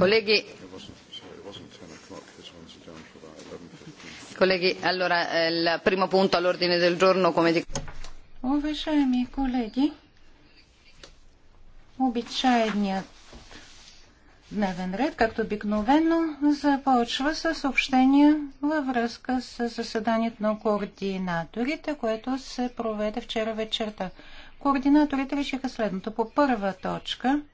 Colleghi, colleghi, allora eh, il primo punto all'ordine del giorno, come dico. Уважаеми колеги, обичайният дневен ред, както обикновено, започва с съобщения във връзка с заседанието на координаторите, което се проведе вчера вечерта. Координаторите решиха следното. По първа точка –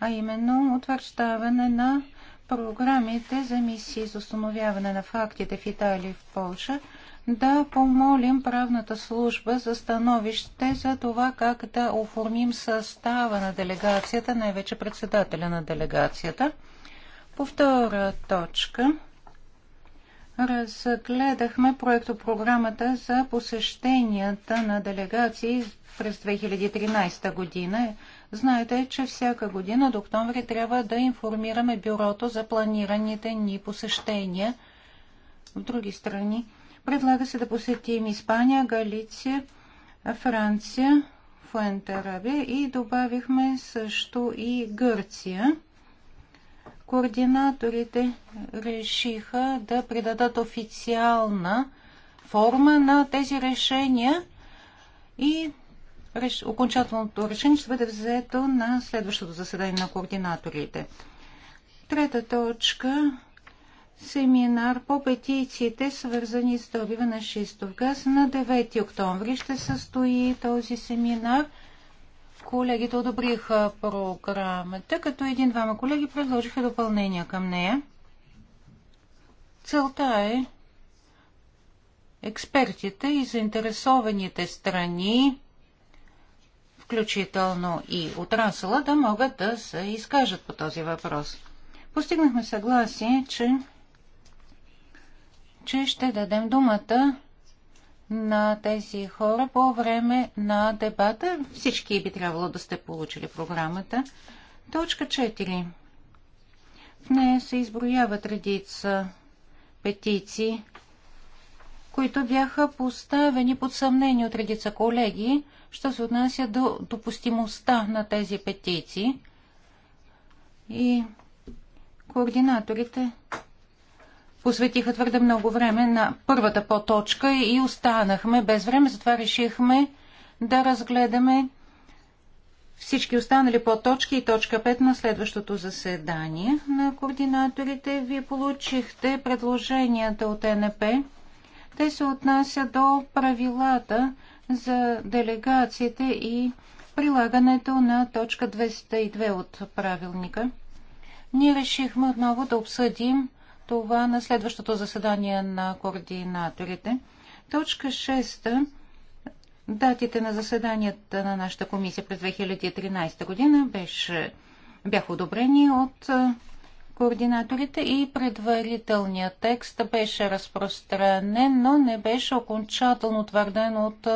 а именно утвърждаване на програмите за мисии за установяване на фактите в Италия и в Польша, да помолим правната служба за становище за това как да оформим състава на делегацията, най-вече председателя на делегацията. По втора точка разгледахме проектопрограмата за посещенията на делегации през 2013 година. Знаете, че всяка година до октомври трябва да информираме бюрото за планираните ни посещения в други страни. Предлага се да посетим Испания, Галиция, Франция, Фуентерабия и добавихме също и Гърция. Координаторите решиха да придадат официална форма на тези решения и реш... окончателното решение ще бъде взето на следващото заседание на координаторите. Трета точка семинар по петициите, свързани с добива на шистов газ. На 9 октомври ще състои този семинар. Колегите одобриха програмата, като един-двама колеги предложиха допълнения към нея. Целта е експертите и заинтересованите страни включително и отрасъла, да могат да се изкажат по този въпрос. Постигнахме съгласие, че, че ще дадем думата на тези хора по време на дебата. Всички би трябвало да сте получили програмата. Точка 4. В нея се изброяват редица петиции, които бяха поставени под съмнение от редица колеги Що се отнася до допустимостта на тези петиции и координаторите посветиха твърде много време на първата поточка и останахме без време, затова решихме да разгледаме всички останали по-точки и точка 5 на следващото заседание на координаторите. Вие получихте предложенията от НП. Те се отнасят до правилата за делегациите и прилагането на точка 202 от правилника. Ние решихме отново да обсъдим това на следващото заседание на координаторите. Точка 6. Датите на заседанията на нашата комисия през 2013 година беше, бяха одобрени от координаторите и предварителният текст беше разпространен, но не беше окончателно утвърден от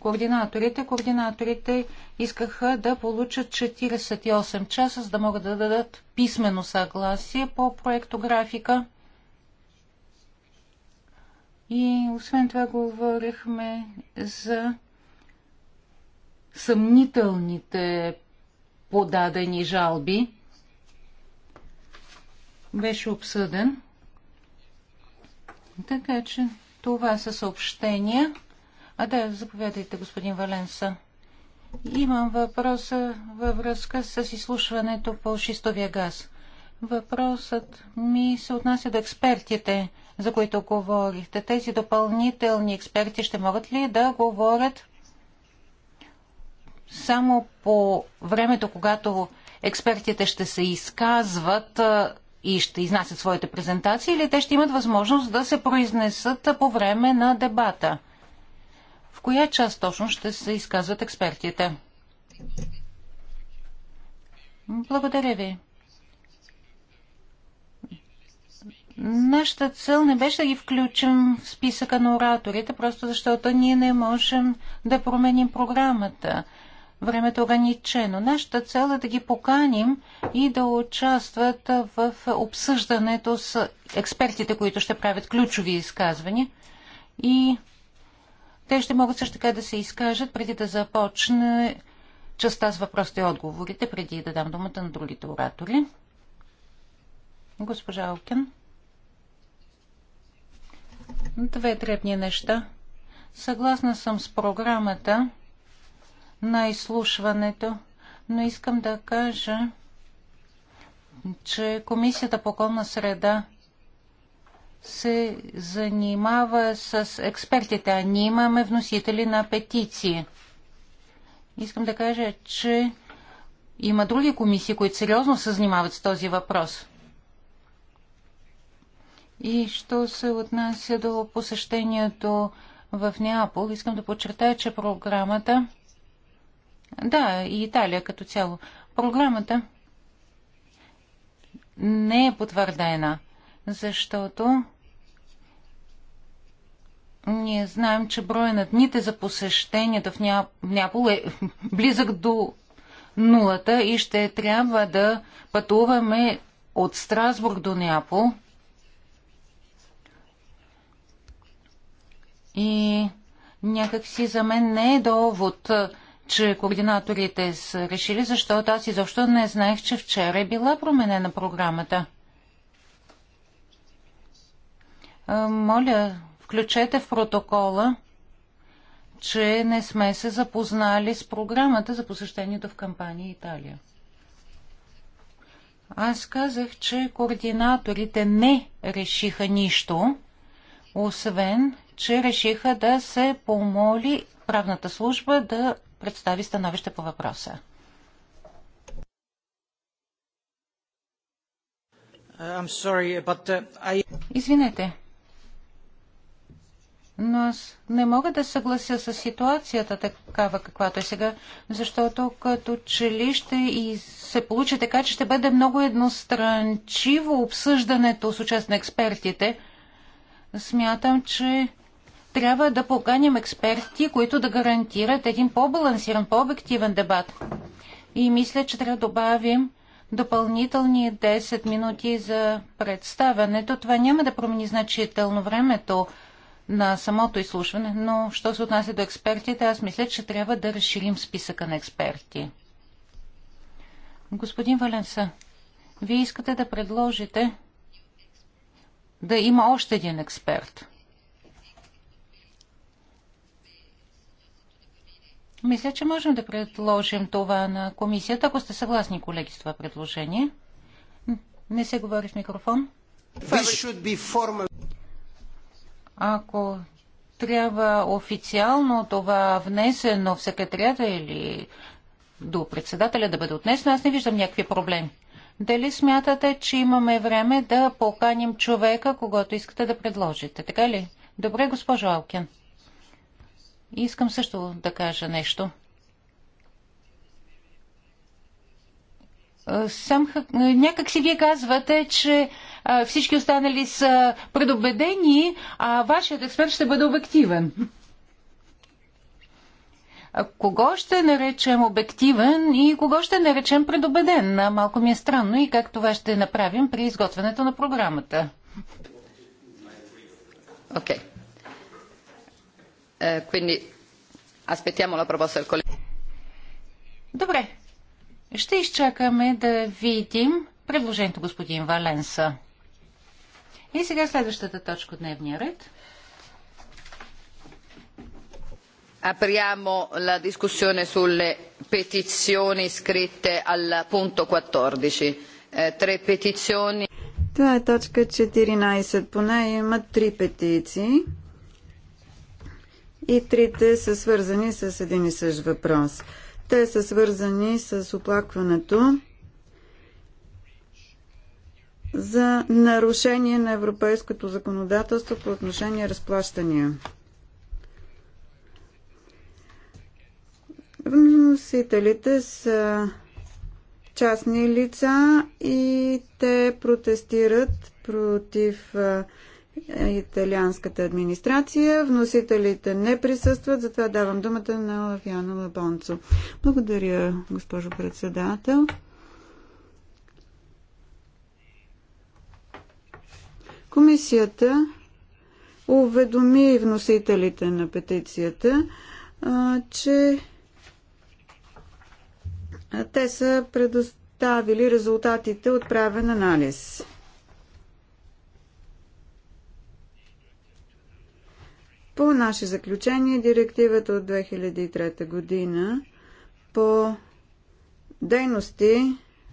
координаторите. Координаторите искаха да получат 48 часа, за да могат да дадат писмено съгласие по проектографика. И освен това говорихме за съмнителните подадени жалби беше обсъден. Така че това са съобщения. А да, заповядайте, господин Валенса. Имам въпроса във връзка с изслушването по шистовия газ. Въпросът ми се отнася до експертите, за които говорихте. Тези допълнителни експерти ще могат ли да говорят само по времето, когато експертите ще се изказват и ще изнасят своите презентации, или те ще имат възможност да се произнесат по време на дебата. В коя част точно ще се изказват експертите? Благодаря ви. Нашата цел не беше да ги включим в списъка на ораторите, просто защото ние не можем да променим програмата времето е ограничено. Нашата цел е да ги поканим и да участват в обсъждането с експертите, които ще правят ключови изказвания. И те ще могат също така да се изкажат преди да започне частта с въпросите и отговорите, преди да дам думата на другите оратори. Госпожа Алкен. Две дребни неща. Съгласна съм с програмата на изслушването, но искам да кажа, че Комисията по околна среда се занимава с експертите, а ние имаме вносители на петиции. Искам да кажа, че има други комисии, които сериозно се занимават с този въпрос. И що се отнася до посещението в Неапол, искам да подчертая, че програмата да, и Италия като цяло. Програмата не е потвърдена, защото ние знаем, че броя на дните за посещението в Няпол е близък до нулата и ще трябва да пътуваме от Страсбург до Няпол. И някакси за мен не е довод че координаторите са решили, защото аз изобщо не знаех, че вчера е била променена програмата. Моля, включете в протокола, че не сме се запознали с програмата за посещението в кампания Италия. Аз казах, че координаторите не решиха нищо, освен, че решиха да се помоли правната служба да представи становище по въпроса. Uh, sorry, but, uh, I... Извинете, но аз не мога да съглася с ситуацията такава, каквато е сега, защото като че ли ще и се получи така, че ще бъде много едностранчиво обсъждането с участ на експертите. Смятам, че трябва да поканим експерти, които да гарантират един по-балансиран, по-обективен дебат. И мисля, че трябва да добавим допълнителни 10 минути за представянето. Това няма да промени значително времето на самото изслушване, но що се отнася до експертите, аз мисля, че трябва да разширим списъка на експерти. Господин Валенса, вие искате да предложите да има още един експерт. Мисля, че можем да предложим това на комисията, ако сте съгласни, колеги, с това предложение. Не се говори в микрофон. Ако трябва официално това внесено в секретарията или до председателя да бъде отнесено, аз не виждам някакви проблеми. Дали смятате, че имаме време да поканим човека, когато искате да предложите? Така ли? Добре, госпожо Алкен. И Искам също да кажа нещо. Е, сам, е, някак си вие казвате, че е, всички останали са предубедени, а вашият експерт ще бъде обективен. кого ще наречем обективен и кого ще наречем предубеден? Малко ми е странно и как това ще направим при изготвянето на програмата. Окей. Okay. Eh, quindi aspettiamo la proposta del collega. Добре. Ще изчакаме да видим предложението господин Валенса. И сега следващата точка от дневния ред. Apriamo la discussione sulle petizioni scritte al punto 14. Eh, tre petizioni. Това е точка 14. По нея има три петиции. И трите са свързани с един и същ въпрос. Те са свързани с оплакването за нарушение на европейското законодателство по отношение разплащания. Вносителите са частни лица и те протестират против италианската администрация. Вносителите не присъстват, затова давам думата на Лавяно Лабонцо. Благодаря, госпожо председател. Комисията уведоми вносителите на петицията, че те са предоставили резултатите от правен анализ. По наше заключение, директивата от 2003 година по дейности,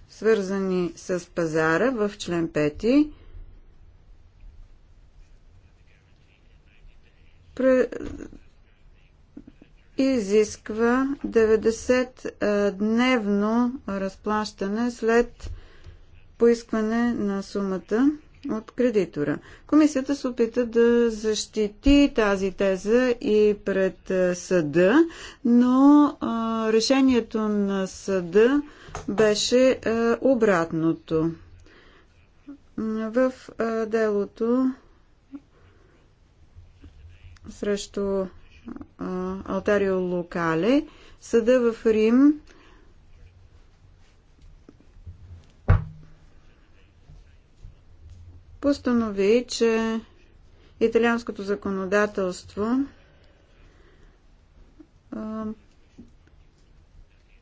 свързани с пазара в член 5, изисква 90-дневно разплащане след поискване на сумата от кредитора. Комисията се опита да защити тази теза и пред съда, но решението на съда беше обратното. В делото срещу Алтарио Локале съда в Рим постанови, че италианското законодателство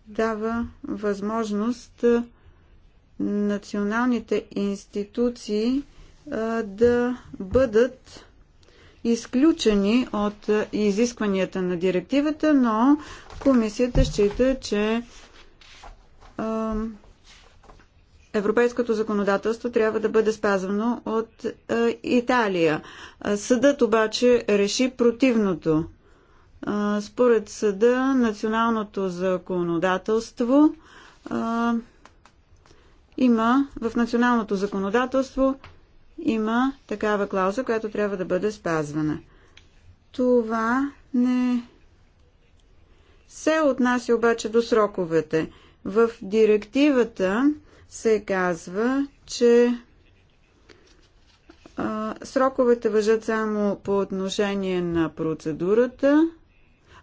дава възможност националните институции да бъдат изключени от изискванията на директивата, но комисията счита, че европейското законодателство трябва да бъде спазвано от е, Италия. Съдът обаче реши противното. Според съда, националното законодателство има в националното законодателство има такава клауза, която трябва да бъде спазвана. Това не се отнася обаче до сроковете. В директивата се казва, че а, сроковете въжат само по отношение на процедурата,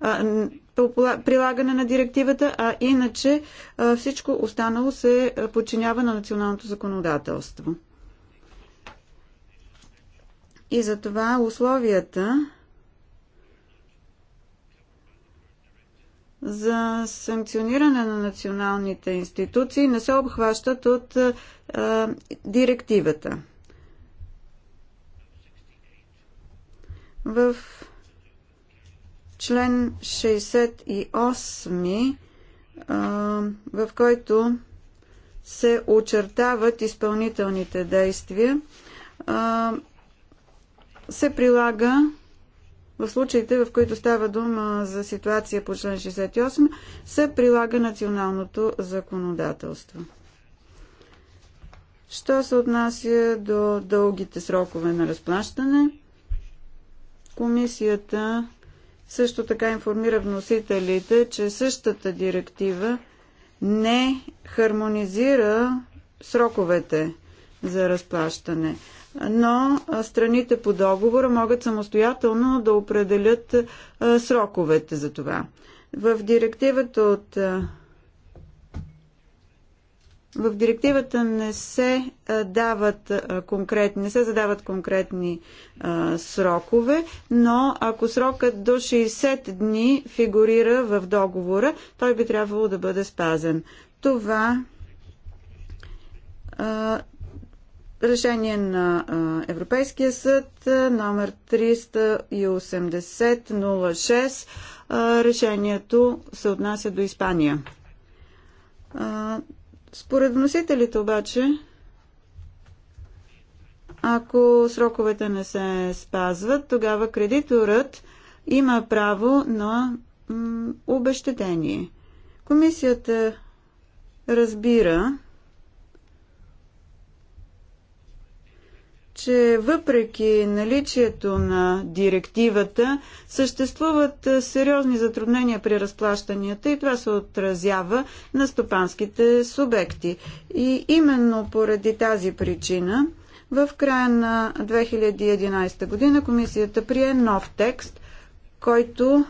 а, по прилагане на директивата, а иначе а, всичко останало се подчинява на националното законодателство. И затова условията за санкциониране на националните институции не се обхващат от а, е, директивата. В член 68, а, е, в който се очертават изпълнителните действия, а, е, се прилага в случаите, в които става дума за ситуация по член 68, се прилага националното законодателство. Що се отнася до дългите срокове на разплащане, комисията също така информира вносителите, че същата директива не хармонизира сроковете за разплащане но страните по договора могат самостоятелно да определят сроковете за това. В директивата от в директивата не се дават конкретни, не се задават конкретни а, срокове, но ако срокът до 60 дни фигурира в договора, той би трябвало да бъде спазен. Това Решение на Европейския съд номер 380-06. Решението се отнася до Испания. Според вносителите обаче, ако сроковете не се спазват, тогава кредиторът има право на обещетение. Комисията разбира, че въпреки наличието на директивата, съществуват сериозни затруднения при разплащанията и това се отразява на стопанските субекти. И именно поради тази причина в края на 2011 година комисията прие нов текст, който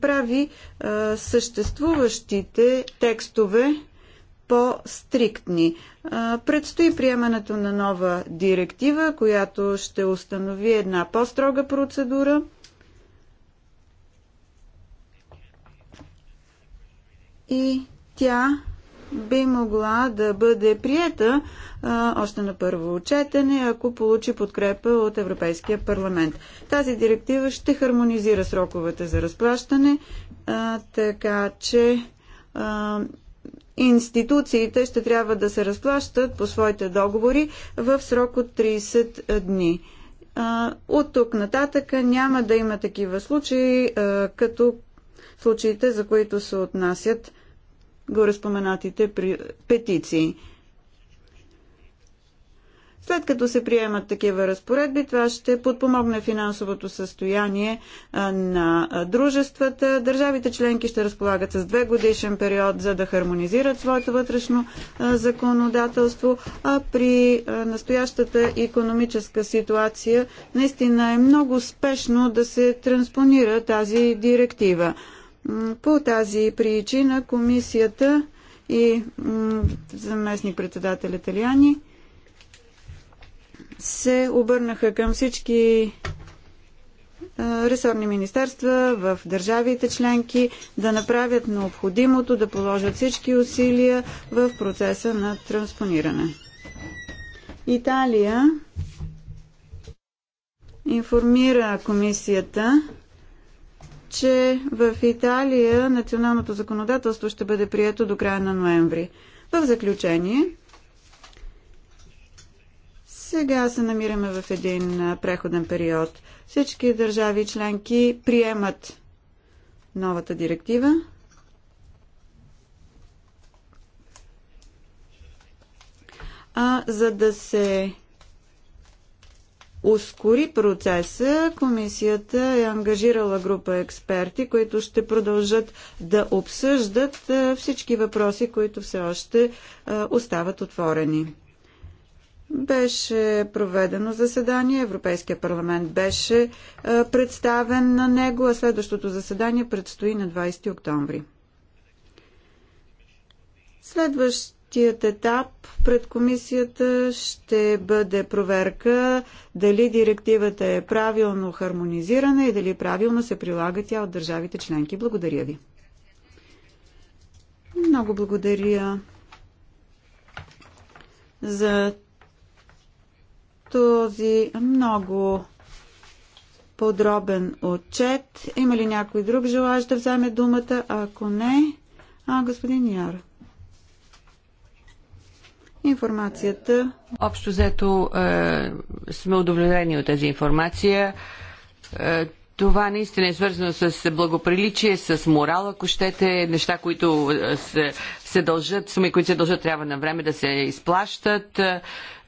прави съществуващите текстове по-стриктни. Предстои приемането на нова директива, която ще установи една по-строга процедура. И тя би могла да бъде приета а, още на първо четене, ако получи подкрепа от Европейския парламент. Тази директива ще хармонизира сроковете за разплащане, а, така че а, институциите ще трябва да се разплащат по своите договори в срок от 30 дни. От тук нататъка няма да има такива случаи, като случаите, за които се отнасят гореспоменатите петиции. След като се приемат такива разпоредби, това ще подпомогне финансовото състояние на дружествата. Държавите членки ще разполагат с две годишен период, за да хармонизират своето вътрешно законодателство, а при настоящата економическа ситуация наистина е много спешно да се транспонира тази директива. По тази причина комисията и заместник председател Талиани се обърнаха към всички ресорни министерства в държавите членки да направят необходимото, да положат всички усилия в процеса на транспониране. Италия информира комисията, че в Италия националното законодателство ще бъде прието до края на ноември. В заключение, сега се намираме в един преходен период. Всички държави членки приемат новата директива. А за да се ускори процеса, комисията е ангажирала група експерти, които ще продължат да обсъждат всички въпроси, които все още остават отворени беше проведено заседание, Европейския парламент беше е, представен на него, а следващото заседание предстои на 20 октомври. Следващият етап пред комисията ще бъде проверка дали директивата е правилно хармонизирана и дали правилно се прилага тя от държавите членки. Благодаря ви. Много благодаря за този много подробен отчет. Има ли някой друг желаж да вземе думата? Ако не, а господин Яр. Информацията. Общо взето е, сме удовлетворени от тази информация. Е, това наистина е свързано с благоприличие, с морал, ако щете, неща, които е, се, се дължат, суми, които се дължат, трябва на време да се изплащат. Е,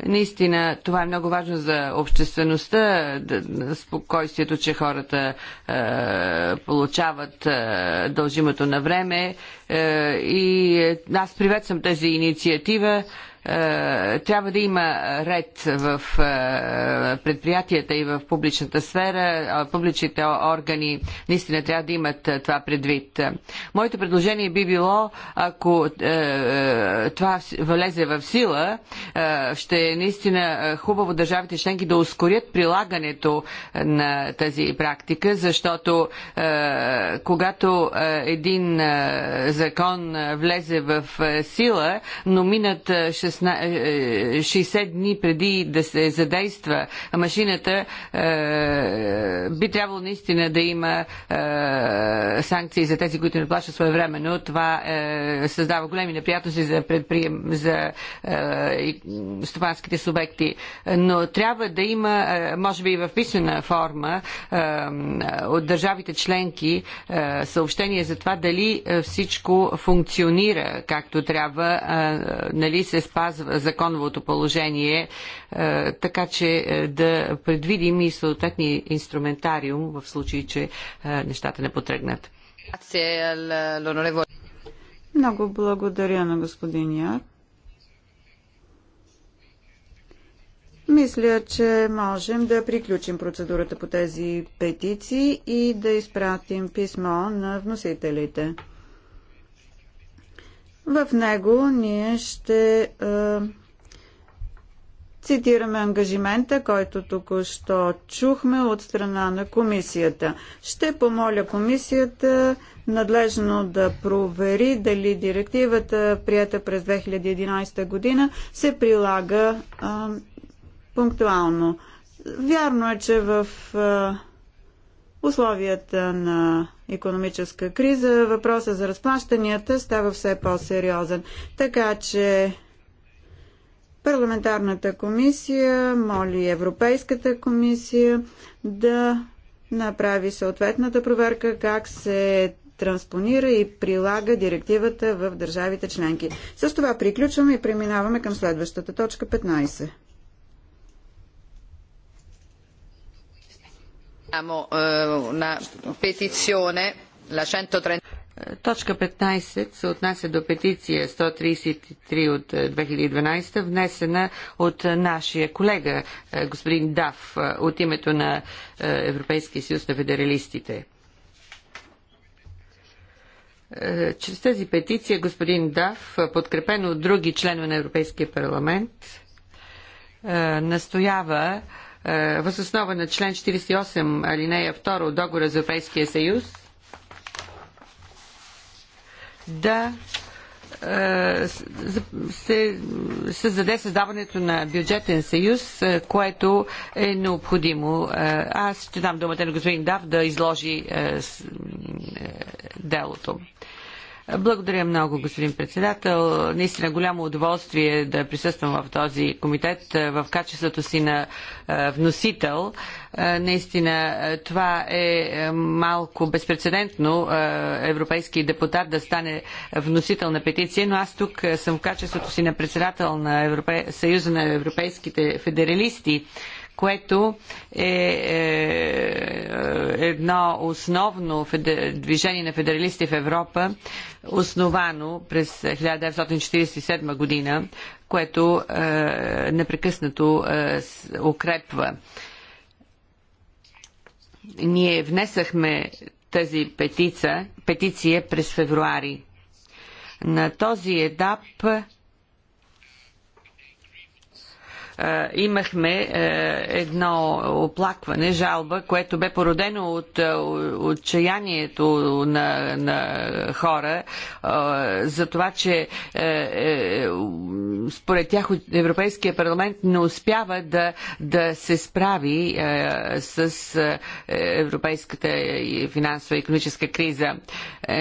наистина, това е много важно за обществеността, спокойствието, че хората е, получават е, дължимото на време. Е, и е, аз приветствам тази инициатива. Е, е, трябва да има ред в е, предприятията и в публичната сфера. Е, публичните органи наистина трябва да имат това предвид. Моето предложение би било, ако това влезе в сила, ще е наистина хубаво държавите членки да ускорят прилагането на тази практика, защото когато един закон влезе в сила, но минат 60 е, е, дни преди да се задейства машината, е, би трябвало наистина да има санкции за тези, които не плащат своевременно. Това създава големи неприятности за, предприем, за стопанските субекти. Но трябва да има, може би и в писмена форма, от държавите членки съобщение за това дали всичко функционира както трябва, нали се спазва запазва законовото положение, е, така че е, да предвидим и съответни инструментариум в случай, че е, нещата не потръгнат. Много благодаря на господин Яр. Мисля, че можем да приключим процедурата по тези петиции и да изпратим писмо на вносителите. В него ние ще а, цитираме ангажимента, който току-що чухме от страна на комисията. Ще помоля комисията надлежно да провери дали директивата, прията през 2011 година, се прилага а, пунктуално. Вярно е, че в а, условията на економическа криза, Въпросът за разплащанията става все по-сериозен. Така че парламентарната комисия моли Европейската комисия да направи съответната проверка как се транспонира и прилага директивата в държавите членки. С това приключваме и преминаваме към следващата точка 15. Eh, Точка 15 се отнася до петиция 133 от 2012, е, внесена от е, нашия колега е, господин Дав от името на Европейския съюз на федералистите. Чрез тази петиция господин Дав, подкрепен от други членове на Европейския парламент, настоява е, възоснова на член 48 алинея 2 от договора за Европейския съюз да е, се създаде създаването на бюджетен съюз, е, което е необходимо. Аз ще дам думата на господин Дав да изложи делото. Благодаря много, господин председател. Наистина голямо удоволствие да присъствам в този комитет е, в качеството си на е, вносител. Е, наистина това е малко безпредседентно европейски депутат да стане вносител на петиция, но аз тук съм в качеството си на председател на Европе... Съюза на европейските федералисти което е, е едно основно движение на федералисти в Европа, основано през 1947 година, което е, непрекъснато е, укрепва. Ние внесахме тази петица, петиция през февруари. На този етап имахме е, едно оплакване, жалба, което бе породено от е, отчаянието на, на хора е, за това, че според тях Европейския парламент не успява да, да се справи с европейската финансова и економическа криза.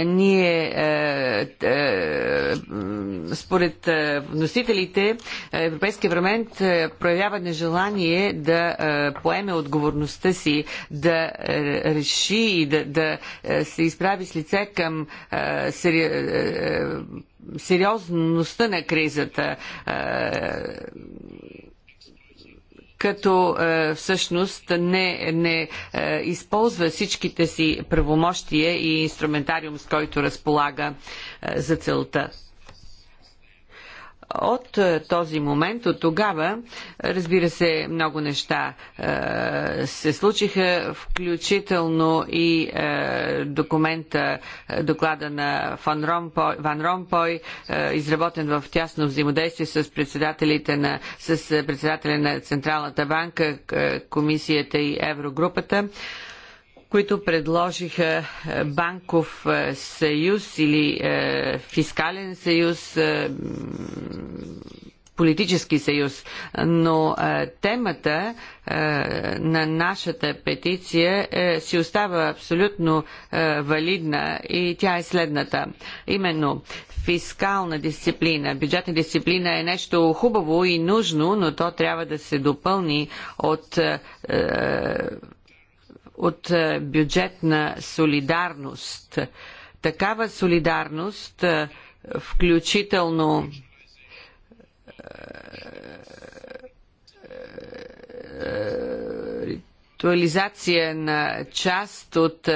Ние според вносителите Европейския парламент проявява нежелание да е, поеме отговорността си, да е, реши и да, да е, се изправи с лице към сериозността на кризата като е, всъщност не, не е, използва всичките си правомощия и инструментариум, с който разполага е, за целта. От е, този момент, от тогава, разбира се, много неща е, се случиха, включително и е, документа, доклада на Ван Ромпой, Ван Ромпой изработен в тясно взаимодействие с председателите на, с председателя на Централната банка, комисията и Еврогрупата които предложиха е, банков е, съюз или е, фискален съюз, политически съюз. Но темата на нашата петиция си остава абсолютно валидна и тя е следната. Именно фискална дисциплина, бюджетна дисциплина е нещо хубаво и нужно, но то трябва да се допълни от от е, бюджетна солидарност. Такава солидарност, е, включително е, актуализация на част от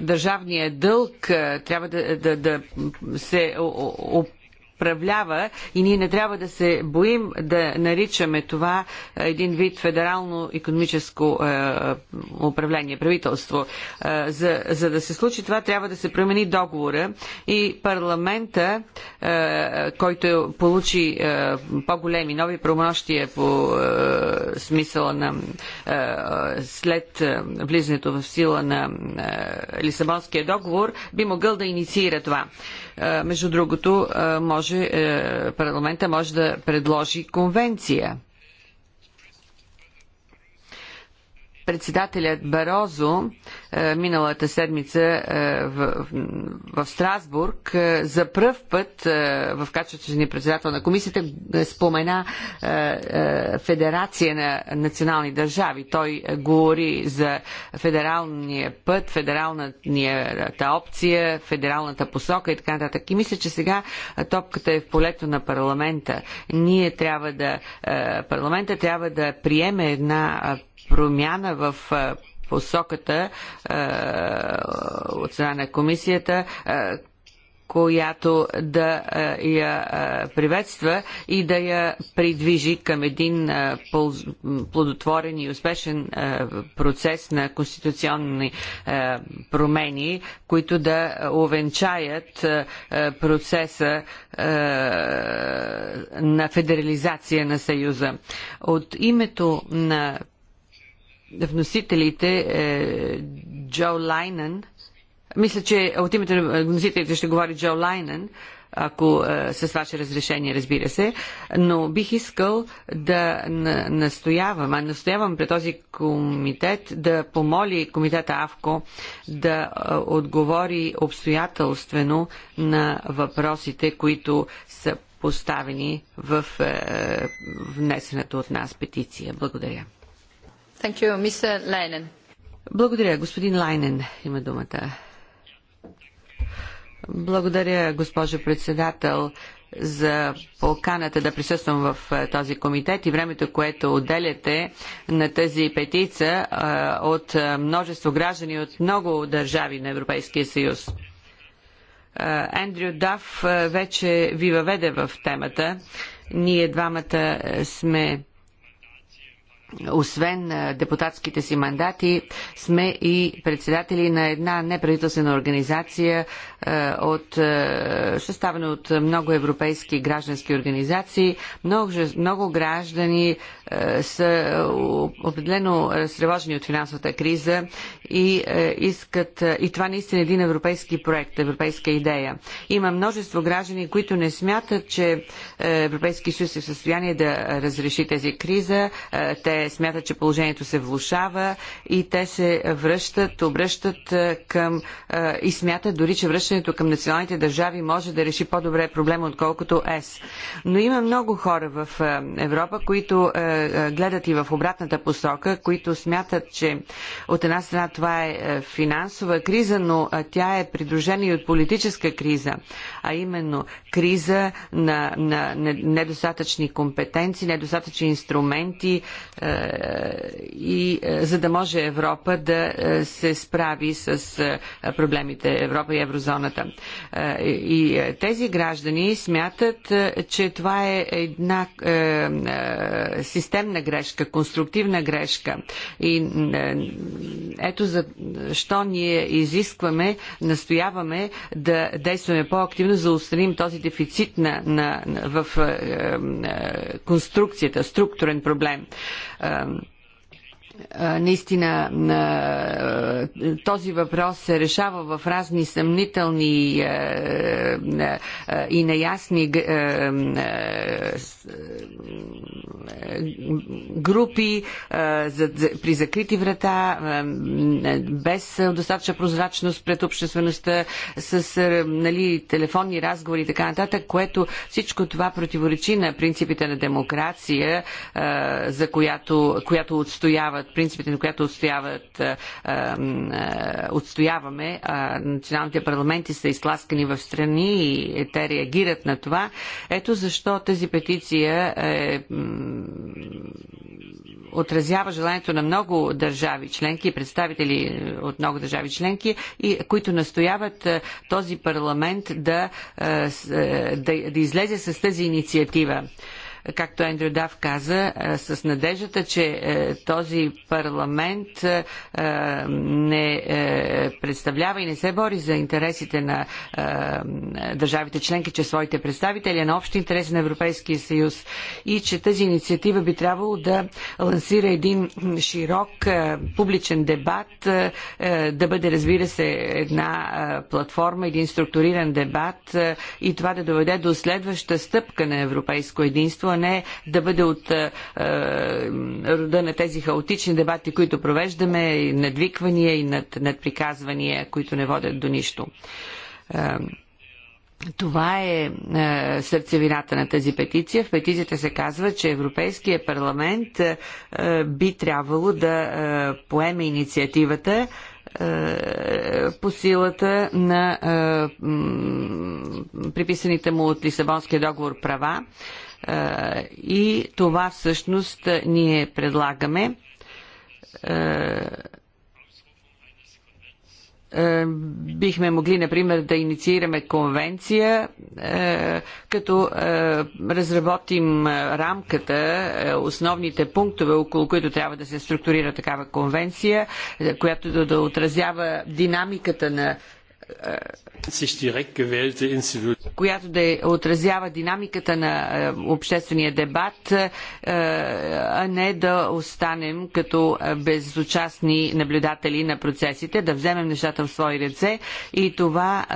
държавния дълг трябва да, да, да се о, управлява и ние не трябва да се боим да наричаме това един вид федерално економическо е, управление, правителство. Е, за, за да се случи това, трябва да се промени договора и парламента, е, който получи е, по-големи нови промощия по е, смисъла на е, след е, влизането в сила на е, Лисабонския договор, би могъл да инициира това. Между другото, може, е, парламента може да предложи конвенция Председателят Барозо е, миналата седмица е, в, в Страсбург е, за пръв път в качеството си председател на комисията спомена Федерация на национални държави. Той говори за федералния път, федералната опция, федералната посока и така нататък. И мисля, че сега топката е в полето на парламента. Ние трябва да, парламента трябва да приеме една промяна в посоката от страна на комисията, която да я приветства и да я придвижи към един плодотворен и успешен процес на конституционни промени, които да увенчаят процеса на федерализация на Съюза. От името на вносителите е, Джо Лайнен, мисля, че от името на вносителите ще говори Джо Лайнен, ако е, с ваше разрешение, разбира се, но бих искал да настоявам, а настоявам пред този комитет да помоли комитета АВКО да е, отговори обстоятелствено на въпросите, които са поставени в е, внесената от нас петиция. Благодаря. You, Благодаря. Господин Лайнен има думата. Благодаря, госпожо председател, за поканата да присъствам в е, този комитет и времето, което отделяте на тази петица е, от е, множество граждани от много държави на Европейския съюз. Ендрю Даф вече ви въведе в темата. Ние двамата сме освен депутатските си мандати, сме и председатели на една неправителствена организация е, от, съставено е, от много европейски граждански организации. Много, много граждани е, са определено разтревожени от финансовата криза и искат. И това наистина е един европейски проект, европейска идея. Има множество граждани, които не смятат, че Европейски съюз е в състояние да разреши тази криза. Те смятат, че положението се влушава и те се връщат, обръщат към и смятат дори, че връщат обръщането към националните държави може да реши по-добре проблема, отколкото ЕС. Но има много хора в е, Европа, които е, е, гледат и в обратната посока, които смятат, че от една страна това е финансова криза, но тя е придружена и от политическа криза, а именно криза на, на недостатъчни компетенции, недостатъчни инструменти и за да може Европа да се справи с проблемите Европа и еврозона хората. Е, и е, тези граждани смятат, е, че това е една системна грешка, конструктивна грешка. И ето защо ние изискваме, настояваме да действаме по-активно, за да устраним този дефицит на, на, в конструкцията, структурен проблем наистина този въпрос се решава в разни съмнителни и неясни групи при закрити врата, без достатъчна прозрачност пред обществеността, с нали, телефонни разговори и така нататък, което всичко това противоречи на принципите на демокрация, за която, която отстоява принципите, на която отстояват, отстояваме. Националните парламенти са изтласкани в страни и те реагират на това. Ето защо тази петиция е отразява желанието на много държави членки, представители от много държави членки, и, които настояват този парламент да, да, да излезе с тази инициатива както Ендрю Дав каза, е, с надеждата, че е, този парламент е, не представлява и не се бори за интересите на държавите членки, че своите представители на общи интереси на Европейския съюз и че тази инициатива би трябвало да лансира един широк публичен дебат, да бъде, разбира се, една платформа, един структуриран дебат и това да доведе до следваща стъпка на европейско единство, не да бъде от е, рода на тези хаотични дебати, които провеждаме, и надвиквания и над, надприказвания, които не водят до нищо. Е, това е, е сърцевината на тази петиция. В петицията се казва, че Европейския парламент е, би трябвало да е, поеме инициативата по силата на приписаните му от Лисабонския договор права и това всъщност ние предлагаме бихме могли, например, да инициираме конвенция, като разработим рамката, основните пунктове, около които трябва да се структурира такава конвенция, която да, отразява динамиката на която да е- отразява динамиката на е, обществения дебат, е, а не да останем като безучастни наблюдатели на процесите, да вземем нещата в свои ръце и това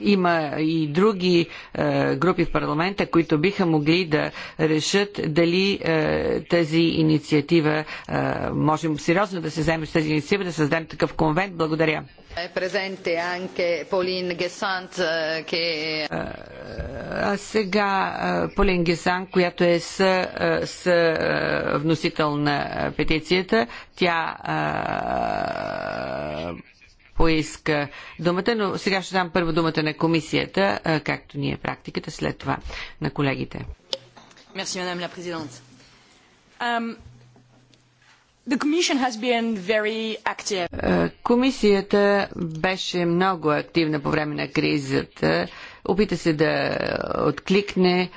има и други е, групи в парламента, които биха могли да решат дали е, тази инициатива, е, можем сериозно да се вземем с тази инициатива, да създадем такъв конвент. Благодаря. Е, е, а сега Полин е, Гесан, която е с, с вносител на петицията, тя поиска думата, но сега ще дам първо думата на комисията, както ни е практиката, след това на колегите. Merci, madame la présidente. Um, the commission has been very active. Комисията беше много активна по време на кризата. Опита се да откликне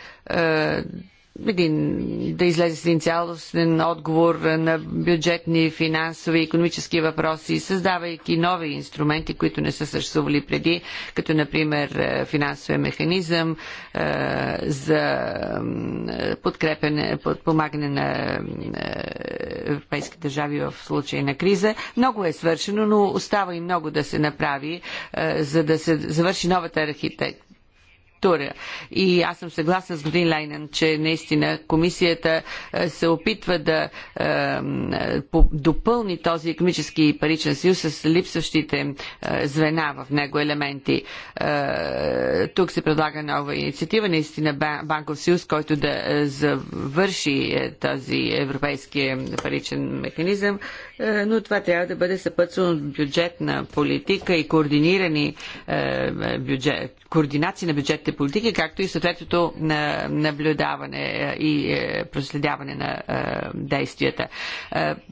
един, да излезе с един цялостен отговор на бюджетни, финансови, економически въпроси, създавайки нови инструменти, които не са съществували преди, като например е, финансовия механизъм е, за е, подкрепене, подпомагане на европейски държави в случай на криза. Много е свършено, но остава и много да се направи, за да се завърши новата архитект култура. И аз съм съгласен с господин Лайнен, че наистина комисията е, се опитва да е, допълни този економически и паричен съюз с липсващите е, звена в него елементи. Тук се предлага нова инициатива, наистина банков съюз, който да завърши този европейски паричен механизъм е, но това трябва да бъде съпътствано от бюджетна политика и координирани е, бюджет, координация на бюджетните политики, както и съответното на наблюдаване е, и проследяване на действията.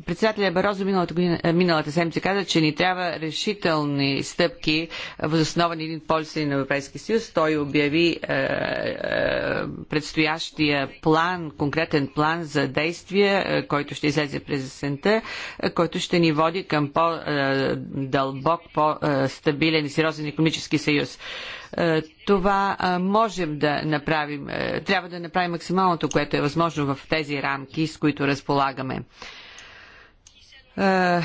Председателя Барозо миналата, година, миналата седмица каза, че ни трябва решителни стъпки в основа на един полицей на Европейски съюз. Той обяви предстоящия план, конкретен план за действия, който ще излезе през есента, който ще ни води към по-дълбок, по-стабилен и сериозен економически съюз. Е, това е, можем да направим. Е, трябва да направим максималното, което е възможно в тези рамки, с които разполагаме. Е,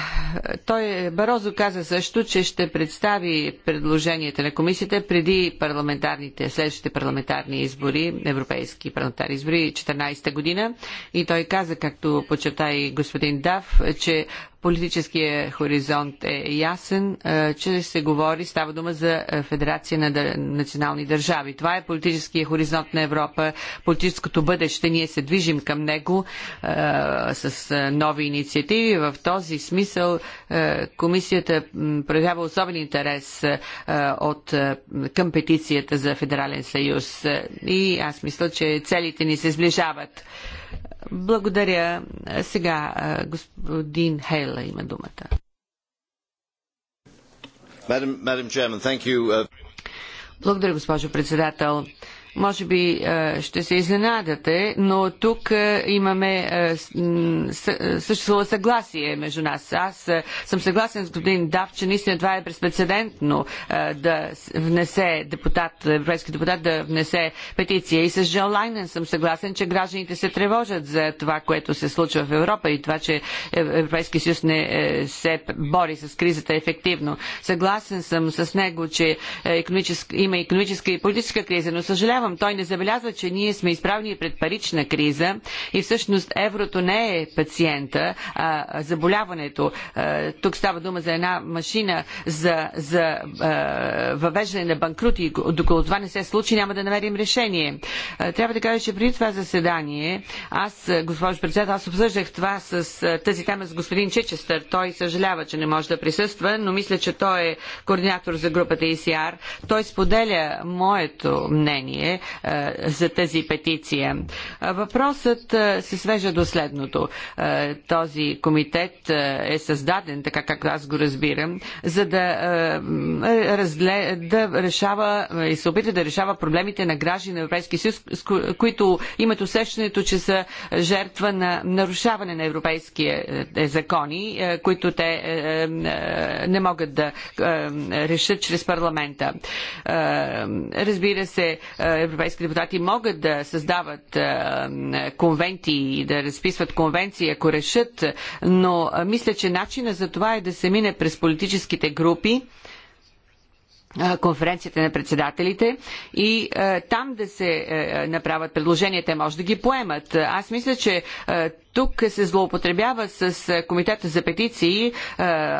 той, Барозо каза също, че ще представи предложенията на комисията преди парламентарните, следващите парламентарни избори, европейски парламентарни избори 14-та година. И той каза, както почерта и господин Дав, че политическия хоризонт е ясен, е, че се говори, става дума за е, Федерация на национални държави. Това е политическия хоризонт на Европа, политическото бъдеще. Ние се движим към него е, с нови инициативи. В този смисъл комисията проявява особен интерес от, към петицията за Федерален съюз. И аз мисля, че целите ни се сближават. Благодаря. Сега господин Хейла има думата. Uh, Благодаря, госпожо председател. Може би е, ще се изненадате, но тук е, имаме е, съществува съгласие между нас. Аз съм съгласен с господин Дав, че наистина това е безпредседентно да внесе депутат, европейски депутат да внесе петиция. И с Жан Лайнен съм съгласен, че гражданите се тревожат за това, което се случва в Европа и това, че Европейския съюз не се бори с кризата ефективно. Съгласен съм с него, че има економическа и политическа криза, но съжалявам, съжалявам, той не забеляза, че ние сме изправени пред парична криза и всъщност еврото не е пациента, а заболяването. Тук става дума за една машина за, за въвеждане на банкрути. Докато това не се случи, няма да намерим решение. Трябва да кажа, че преди това заседание, аз, госпожо председател, аз обсъждах това с тази тема с господин Чечестър. Той съжалява, че не може да присъства, но мисля, че той е координатор за групата ECR. Той споделя моето мнение, е, за тази петиция. Въпросът е, се свежа до следното. Е, този комитет е създаден, така как аз го разбирам, за да, разле... да решава и се опита да решава проблемите на граждани на Европейския съюз, които имат усещането, че са жертва на нарушаване на европейския закони, които те не могат да решат чрез парламента. Разбира се, европейски депутати могат да създават е, конвенти и да разписват конвенции, ако решат, но е, мисля, че начина за това е да се мине през политическите групи, е, конференцията на председателите и е, там да се е, направят предложения. Те може да ги поемат. Аз мисля, че е, тук се злоупотребява с е, Комитета за петиции, е,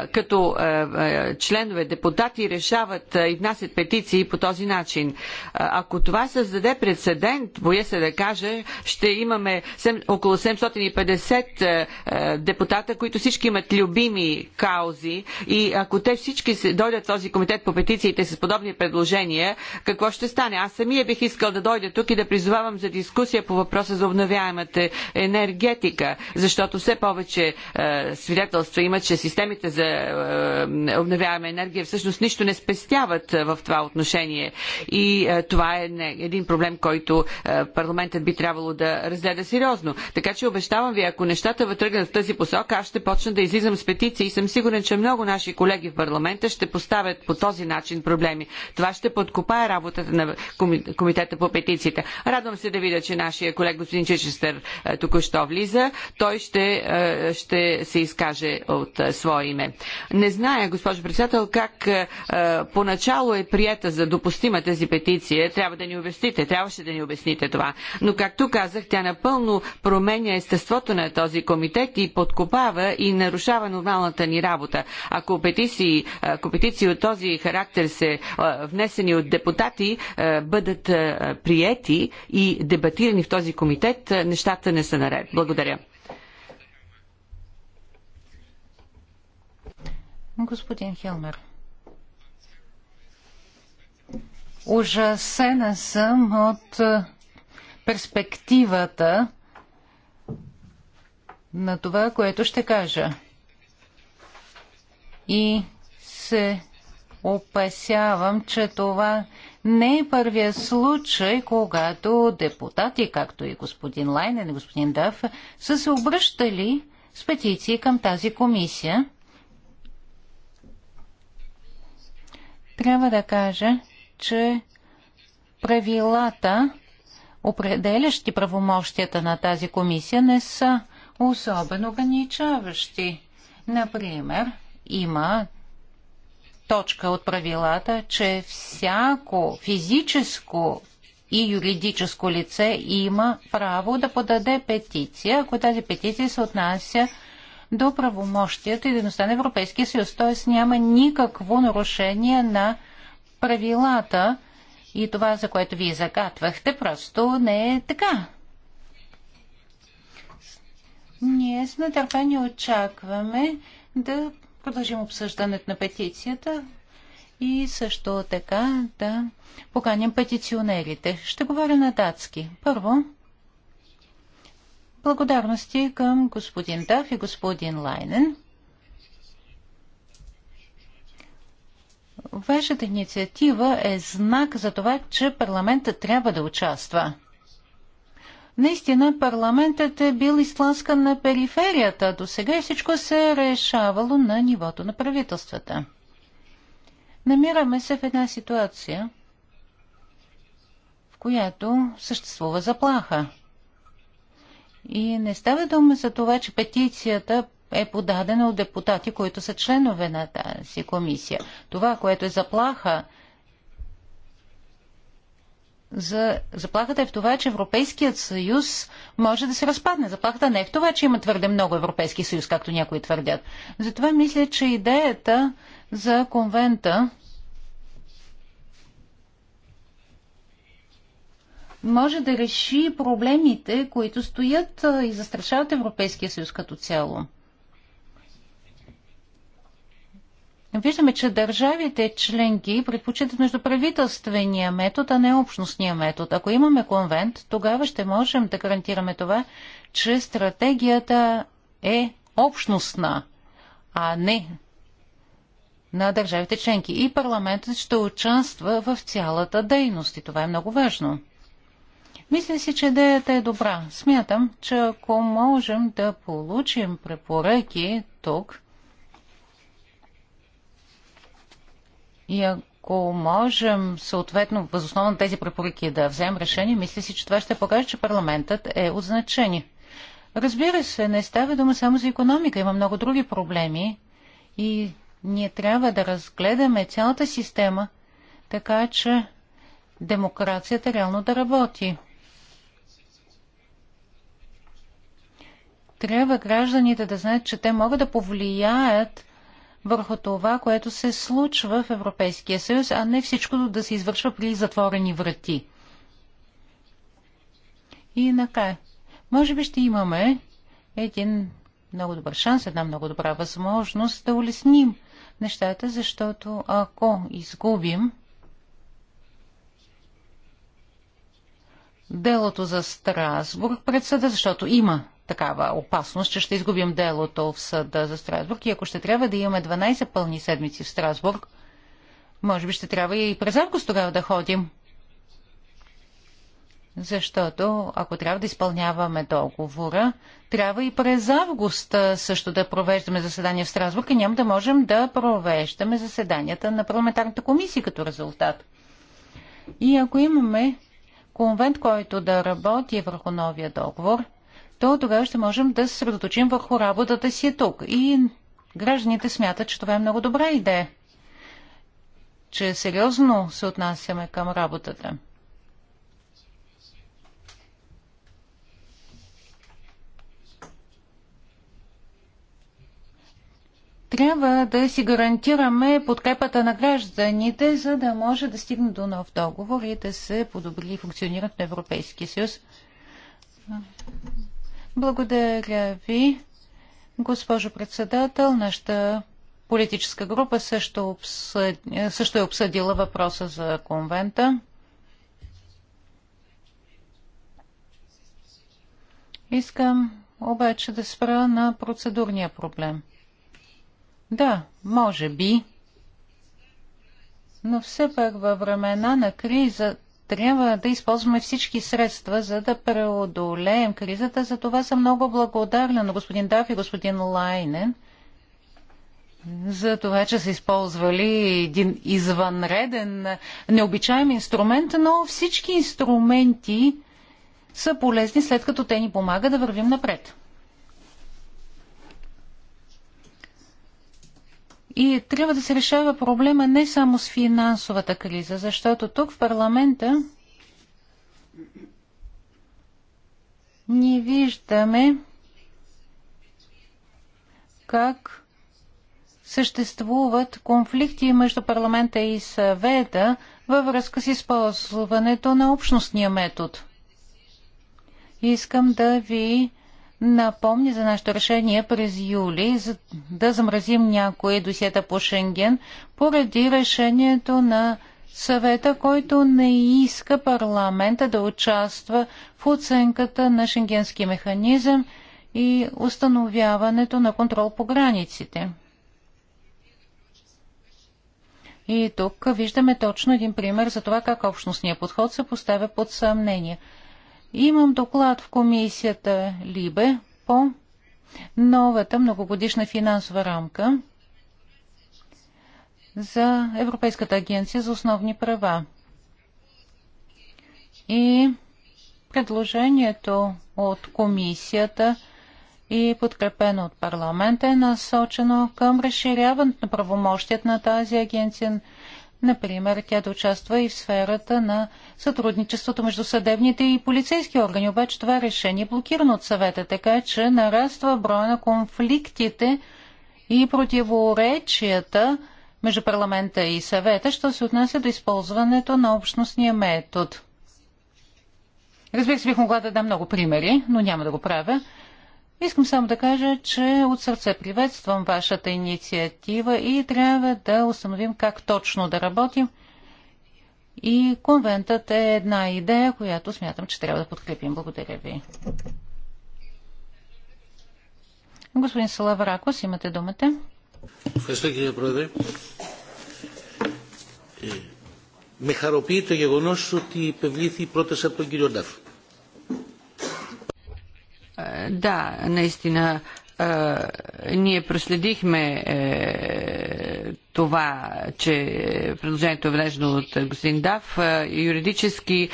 като е, членове депутати решават и внасят петиции по този начин. Ако това създаде прецедент, боя се да кажа, ще имаме около 750 депутата, които всички имат любими каузи и ако те всички дойдат този комитет по петициите с подобни предложения, какво ще стане? Аз самия бих искал да дойда тук и да призовавам за дискусия по въпроса за обновяемата енергетика политика, защото все повече е, свидетелства има, че системите за е, обновяема енергия всъщност нищо не спестяват е, в това отношение. И е, това е не, един проблем, който е, парламентът би трябвало да разгледа сериозно. Така че обещавам ви, ако нещата вътръгнат в тази посока, аз ще почна да излизам с петиции и съм сигурен, че много наши колеги в парламента ще поставят по този начин проблеми. Това ще подкопае работата на комитета по петициите. Радвам се да видя, че нашия колега господин Чечестър е, току-що влиза той ще, е, ще се изкаже от е, свое име. Не зная, госпожо председател, как е, поначало е приета за допустима тази петиция. Трябва да ни обясните, трябваше да ни обясните това. Но, както казах, тя напълно променя естеството на този комитет и подкопава и нарушава нормалната ни работа. Ако петиции, ако петиции от този характер се внесени от депутати, бъдат приети и дебатирани в този комитет, нещата не са наред. Благодаря. Господин Хелмер. Ужасена съм от перспективата на това, което ще кажа. И се опасявам, че това не е първия случай, когато депутати, както и господин Лайнен и господин Дав, са се обръщали с петиции към тази комисия трябва да кажа, че правилата, определящи правомощията на тази комисия, не са особено ограничаващи. Например, има точка от правилата, че всяко физическо и юридическо лице има право да подаде петиция, ако тази петиция се отнася до правомощията и дейността на Европейския съюз. Т.е. няма никакво нарушение на правилата и това, за което вие загатвахте, просто не е така. Ние с нетърпение очакваме да продължим обсъждането на петицията и също така да поканим петиционерите. Ще говоря на датски. Първо, Благодарности към господин Дав и господин Лайнен. Вашата инициатива е знак за това, че парламентът трябва да участва. Наистина парламентът е бил изтласкан на периферията до сега и всичко се е решавало на нивото на правителствата. Намираме се в една ситуация, в която съществува заплаха – и не става дума за това, че петицията е подадена от депутати, които са членове на тази комисия. Това, което е заплаха, за... заплахата е в това, че Европейският съюз може да се разпадне. Заплахата не е в това, че има твърде много Европейски съюз, както някои твърдят. Затова мисля, че идеята за конвента може да реши проблемите, които стоят и застрашават Европейския съюз като цяло. Виждаме, че държавите членки предпочитат между правителствения метод, а не общностния метод. Ако имаме конвент, тогава ще можем да гарантираме това, че стратегията е общностна, а не на държавите членки. И парламентът ще участва в цялата дейност и това е много важно. Мисля си, че идеята е добра. Смятам, че ако можем да получим препоръки тук и ако можем съответно възоснова на тези препоръки да вземем решение, мисля си, че това ще покаже, че парламентът е от значение. Разбира се, не става дума само за економика. Има много други проблеми и ние трябва да разгледаме цялата система, така че демокрацията реално да работи. Трябва гражданите да знаят, че те могат да повлияят върху това, което се случва в Европейския съюз, а не всичко да се извършва при затворени врати. И накрая, може би ще имаме един много добър шанс, една много добра възможност да улесним нещата, защото ако изгубим делото за Страсбург пред съда, защото има такава опасност, че ще изгубим делото в съда за Страсбург. И ако ще трябва да имаме 12 пълни седмици в Страсбург, може би ще трябва и през август тогава да ходим. Защото ако трябва да изпълняваме договора, трябва и през август също да провеждаме заседания в Страсбург и няма да можем да провеждаме заседанията на парламентарната комисия като резултат. И ако имаме конвент, който да работи върху новия договор – то тогава ще можем да се съсредоточим върху работата си тук. И гражданите смятат, че това е много добра идея, че сериозно се отнасяме към работата. трябва да си гарантираме подкрепата на гражданите, за да може да стигне до нов договор и да се подобри функционирането на Европейския съюз. Благодаря ви, госпожо председател. Нашата политическа група също, обсъд... също е обсъдила въпроса за конвента. Искам обаче да спра на процедурния проблем. Да, може би, но все пак във времена на криза трябва да използваме всички средства, за да преодолеем кризата. За това съм много благодарна на господин Даф и господин Лайнен за това, че са използвали един извънреден, необичаем инструмент, но всички инструменти са полезни след като те ни помагат да вървим напред. И трябва да се решава проблема не само с финансовата криза, защото тук в парламента ние виждаме как съществуват конфликти между парламента и съвета във връзка с използването на общностния метод. Искам да ви напомни за нашето решение през юли за да замразим някои досиета по Шенген поради решението на съвета, който не иска парламента да участва в оценката на шенгенски механизъм и установяването на контрол по границите. И тук виждаме точно един пример за това как общностният подход се поставя под съмнение – Имам доклад в комисията Либе по новата многогодишна финансова рамка за Европейската агенция за основни права. И предложението от комисията и подкрепено от парламента е насочено към разширяването на правомощият на тази агенция – Например, тя да участва и в сферата на сътрудничеството между съдебните и полицейски органи. Обаче това решение е блокирано от съвета, така че нараства броя на конфликтите и противоречията между парламента и съвета, що се отнася до използването на общностния метод. Разбира се, бих могла да дам много примери, но няма да го правя. Искам само да кажа, че от сърце приветствам вашата инициатива и трябва да установим как точно да работим. И конвентът е една идея, която смятам, че трябва да подкрепим. Благодаря ви. Господин Салавракос, имате думата. Ευχαριστώ κύριε Πρόεδρε. Με χαροποιεί το γεγονός ότι υπευλήθη η από τον κύριο Ντάφ. Е, да, наистина е, ние проследихме е, това, че предложението е внесено от господин Дав. Юридически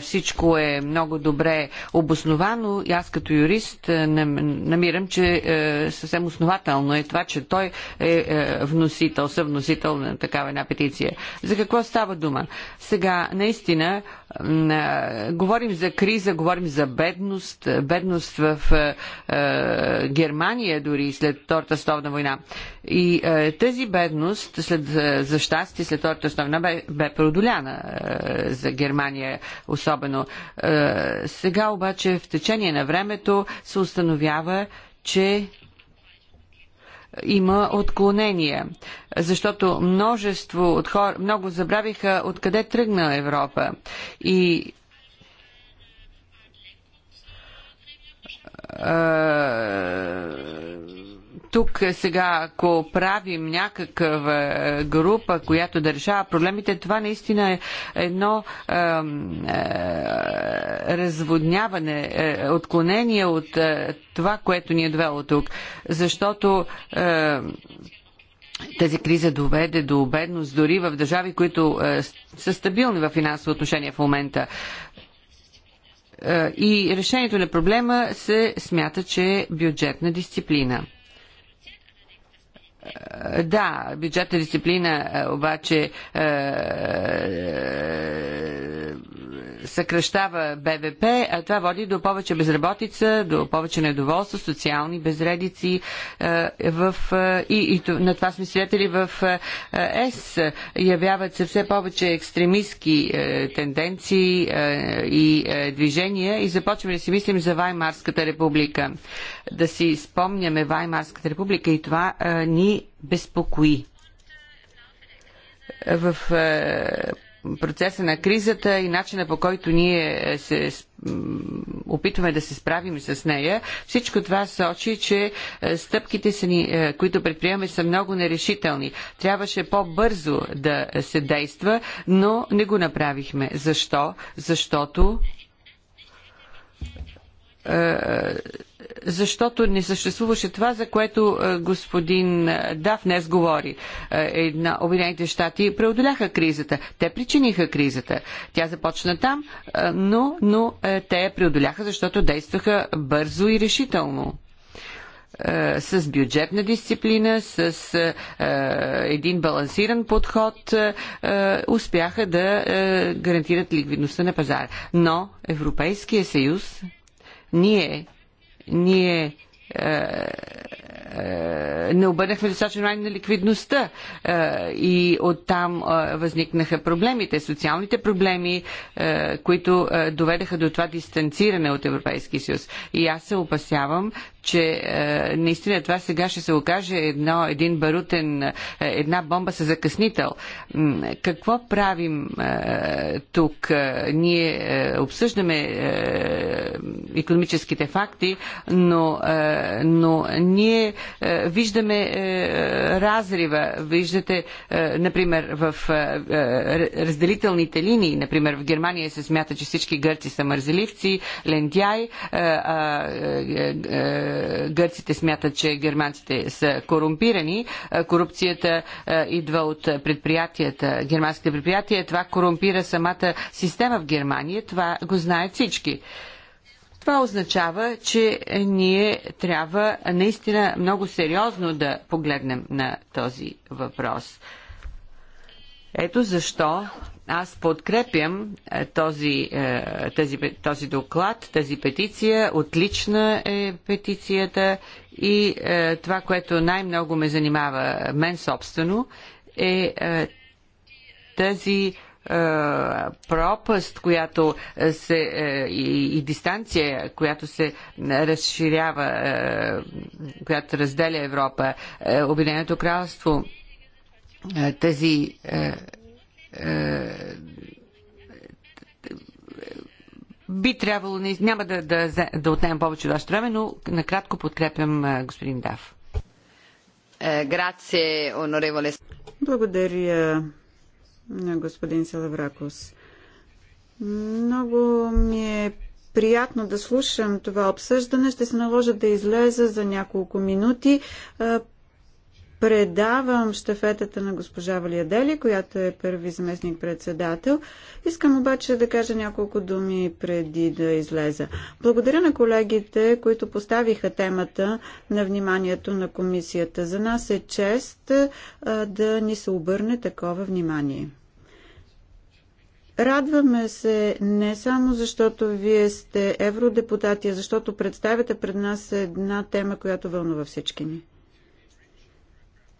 всичко е много добре обосновано и аз като юрист намирам, че съвсем основателно е това, че той е вносител, съвносител на такава една петиция. За какво става дума? Сега, наистина, говорим за криза, говорим за бедност, бедност в Германия дори след Втората стовна война. И е, тази бедност, след, е, за щастие, след Втората основна, бе, бе преодоляна е, за Германия особено. Е, сега обаче в течение на времето се установява, че има отклонения, защото множество от хора, много забравиха откъде тръгна Европа. И е, тук е, сега, ако правим някаква е, група, която да решава проблемите, това наистина е едно е, е, разводняване, е, отклонение от е, това, което ни е довело тук. Защото е, тази криза доведе до бедност дори в държави, които е, са стабилни в финансово отношение в момента е, и решението на проблема се смята, че е бюджетна дисциплина. Е, да, бюджетна дисциплина е, обаче е, съкръщава БВП, а това води до повече безработица, до повече недоволство, социални безредици е, в, е, и, и на това сме свидетели в ЕС. Явяват се все повече екстремистски е, тенденции и движения и започваме да си мислим за Ваймарската република. Да си спомняме Ваймарската република и това ни безпокои в процеса на кризата и начина по който ние се опитваме да се справим с нея, всичко това сочи, че е, стъпките, са ни, е, които предприемаме, са много нерешителни. Трябваше по-бързо да се действа, но не го направихме. Защо? Защото е, защото не съществуваше това, за което е, господин е, Дав днес говори. Е, една, Обединените щати преодоляха кризата. Те причиниха кризата. Тя започна там, но, но те я преодоляха, защото действаха бързо и решително с бюджетна дисциплина, с един балансиран подход успяха да гарантират ликвидността на пазара. Но Европейския съюз, ние ние е, е, не обърнахме достатъчно внимание на ликвидността е, и оттам възникнаха проблемите, социалните проблеми, които доведаха до това дистанциране от Европейския съюз. И аз се опасявам, че наистина това сега ще се окаже едно, един барутен, една бомба с закъснител. Какво правим тук? Ние обсъждаме економическите факти, но но ние е, виждаме е, разрива. Виждате, е, например, в разделителните линии, например, в Германия се смята, че всички гърци са мързеливци, лентяй, гърците смятат, че германците са корумпирани. Корупцията идва от предприятията, германските предприятия. Това корумпира самата система в Германия. Това го знаят всички. Това означава, че ние трябва наистина много сериозно да погледнем на този въпрос. Ето защо аз подкрепям е, този, е, този, този доклад, тази петиция. Отлична е петицията и е, това, което най-много ме занимава мен собствено, е тази е, пропаст, която се е, и, и дистанция, която се разширява, е, която разделя Европа, Обединеното кралство, тези би трябвало, няма да, да, да отнемем повече от вашето време, но накратко подкрепям господин Дав. Благодаря, на господин Салавракос. Много ми е приятно да слушам това обсъждане. Ще се наложа да излеза за няколко минути. Предавам штафетата на госпожа Валиадели, която е първи заместник председател. Искам обаче да кажа няколко думи преди да излеза. Благодаря на колегите, които поставиха темата на вниманието на комисията. За нас е чест да ни се обърне такова внимание. Радваме се не само защото вие сте евродепутати, а защото представяте пред нас една тема, която вълнува всички ни.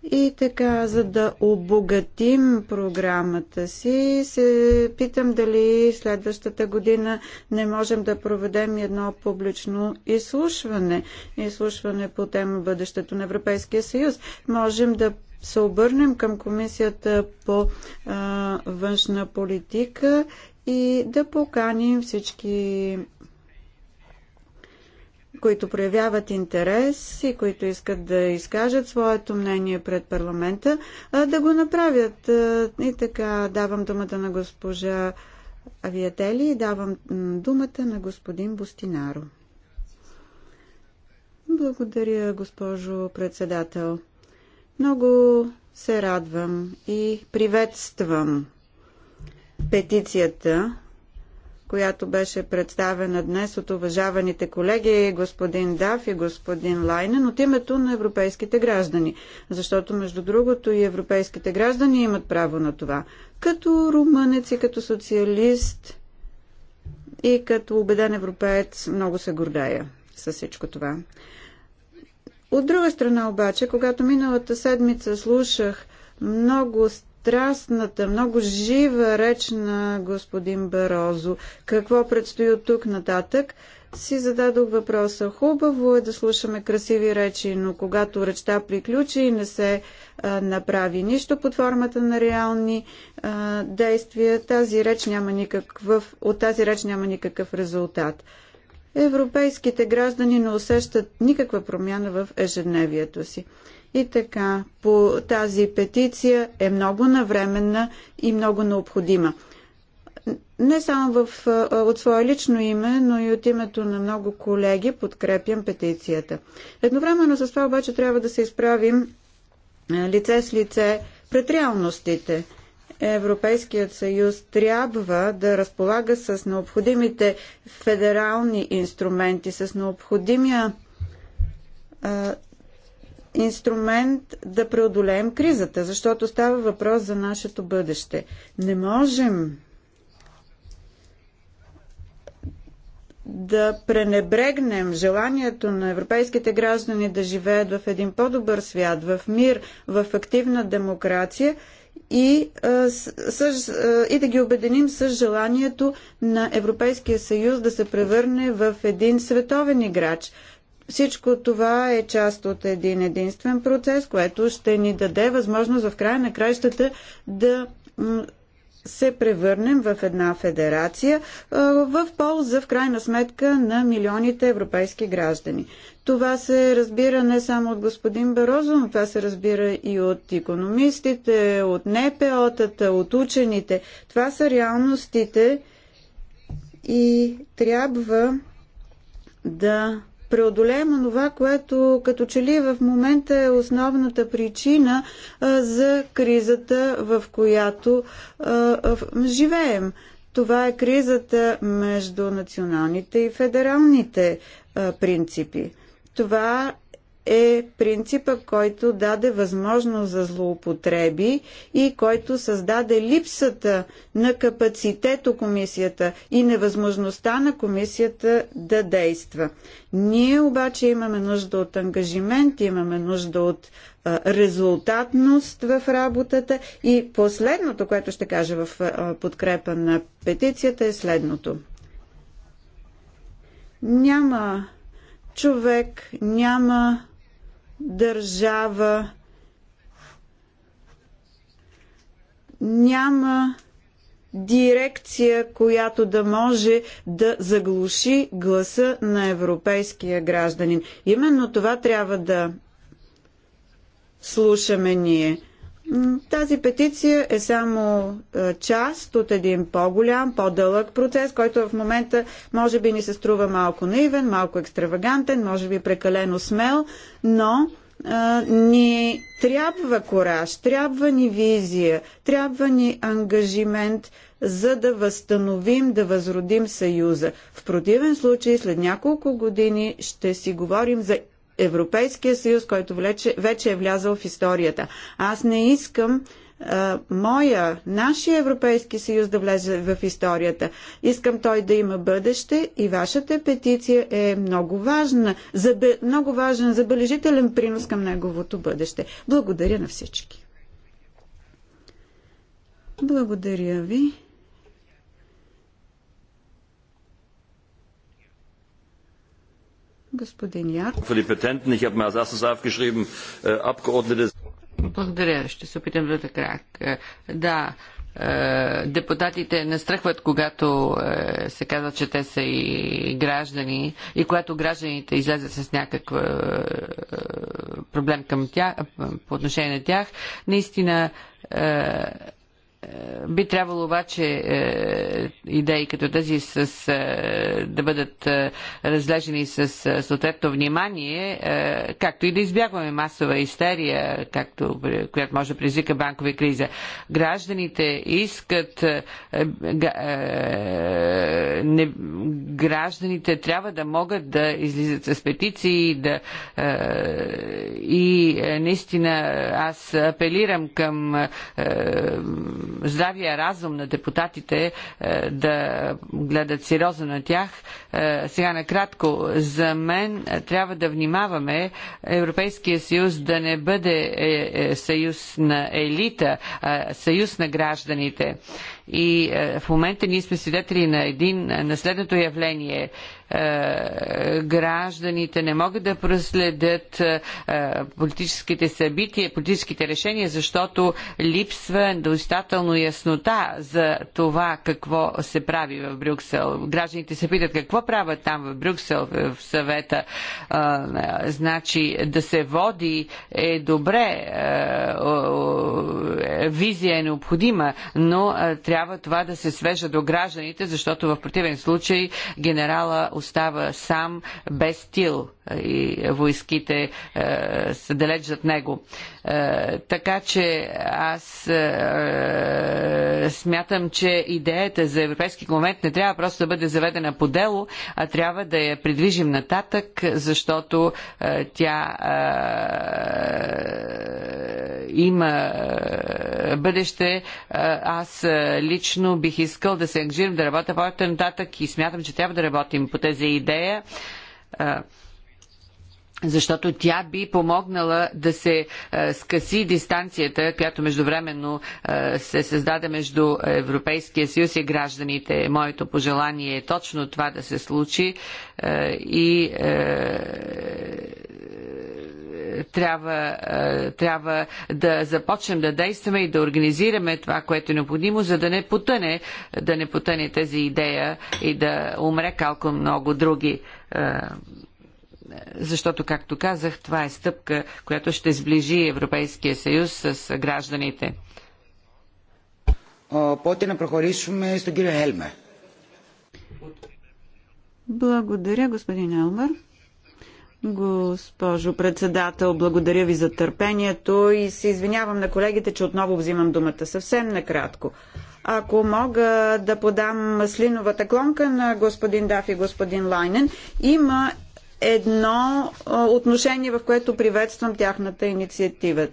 И така, за да обогатим програмата си, се питам дали следващата година не можем да проведем едно публично изслушване. Изслушване по тема Бъдещето на Европейския съюз. Можем да се обърнем към Комисията по а, външна политика и да поканим всички, които проявяват интерес и които искат да изкажат своето мнение пред парламента, а, да го направят. И така давам думата на госпожа Авиатели и давам думата на господин Бустинаро. Благодаря, госпожо председател. Много се радвам и приветствам петицията, която беше представена днес от уважаваните колеги господин Дав и господин Лайнен от името на европейските граждани. Защото, между другото, и европейските граждани имат право на това. Като румънец и като социалист и като убеден европеец много се гордая с всичко това. От друга страна обаче, когато миналата седмица слушах много страстната, много жива реч на господин Барозо, какво предстои от тук нататък, си зададох въпроса. Хубаво е да слушаме красиви речи, но когато речта приключи и не се а, направи нищо под формата на реални а, действия, тази реч няма никакъв, от тази реч няма никакъв резултат европейските граждани не усещат никаква промяна в ежедневието си. И така, по тази петиция е много навременна и много необходима. Не само в, от свое лично име, но и от името на много колеги подкрепям петицията. Едновременно с това обаче трябва да се изправим лице с лице пред реалностите – Европейският съюз трябва да разполага с необходимите федерални инструменти, с необходимия а, инструмент да преодолеем кризата, защото става въпрос за нашето бъдеще. Не можем да пренебрегнем желанието на европейските граждани да живеят в един по-добър свят, в мир, в активна демокрация и, с, и да ги обединим с желанието на Европейския съюз да се превърне в един световен играч. Всичко това е част от един единствен процес, което ще ни даде възможност в края на краищата да се превърнем в една федерация в полза, в крайна сметка, на милионите европейски граждани. Това се разбира не само от господин Барозо, но това се разбира и от економистите, от НПО-тата, от учените. Това са реалностите и трябва да преодолеем това, което като че ли в момента е основната причина а, за кризата, в която а, в, живеем. Това е кризата между националните и федералните а, принципи. Това е принципа, който даде възможност за злоупотреби и който създаде липсата на капацитет у комисията и невъзможността на комисията да действа. Ние обаче имаме нужда от ангажимент, имаме нужда от резултатност в работата и последното, което ще кажа в подкрепа на петицията е следното. Няма човек, няма държава няма дирекция, която да може да заглуши гласа на европейския гражданин. Именно това трябва да слушаме ние. Тази петиция е само е, част от един по-голям, по-дълъг процес, който в момента може би ни се струва малко наивен, малко екстравагантен, може би прекалено смел, но а, е, ни трябва кораж, трябва ни визия, трябва ни ангажимент, за да възстановим, да възродим Съюза. В противен случай, след няколко години ще си говорим за Европейския съюз, който влече, вече е влязъл в историята. Аз не искам а, моя, нашия Европейски съюз да влезе в историята. Искам той да има бъдеще и вашата петиция е много важна, забе, много важен забележителен принос към неговото бъдеще. Благодаря на всички. Благодаря ви. Господин äh, Благодаря. Ще се опитам да така. Е, да, е, депутатите настръхват, когато е, се казва, че те са и граждани, и когато гражданите излезат с някакъв проблем към тях, по отношение на тях, наистина е, би трябвало обаче е, идеи като тази с, е, да бъдат разглеждани с съответно внимание, както и да избягваме масова истерия, както, която може да призвика банкови криза. Гражданите искат, не, гражданите трябва да могат да излизат с петиции да, и наистина аз апелирам към здравия разум на депутатите е, да гледат сериозно на тях. Е, сега накратко, за мен трябва да внимаваме Европейския съюз да не бъде е, съюз на елита, а съюз на гражданите. И в момента ние сме свидетели на един, на следното явление – е, гражданите не могат да проследят е, политическите събития, политическите решения, защото липсва достатъчно яснота за това какво се прави в Брюксел. Гражданите се питат какво правят там в Брюксел, в съвета. Е, значи да се води е добре, визия е необходима, но трябва това да се свежа до гражданите, защото в противен случай генерала остава сам без стил и войските е, се далеч зад него. Е, така че аз е, смятам, че идеята за Европейски момент не трябва просто да бъде заведена по дело, а трябва да я придвижим нататък, защото е, тя е, има е, бъдеще. Е, аз е, лично бих искал да се ангажирам да работя по-нататък и смятам, че трябва да работим по тази идея защото тя би помогнала да се скъси дистанцията, която междувременно се създаде между Европейския съюз и гражданите. Моето пожелание е точно това да се случи и трябва, е, трябва да започнем да действаме и да организираме това, което е необходимо, за да не потъне, да не потъне тази идея и да умре калко много други е, защото, както казах, това е стъпка, която ще сближи Европейския съюз с гражданите. Поте на прохоришуме с Хелме. Благодаря, господин Елмър. Госпожо председател, благодаря ви за търпението и се извинявам на колегите, че отново взимам думата съвсем накратко. Ако мога да подам маслиновата клонка на господин Даф и господин Лайнен, има едно отношение, в което приветствам тяхната инициатива.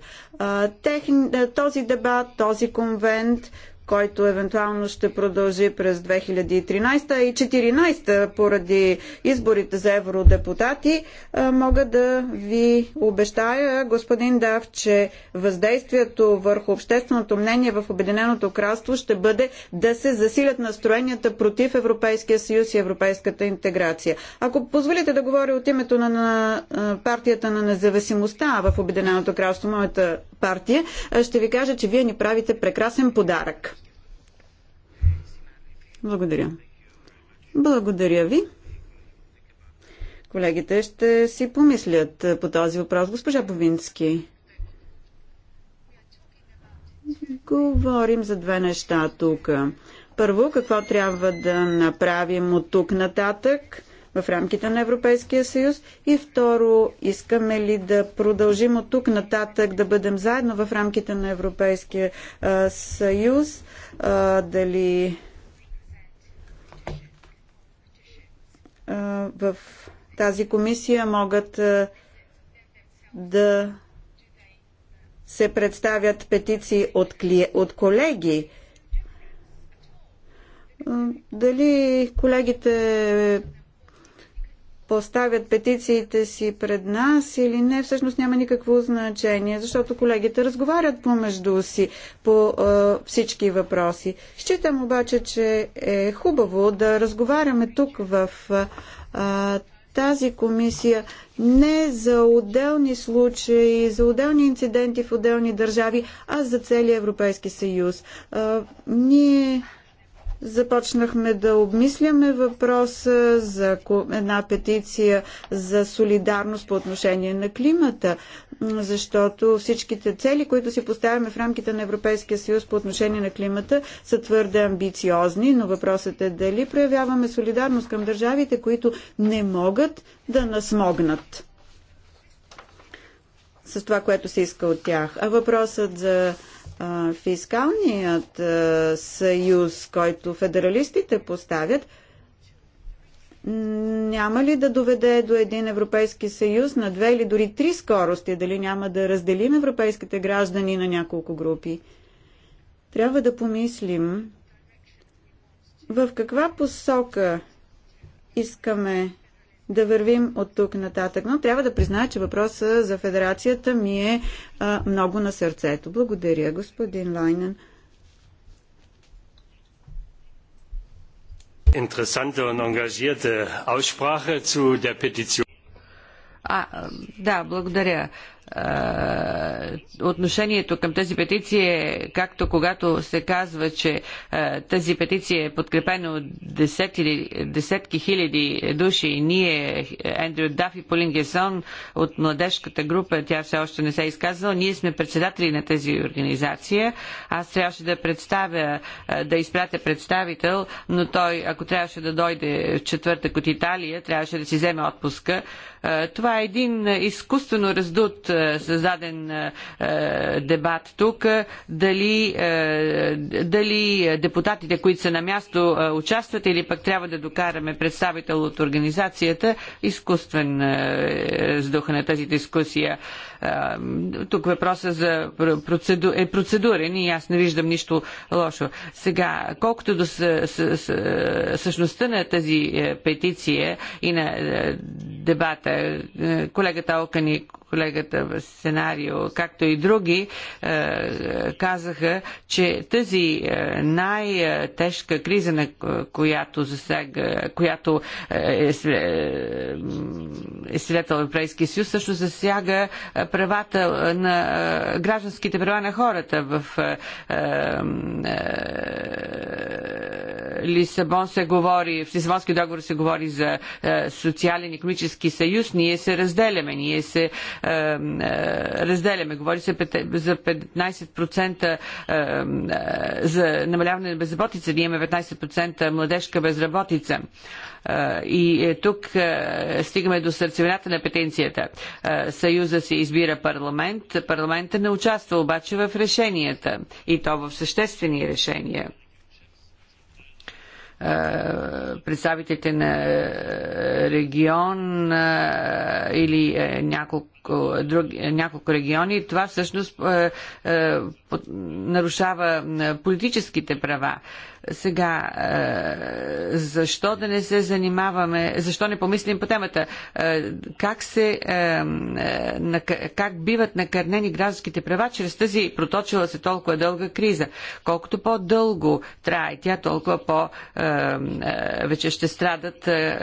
Този дебат, този конвент, който евентуално ще продължи през 2013 и 2014 поради изборите за евродепутати, мога да ви обещая, господин Дав, че въздействието върху общественото мнение в Обединеното кралство ще бъде да се засилят настроенията против Европейския съюз и европейската интеграция. Ако позволите да говоря от името на, партията на независимостта в Обединеното кралство, моята партия, ще ви кажа, че вие ни правите прекрасен подарък. Благодаря. Благодаря ви. Колегите ще си помислят по този въпрос. Госпожа Повински. Говорим за две неща тук. Първо, какво трябва да направим от тук нататък – в рамките на Европейския съюз и второ, искаме ли да продължим от тук нататък да бъдем заедно в рамките на Европейския съюз, дали в тази комисия могат да се представят петиции от, кли... от колеги. Дали колегите поставят петициите си пред нас или не, всъщност няма никакво значение, защото колегите разговарят помежду си по е, всички въпроси. Считам обаче, че е хубаво да разговаряме тук в е, тази комисия не за отделни случаи, за отделни инциденти в отделни държави, а за целия Европейски съюз. Е, ние започнахме да обмисляме въпроса за една петиция за солидарност по отношение на климата, защото всичките цели, които си поставяме в рамките на Европейския съюз по отношение на климата, са твърде амбициозни, но въпросът е дали проявяваме солидарност към държавите, които не могат да насмогнат с това, което се иска от тях. А въпросът за фискалният съюз, който федералистите поставят, няма ли да доведе до един Европейски съюз на две или дори три скорости? Дали няма да разделим европейските граждани на няколко групи? Трябва да помислим в каква посока искаме да вървим от тук нататък. Но трябва да призная, че въпроса за федерацията ми е а, много на сърцето. Благодаря, господин Лайнен. Интересанта и engagierte Aussprache за петицията. А, да, благодаря отношението към тази петиция е както когато се казва, че тази петиция е подкрепена от десетки, десетки хиляди души и ние, Ендрю Даф и Полин Гесон от младежката група, тя все още не се е изказала, ние сме председатели на тази организация. Аз трябваше да представя, да изпратя представител, но той, ако трябваше да дойде в четвъртък от Италия, трябваше да си вземе отпуска е, това е един изкуствено раздут е, създаден е, дебат тук. Дали, дали депутатите, които са на място, участват или пък трябва да докараме представител от организацията. Изкуствен раздуха на тази дискусия. Тук въпросът за процеду... е процедурен и аз не виждам нищо лошо. Сега, колкото до същността на тази е, петиция и на е, дебата, е, колегата Алкани колегата в сценарио, както и други, е, казаха, че тази е, най-тежка криза, на която засега, която е, е свидетел Европейския съюз, също засяга правата на гражданските права на хората в Лисабон се говори, в Лисабонския договор се говори за е, социален и економически съюз, ние се разделяме, ние се е, е, разделяме. Говори се за 15% за намаляване на безработица, ние имаме 15% младежка безработица. И тук стигаме до сърцевината на петенцията. Съюза се избира парламент, парламентът не участва обаче в решенията и то в съществени решения. Е, представителите на е, регион е, или няколко няколко, други, няколко региони. Това всъщност е, е, нарушава е, политическите права. Сега, е, защо да не се занимаваме, защо не помислим по темата? Е, как, се, е, е на, как биват накърнени гражданските права чрез тази проточила се толкова дълга криза? Колкото по-дълго трае тя, толкова по- е, е вече ще страдат е,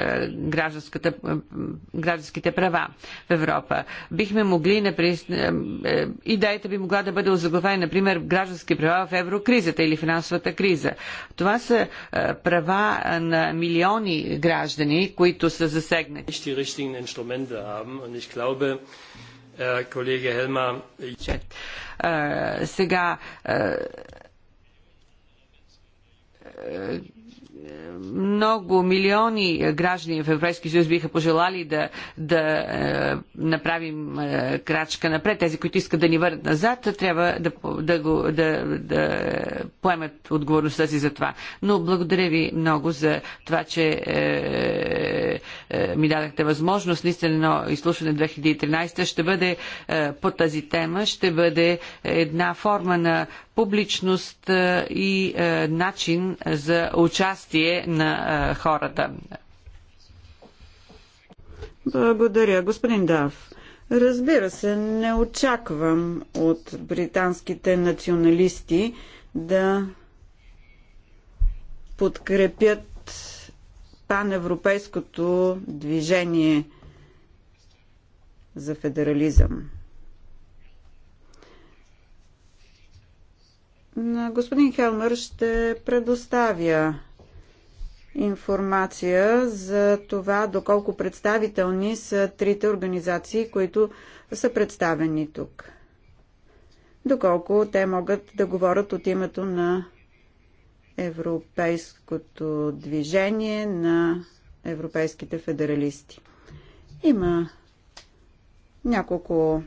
гражданските права в Европа бихме могли, например, е, е, идеята би могла да бъде озаглавена, например, граждански права в еврокризата или финансовата криза. Това са е, права на милиони граждани, които са засегнати. Колега Хелма. Сега много милиони граждани в Европейския съюз биха пожелали да, да е, направим е, крачка напред. Тези, които искат да ни върнат назад, трябва да, да, го, да, да поемат отговорността си за това. Но благодаря ви много за това, че е, е, ми дадахте възможност. Наистина едно изслушване 2013 ще бъде е, по тази тема, ще бъде една форма на публичност е, и е, начин за участие участие на хората. Благодаря, господин Дав. Разбира се, не очаквам от британските националисти да подкрепят паневропейското движение за федерализъм. На господин Хелмър ще предоставя информация за това доколко представителни са трите организации, които са представени тук. Доколко те могат да говорят от името на европейското движение на европейските федералисти. Има няколко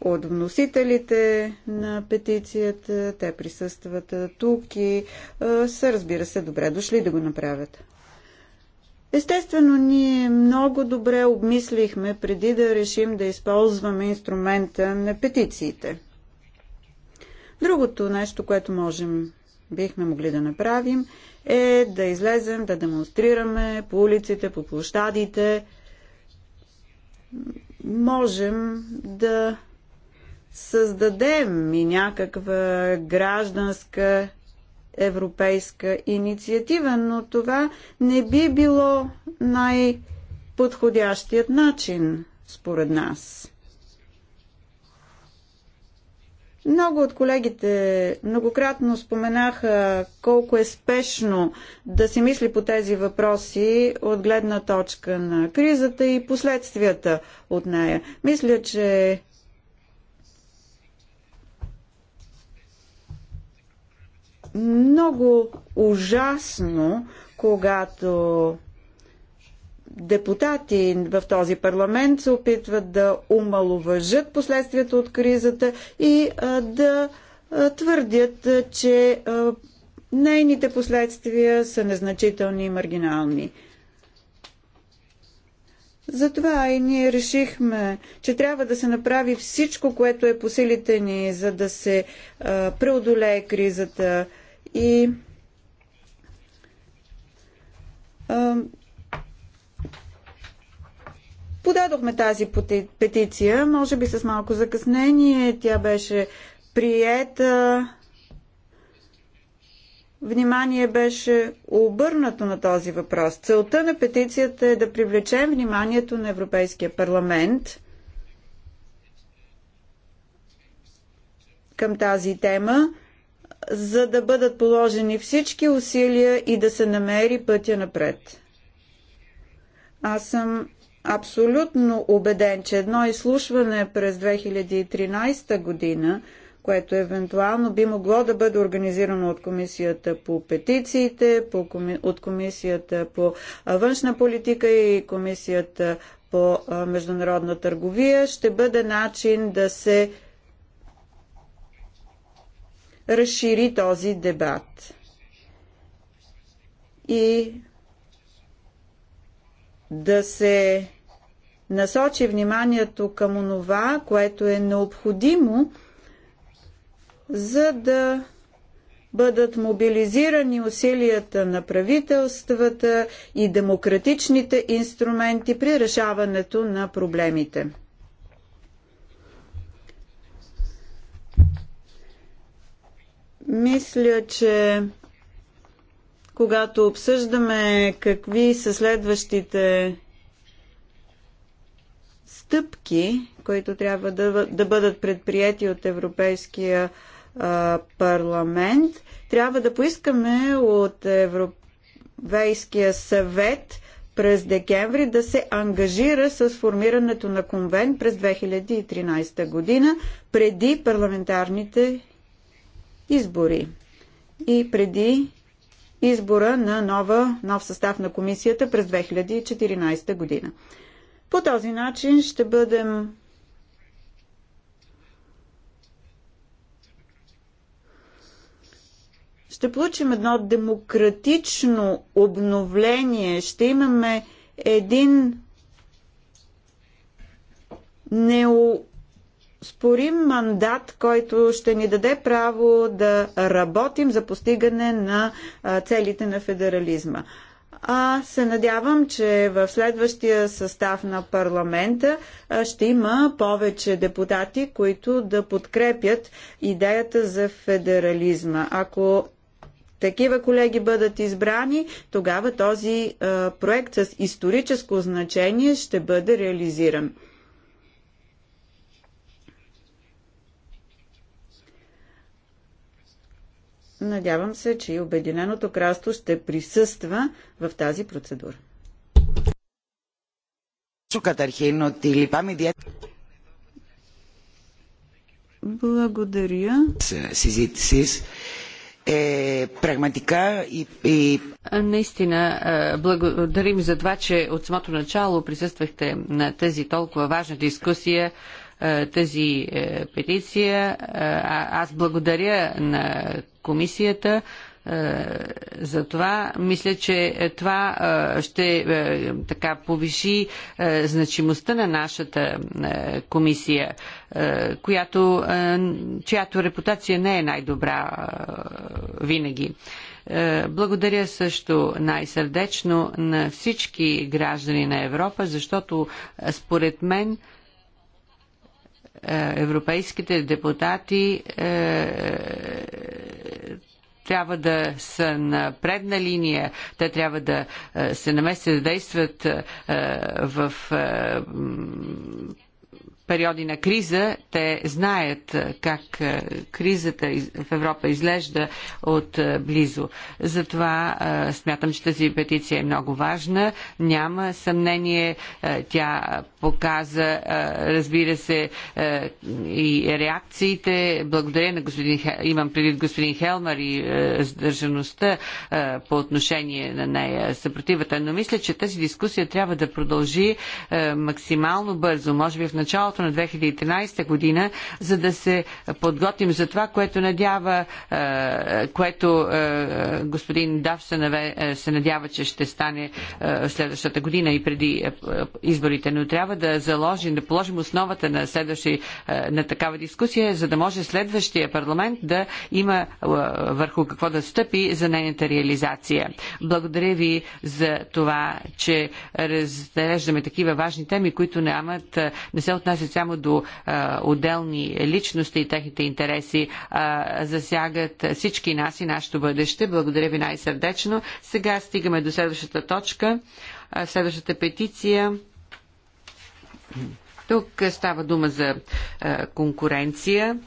от вносителите на петицията. Те присъстват тук и са, разбира се, добре дошли да го направят. Естествено, ние много добре обмислихме преди да решим да използваме инструмента на петициите. Другото нещо, което можем, бихме могли да направим, е да излезем, да демонстрираме по улиците, по площадите. Можем да създадем и някаква гражданска европейска инициатива, но това не би било най-подходящият начин, според нас. Много от колегите многократно споменаха колко е спешно да се мисли по тези въпроси от гледна точка на кризата и последствията от нея. Мисля, че много ужасно, когато депутати в този парламент се опитват да умалуважат последствията от кризата и да твърдят, че нейните последствия са незначителни и маргинални. Затова и ние решихме, че трябва да се направи всичко, което е по силите ни, за да се преодолее кризата, и подадохме тази петиция, може би с малко закъснение. Тя беше приета. Внимание беше обърнато на този въпрос. Целта на петицията е да привлечем вниманието на Европейския парламент към тази тема за да бъдат положени всички усилия и да се намери пътя напред. Аз съм абсолютно убеден, че едно изслушване през 2013 година, което евентуално би могло да бъде организирано от Комисията по петициите, по, от Комисията по външна политика и Комисията по международна търговия, ще бъде начин да се разшири този дебат и да се насочи вниманието към онова, което е необходимо, за да бъдат мобилизирани усилията на правителствата и демократичните инструменти при решаването на проблемите. Мисля, че когато обсъждаме какви са следващите стъпки, които трябва да, да бъдат предприяти от Европейския а, парламент, трябва да поискаме от Европейския съвет през декември да се ангажира с формирането на конвент през 2013 година преди парламентарните избори. И преди избора на нова, нов състав на комисията през 2014 година. По този начин ще бъдем ще получим едно демократично обновление, ще имаме един нео спорим мандат, който ще ни даде право да работим за постигане на целите на федерализма. А се надявам, че в следващия състав на парламента ще има повече депутати, които да подкрепят идеята за федерализма. Ако такива колеги бъдат избрани, тогава този проект с историческо значение ще бъде реализиран. Надявам се, че и Обединеното кралство ще присъства в тази процедура. Благодаря. Е, прагматика и, и... Наистина, благодарим за това, че от самото начало присъствахте на тези толкова важна дискусия е, тази е, петиция. Е, аз благодаря на комисията за това. Мисля, че това ще така повиши значимостта на нашата комисия, която, чиято репутация не е най-добра винаги. Благодаря също най-сърдечно на всички граждани на Европа, защото според мен е, европейските депутати е, трябва да са на предна линия, те трябва да е, се намесят да действат в периоди на криза, те знаят е, как е, кризата в Европа изглежда от е, близо. Затова смятам, че тази петиция е много важна. Няма съмнение, тя показа, разбира се, и реакциите. Благодаря на господин, имам предвид господин Хелмар и сдържаността по отношение на нея, съпротивата. Но мисля, че тази дискусия трябва да продължи максимално бързо. Може би в началото началото на 2013 година, за да се подготвим за това, което надява, е, което е, господин Дав е, се надява, че ще стане следващата година и преди изборите. Но трябва да заложим, да положим основата на, следващи, на такава дискусия, за да може следващия парламент да има върху какво да стъпи за нейната реализация. Благодаря ви за това, че разглеждаме такива важни теми, които нямат, не се отнасят само до а, отделни личности и техните интереси, а, засягат всички нас и нашето бъдеще. Благодаря ви най-сърдечно. Сега стигаме до следващата точка, а, следващата петиция. Тук става дума за а, конкуренция.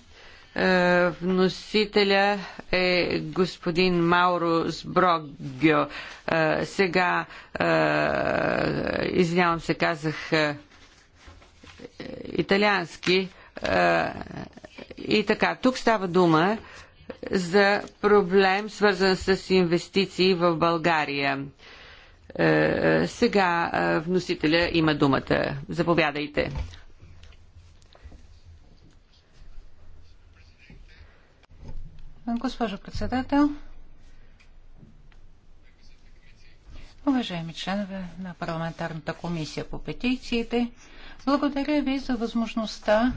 Вносителя е господин Мауро Сброгио. Сега, извинявам се, казах е, италиански. Е, и така, тук става дума за проблем, свързан с инвестиции в България. Е, сега вносителя има думата. Заповядайте. Госпожо председател, уважаеми членове на парламентарната комисия по петициите, благодаря ви за възможността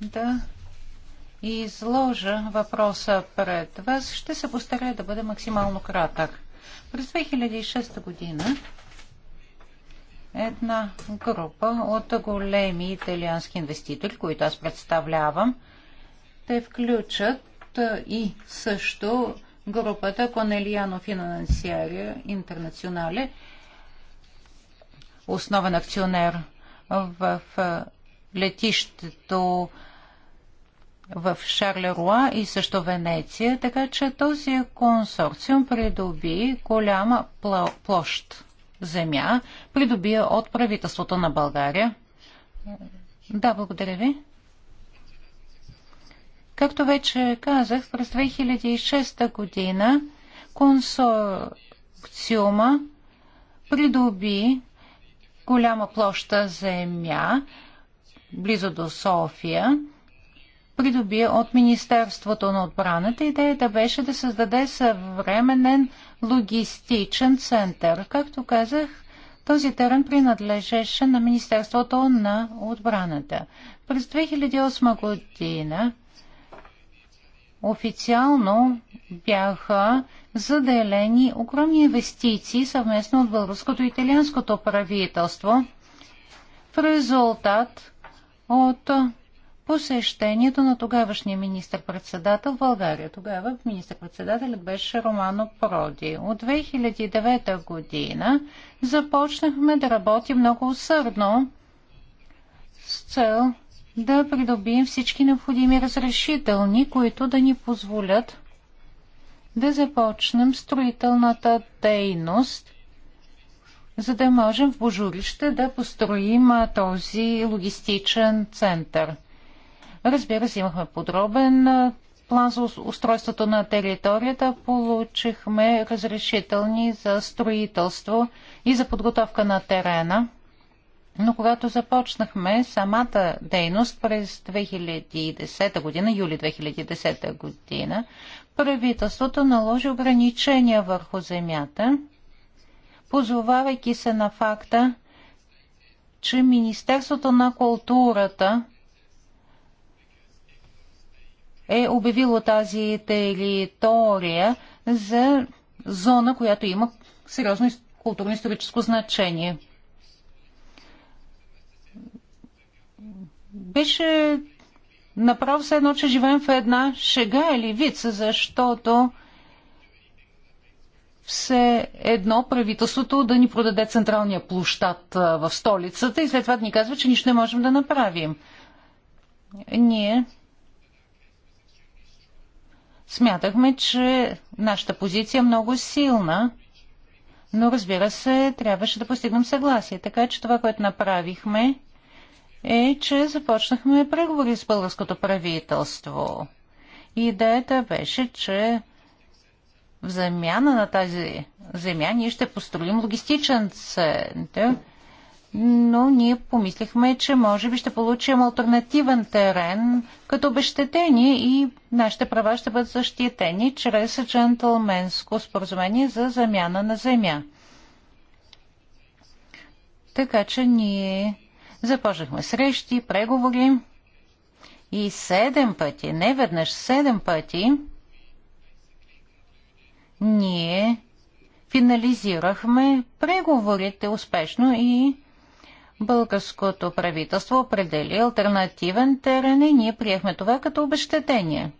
да изложа въпроса пред вас. Ще се постаря да бъда максимално кратък. През 2006 година една група от големи италиански инвеститори, които аз представлявам, те включат и също групата Конелиано Финансиария Интернационале, основен акционер в летището в Шарлеруа и също Венеция, така че този консорциум придоби голяма площ земя, придобия от правителството на България. Да, благодаря ви. Както вече казах, през 2006 година консорциума придоби голяма площа земя, близо до София, придоби от Министерството на отбраната. Идеята беше да създаде съвременен логистичен център. Както казах, този терен принадлежеше на Министерството на отбраната. През 2008 година официално бяха заделени огромни инвестиции съвместно от българското и италианското правителство в резултат от посещението на тогавашния министр-председател в България. Тогава министр-председателят беше Романо Проди. От 2009 година започнахме да работим много усърдно с цел да придобием всички необходими разрешителни, които да ни позволят да започнем строителната дейност, за да можем в Божурище да построим този логистичен център. Разбира се, имахме подробен план за устройството на територията, получихме разрешителни за строителство и за подготовка на терена – но когато започнахме самата дейност през 2010 година, юли 2010 година, правителството наложи ограничения върху земята, позовавайки се на факта, че Министерството на културата е обявило тази територия за зона, която има сериозно културно-историческо значение – беше направо все едно, че живеем в една шега или вица, защото все едно правителството да ни продаде централния площад в столицата и след това да ни казва, че нищо не можем да направим. Ние смятахме, че нашата позиция е много силна, но разбира се, трябваше да постигнем съгласие. Така че това, което направихме, е, че започнахме преговори с българското правителство. Идеята беше, че в замяна на тази земя ние ще построим логистичен център, но ние помислихме, че може би ще получим альтернативен терен като обещетение и нашите права ще бъдат защитени чрез джентлменско споразумение за замяна на земя. Така че ние Започнахме срещи, преговори и седем пъти, не веднъж седем пъти, ние финализирахме преговорите успешно и българското правителство определи альтернативен терен и ние приехме това като обещетение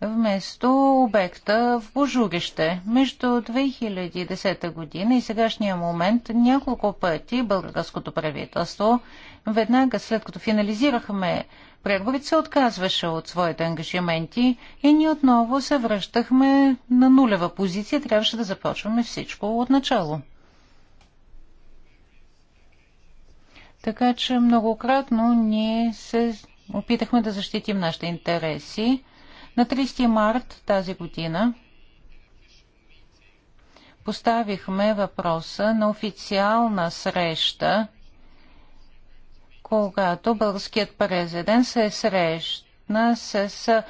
вместо обекта в Божурище. Между 2010 година и сегашния момент няколко пъти българското правителство, веднага след като финализирахме преговорите, се отказваше от своите ангажименти и ние отново се връщахме на нулева позиция, трябваше да започваме всичко от начало. Така че многократно ние се опитахме да защитим нашите интереси. На 30 март тази година поставихме въпроса на официална среща, когато българският президент се е срещна с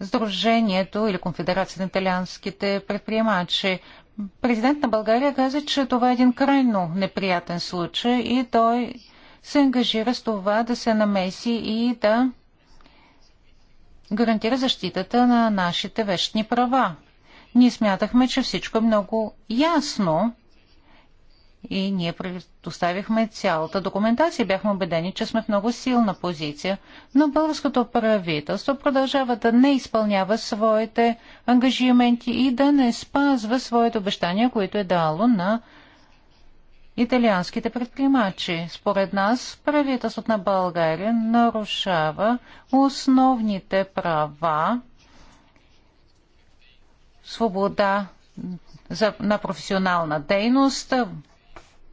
Сдружението или Конфедерация на италианските предприемачи. Президент на България каза, че това е един крайно неприятен случай и той се ангажира с това да се намеси и да гарантира защитата на нашите вещни права. Ние смятахме, че всичко е много ясно и ние предоставихме цялата документация. Бяхме убедени, че сме в много силна позиция, но българското правителство продължава да не изпълнява своите ангажименти и да не спазва своите обещания, които е дало на италианските предприемачи. Според нас правителството на България нарушава основните права, свобода за, на професионална дейност,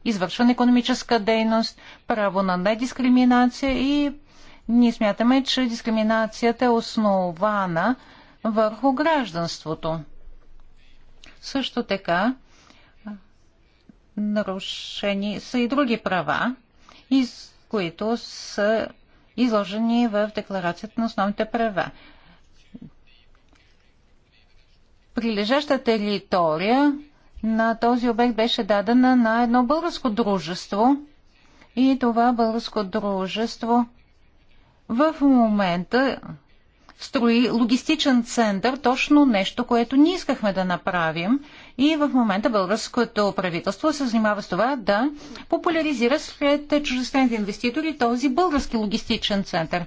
извършване економическа дейност, право на недискриминация и ние смятаме, че дискриминацията е основана върху гражданството. Също така нарушени са и други права, из които са изложени в Декларацията на основните права. Прилежаща територия на този обект беше дадена на едно българско дружество и това българско дружество в момента строи логистичен център, точно нещо, което ние искахме да направим. И в момента българското правителство се занимава с това да популяризира сред чуждестранните инвеститори този български логистичен център.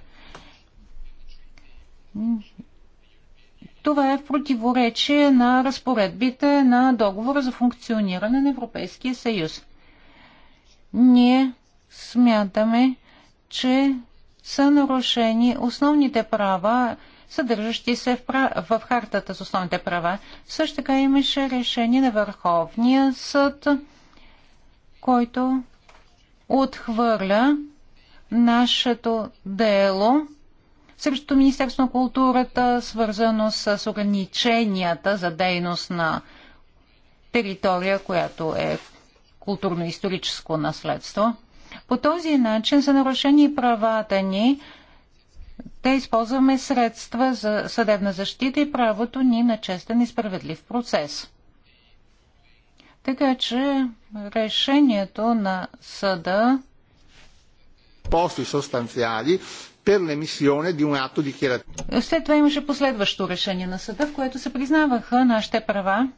Това е в противоречие на разпоредбите на договора за функциониране на Европейския съюз. Ние смятаме, че са нарушени основните права, съдържащи се в, прав... в хартата с основните права. Също така имаше решение на Върховния съд, който отхвърля нашето дело срещу Министерство на културата, свързано с ограниченията за дейност на територия, която е културно-историческо наследство. По този начин са нарушени правата ни да използваме средства за съдебна защита и правото ни на честен и справедлив процес. Така че решението на съда Пости субстанциали пер l'emissione ди un След това имаше последващо решение на съда, в което се признаваха нашите права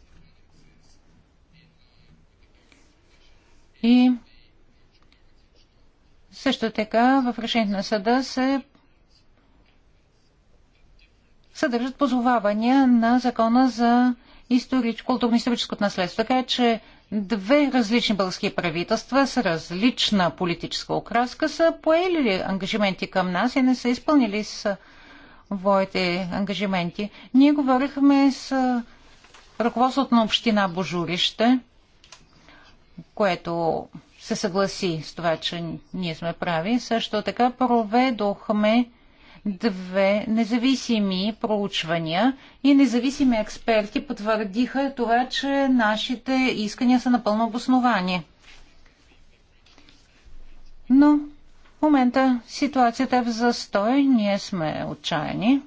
и също така в решението на съда се съдържат позовавания на закона за историч, културно-историческото наследство. Така че две различни български правителства с различна политическа окраска са поели ангажименти към нас и не са изпълнили с своите ангажименти. Ние говорихме с ръководството на община Божурище, което се съгласи с това, че ние сме прави. Също така проведохме две независими проучвания и независими експерти потвърдиха това, че нашите искания са напълно обосновани. Но в момента ситуацията е в застой, ние сме отчаяни.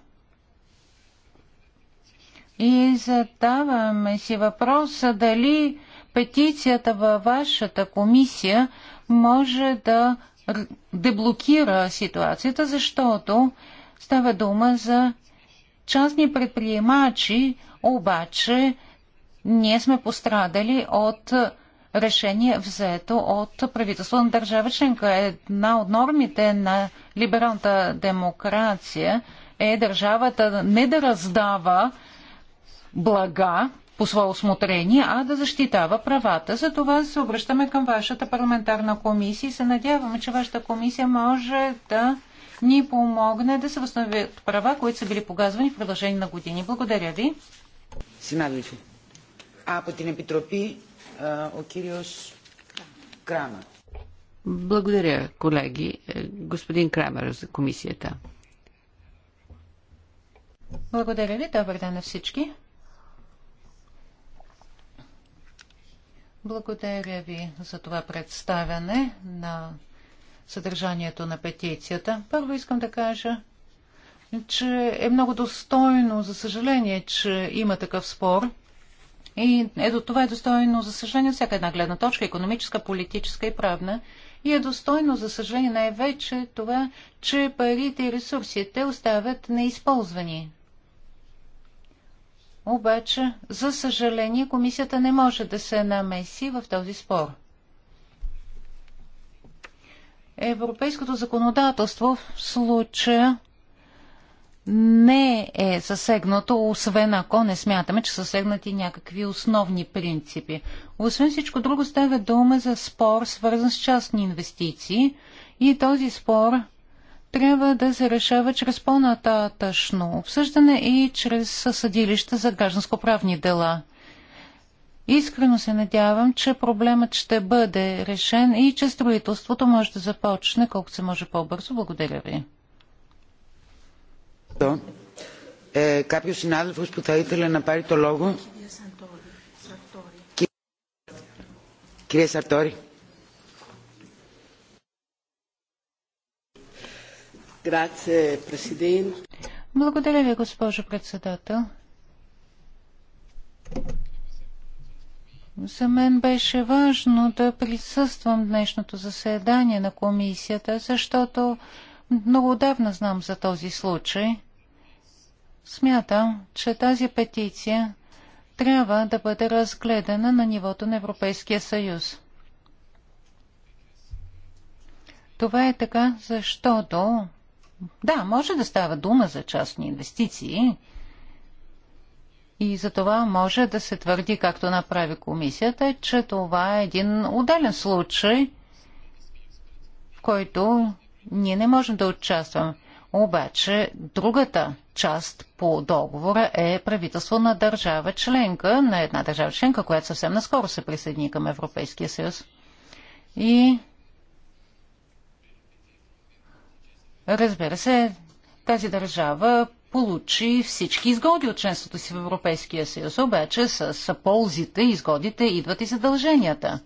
И задаваме си въпроса дали петицията във вашата комисия може да деблокира ситуацията, защото става дума за частни предприемачи, обаче ние сме пострадали от решение взето от правителство на държава членка. Една от нормите на либералната демокрация е държавата не да раздава блага, по свое усмотрение, а да защитава правата. За това се обръщаме към вашата парламентарна комисия и се надяваме, че вашата комисия може да ни помогне да се възстановят права, които са били погазвани в продължение на години. Благодаря ви. Συνάδελφοι, А την Επιτροπή ο κύριος Крама. Благодаря, колеги. Е, господин Крамер за комисията. Благодаря ви. Добър ден на всички. Благодаря ви за това представяне на съдържанието на петицията. Първо искам да кажа, че е много достойно, за съжаление, че има такъв спор. И ето това е достойно, за съжаление, всяка една гледна точка, економическа, политическа и правна. И е достойно, за съжаление, най-вече това, че парите и ресурсите остават неизползвани. Обаче, за съжаление, комисията не може да се намеси в този спор. Европейското законодателство в случая не е засегнато, освен ако не смятаме, че са сегнати някакви основни принципи. Освен всичко друго става дума за спор, свързан с частни инвестиции и този спор трябва да се решава чрез по-нататъчно обсъждане и чрез съдилища за гражданско-правни дела. Искрено се надявам, че проблемът ще бъде решен и че строителството може да започне колкото се може по-бързо. Благодаря ви. Кирия Сартори. Е, Благодаря ви, госпожо председател. За мен беше важно да присъствам в днешното заседание на комисията, защото много давна знам за този случай. Смятам, че тази петиция трябва да бъде разгледана на нивото на Европейския съюз. Това е така, защото да, може да става дума за частни инвестиции и за това може да се твърди, както направи комисията, че това е един отделен случай, в който ние не можем да участваме. Обаче другата част по договора е правителство на държава членка, на една държава членка, която съвсем наскоро се присъедини към Европейския съюз. И Разбира се, тази държава получи всички изгоди от членството си в Европейския съюз, обаче с, ползите, изгодите идват и задълженията.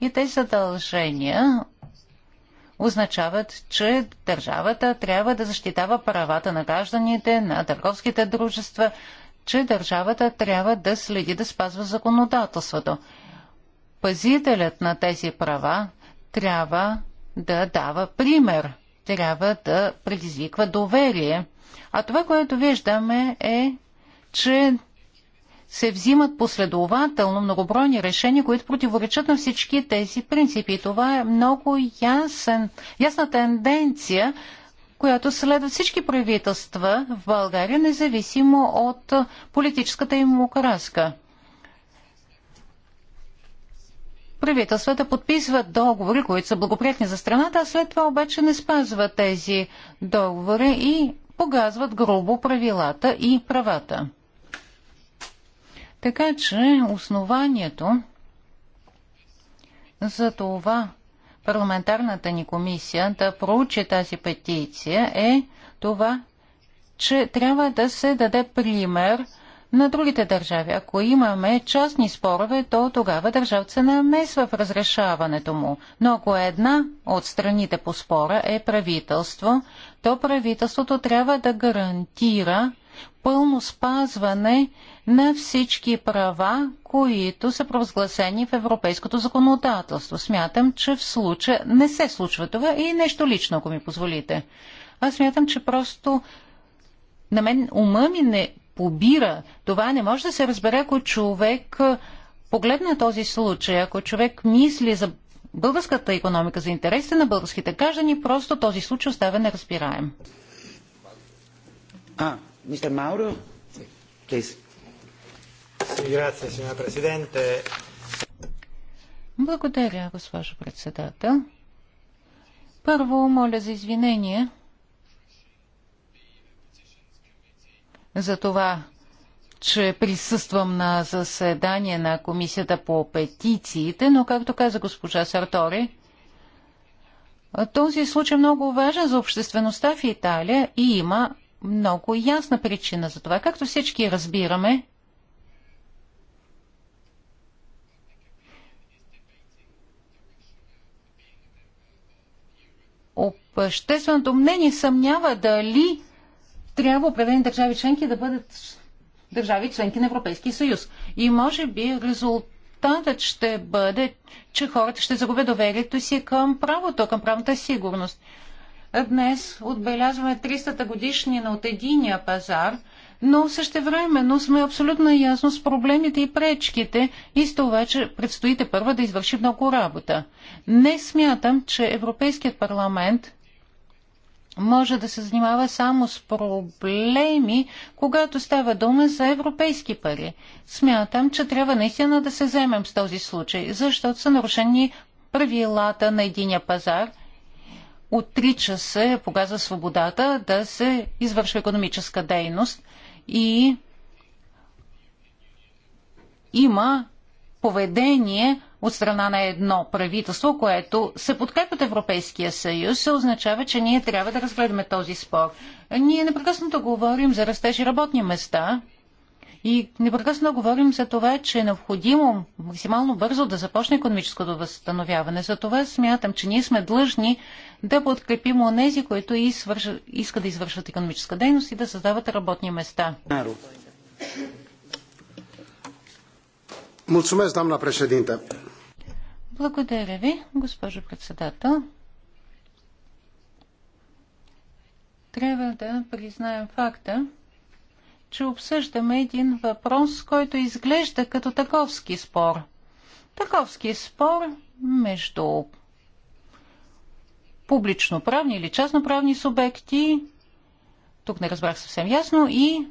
И тези задължения означават, че държавата трябва да защитава правата на гражданите, на търговските дружества, че държавата трябва да следи да спазва законодателството. Пазителят на тези права трябва да дава пример – трябва да предизвиква доверие. А това, което виждаме е, че се взимат последователно многобройни решения, които противоречат на всички тези принципи. И това е много ясен, ясна тенденция, която следва всички правителства в България, независимо от политическата им окраска. правителствата подписват договори, които са благоприятни за страната, а след това обаче не спазват тези договори и погазват грубо правилата и правата. Така че основанието за това парламентарната ни комисия да проучи тази петиция е това, че трябва да се даде пример – на другите държави. Ако имаме частни спорове, то тогава държавата намесва в разрешаването му. Но ако една от страните по спора е правителство, то правителството трябва да гарантира пълно спазване на всички права, които са провъзгласени в европейското законодателство. Смятам, че в случая не се случва това и нещо лично, ако ми позволите. Аз смятам, че просто на мен ума ми не побира. Това не може да се разбере, ако човек погледне този случай, ако човек мисли за българската економика, за интересите на българските граждани, просто този случай остава неразбираем. А, мистер Мауро, Благодаря, госпожо председател. Първо, моля за извинение за това, че присъствам на заседание на Комисията по петициите, но както каза госпожа Сартори, този случай е много важен за обществеността в Италия и има много ясна причина за това. Както всички разбираме, общественото мнение съмнява дали трябва определени държави членки да бъдат държави членки на Европейския съюз. И може би резултатът ще бъде, че хората ще загубят доверието си към правото, към правната сигурност. Днес отбелязваме 300-та годишнина от единия пазар, но но сме абсолютно ясно с проблемите и пречките и с това, че предстоите първа да извърши много работа. Не смятам, че Европейският парламент може да се занимава само с проблеми, когато става дума за европейски пари. Смятам, че трябва наистина да се вземем с този случай, защото са нарушени правилата на единия пазар. Отрича се, погаза свободата да се извършва економическа дейност и има поведение, от страна на едно правителство, което се подкрепят Европейския съюз, се означава, че ние трябва да разгледаме този спор. Ние непрекъснато говорим за растеж и работни места и непрекъснато говорим за това, че е необходимо максимално бързо да започне економическото възстановяване. За това смятам, че ние сме длъжни да подкрепим онези, които искат да извършват економическа дейност и да създават работни места. Mulțumesc, doamna președintă. Благодаря ви, госпожо председател. Трябва да признаем факта, че обсъждаме един въпрос, който изглежда като таковски спор. Таковски спор между публично правни или частноправни субекти, тук не разбрах съвсем ясно, и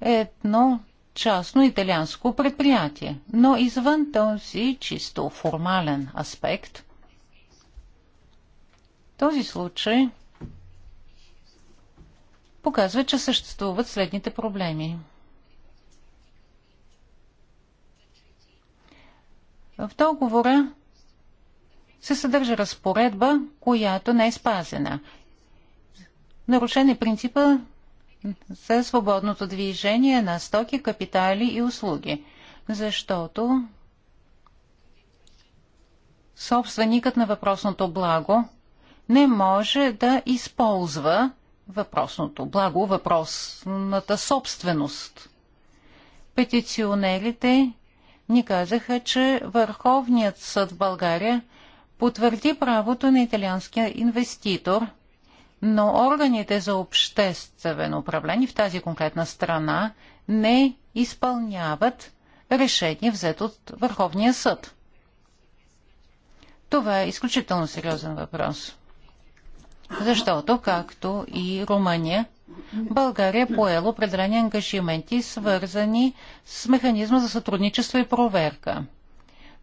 едно частно италианско предприятие. Но извън този чисто формален аспект, този случай показва, че съществуват следните проблеми. В договора се съдържа разпоредба, която не е спазена. Нарушен е принципа за свободното движение на стоки, капитали и услуги, защото собственикът на въпросното благо не може да използва въпросното благо, въпросната собственост. Петиционерите ни казаха, че Върховният съд в България потвърди правото на италианския инвеститор – но органите за обществено управление в тази конкретна страна не изпълняват решение взето от Върховния съд. Това е изключително сериозен въпрос. Защото, както и Румъния, България е поела определени ангажименти, свързани с механизма за сътрудничество и проверка –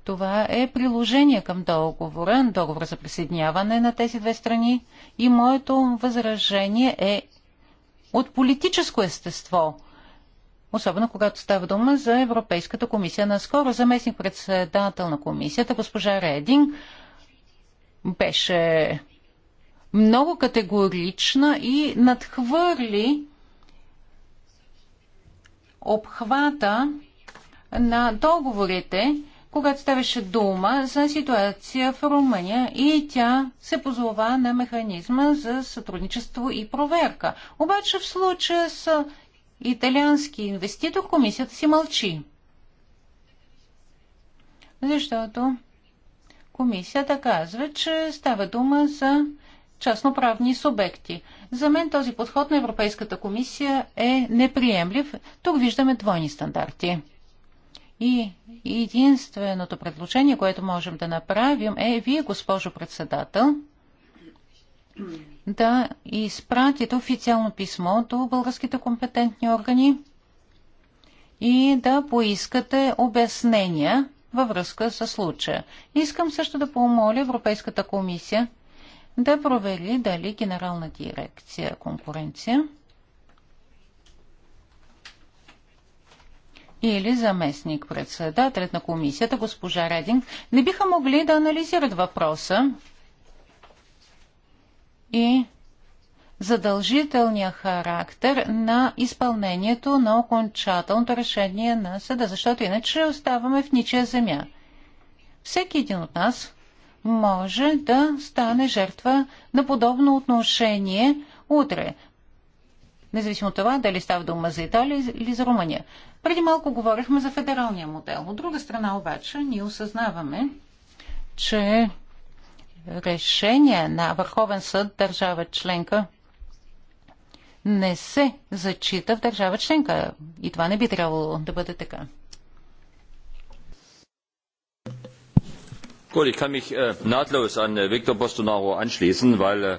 това е приложение към договора, договор за присъединяване на тези две страни и моето възражение е от политическо естество. Особено когато става дума за Европейската комисия. Наскоро заместник председател на комисията, госпожа Рединг, беше много категорична и надхвърли обхвата на договорите, когато ставаше дума за ситуация в Румъния и тя се позова на механизма за сътрудничество и проверка. Обаче в случая с италиански инвеститор комисията си мълчи. Защото комисията казва, че става дума за частноправни субекти. За мен този подход на Европейската комисия е неприемлив. Тук виждаме двойни стандарти. И единственото предложение, което можем да направим е вие, госпожо председател, да изпратите официално писмо до българските компетентни органи и да поискате обяснения във връзка с случая. Искам също да помоля Европейската комисия да провери дали Генерална дирекция конкуренция или заместник председателят на комисията, госпожа Рединг, не биха могли да анализират въпроса и задължителния характер на изпълнението на окончателното решение на съда, защото иначе оставаме в ничия земя. Всеки един от нас може да стане жертва на подобно отношение утре независимо от това дали става дума за Италия или за Румъния. Преди малко говорихме за федералния модел. От друга страна обаче ние осъзнаваме, че решение на Върховен съд държава членка не се зачита в държава членка. И това не би трябвало да бъде така. Gut, ich kann mich äh, nahtlos an äh, Viktor Bostonaro anschließen, weil äh,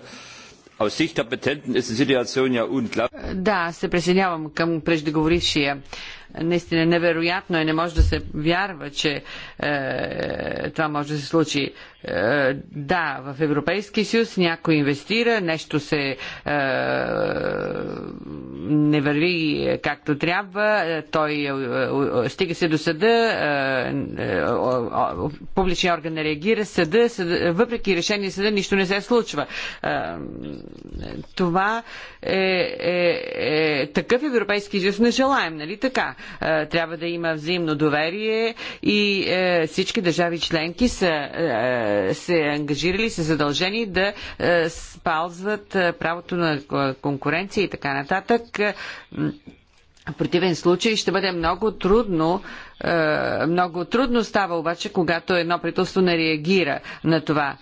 да, се присъединявам към преждеговорившия. Наистина невероятно е, не може да се вярва, че е, това може да се случи. Е, да, в Европейския съюз някой инвестира, нещо се е, не върви е, както трябва, е, той е, е, стига се до съда, публичният орган не реагира, съда, съда въпреки решение съда нищо не се случва. Това е, е, е такъв Европейски съюз не желаем, нали така? Е, трябва да има взаимно доверие и е, всички държави членки са е, се ангажирали, са задължени да спазват правото на конкуренция и така нататък. В противен случай ще бъде много трудно много трудно става обаче, когато едно правителство не реагира на това.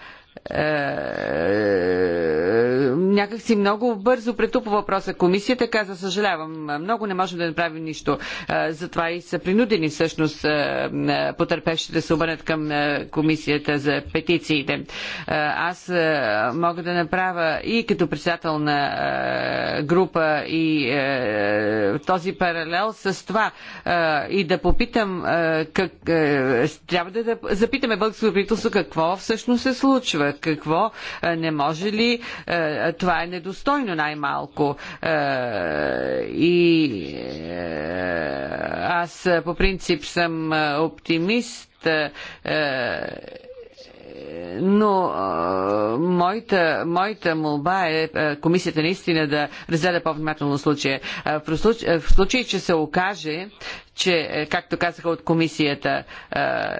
Е, някак си много бързо претупа въпроса комисията, каза съжалявам, много не можем да направим нищо. Е, затова и са принудени всъщност е, потерпевшите да се обърнат към комисията за петициите. Аз мога да направя и като председател на група и този паралел с това и да попитам как трябва да запитаме българското правителство какво всъщност се случва какво? Не може ли? Това е недостойно най-малко. И аз по принцип съм оптимист но а, моята, моята молба е а, комисията наистина да разгледа по-внимателно случая. А, в, случай, в случай, че се окаже, че, е, както казаха от комисията,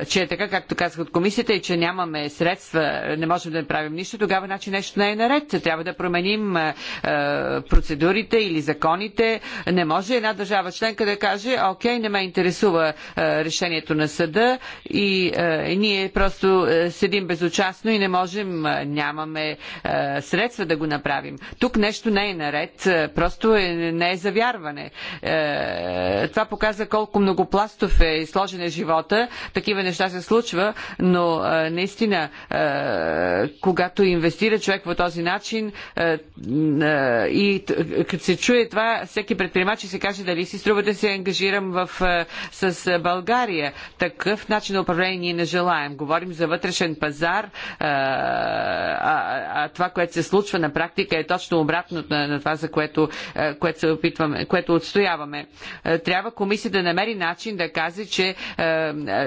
е, че е така, както казаха от комисията и че нямаме средства, не можем да направим нищо, тогава значи нещо не е наред. Трябва да променим е, процедурите или законите. Не може една държава членка да каже, окей, не ме интересува решението на съда и ние просто седим безучастно и не можем, нямаме средства да го направим. Тук нещо не е наред, просто не е завярване. Това показва колко колко многопластов е и сложен е живота, такива неща се случва, но наистина, когато инвестира човек по този начин и като се чуе това, всеки предприемач се каже дали си струва да се ангажирам в, с България. Такъв начин на управление ние не желаем. Говорим за вътрешен пазар, а, а това, което се случва на практика е точно обратно на, на това, за което, което се опитваме, което отстояваме. Трябва комисията да намери намери начин да каже, че е,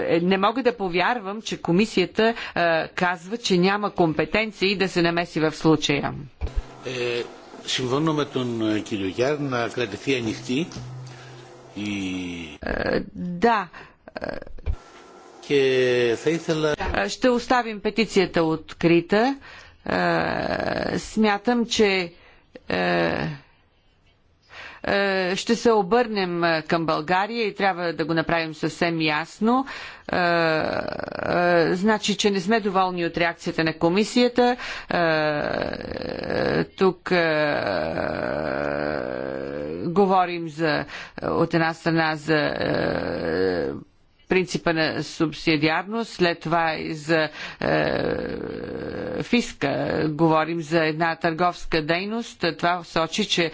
е, не мога да повярвам, че комисията е, казва, че няма компетенции да се намеси в случая. Е, Συμφωνώ με τον е, κύριο Γιάρ να κρατηθεί ανοιχτή η... Да. Και θα ήθελα... Ще оставим петицията открита. Смятам, че Е... Е, ще се обърнем е, към България и трябва да го направим съвсем ясно. Е, значи, че не сме доволни от реакцията на комисията. Тук говорим за, от една страна за принципа на субсидиарност, след това и за е, фиска. Говорим за една търговска дейност. Това сочи, че е,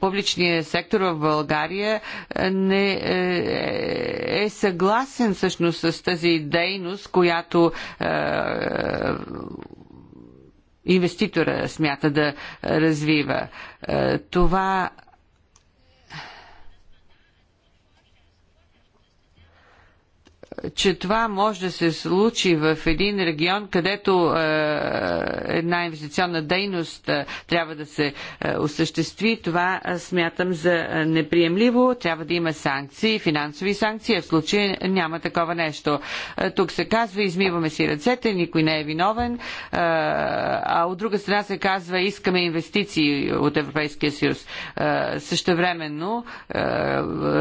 публичният сектор в България е, не е, е съгласен всъщност с тази дейност, която е, инвеститора смята да е, развива. Е, това че това може да се случи в един регион, където е, една инвестиционна дейност е, трябва да се е, осъществи, това е, смятам за е, неприемливо. Трябва да има санкции, финансови санкции, а в случай няма такова нещо. Е, тук се казва, измиваме си ръцете, никой не е виновен, е, а от друга страна се казва, искаме инвестиции от Европейския съюз. Е, същевременно е,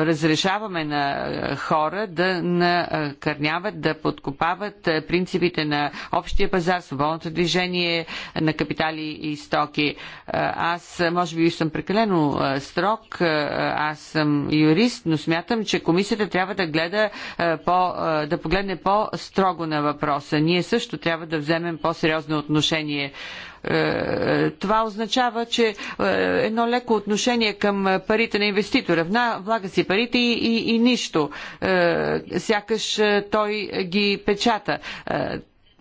разрешаваме на е, хора да на е, накърняват, да подкопават е, принципите на общия пазар, свободното движение на капитали и стоки. Е, аз, е, може би, съм прекалено строг, аз съм юрист, но смятам, че комисията трябва да гледа по, да погледне по-строго на въпроса. Ние също трябва да вземем по-сериозно отношение е, това означава, че е, едно леко отношение към парите на инвеститора. Вна, влага си парите и, и, и нищо. Е, сякаш той ги печата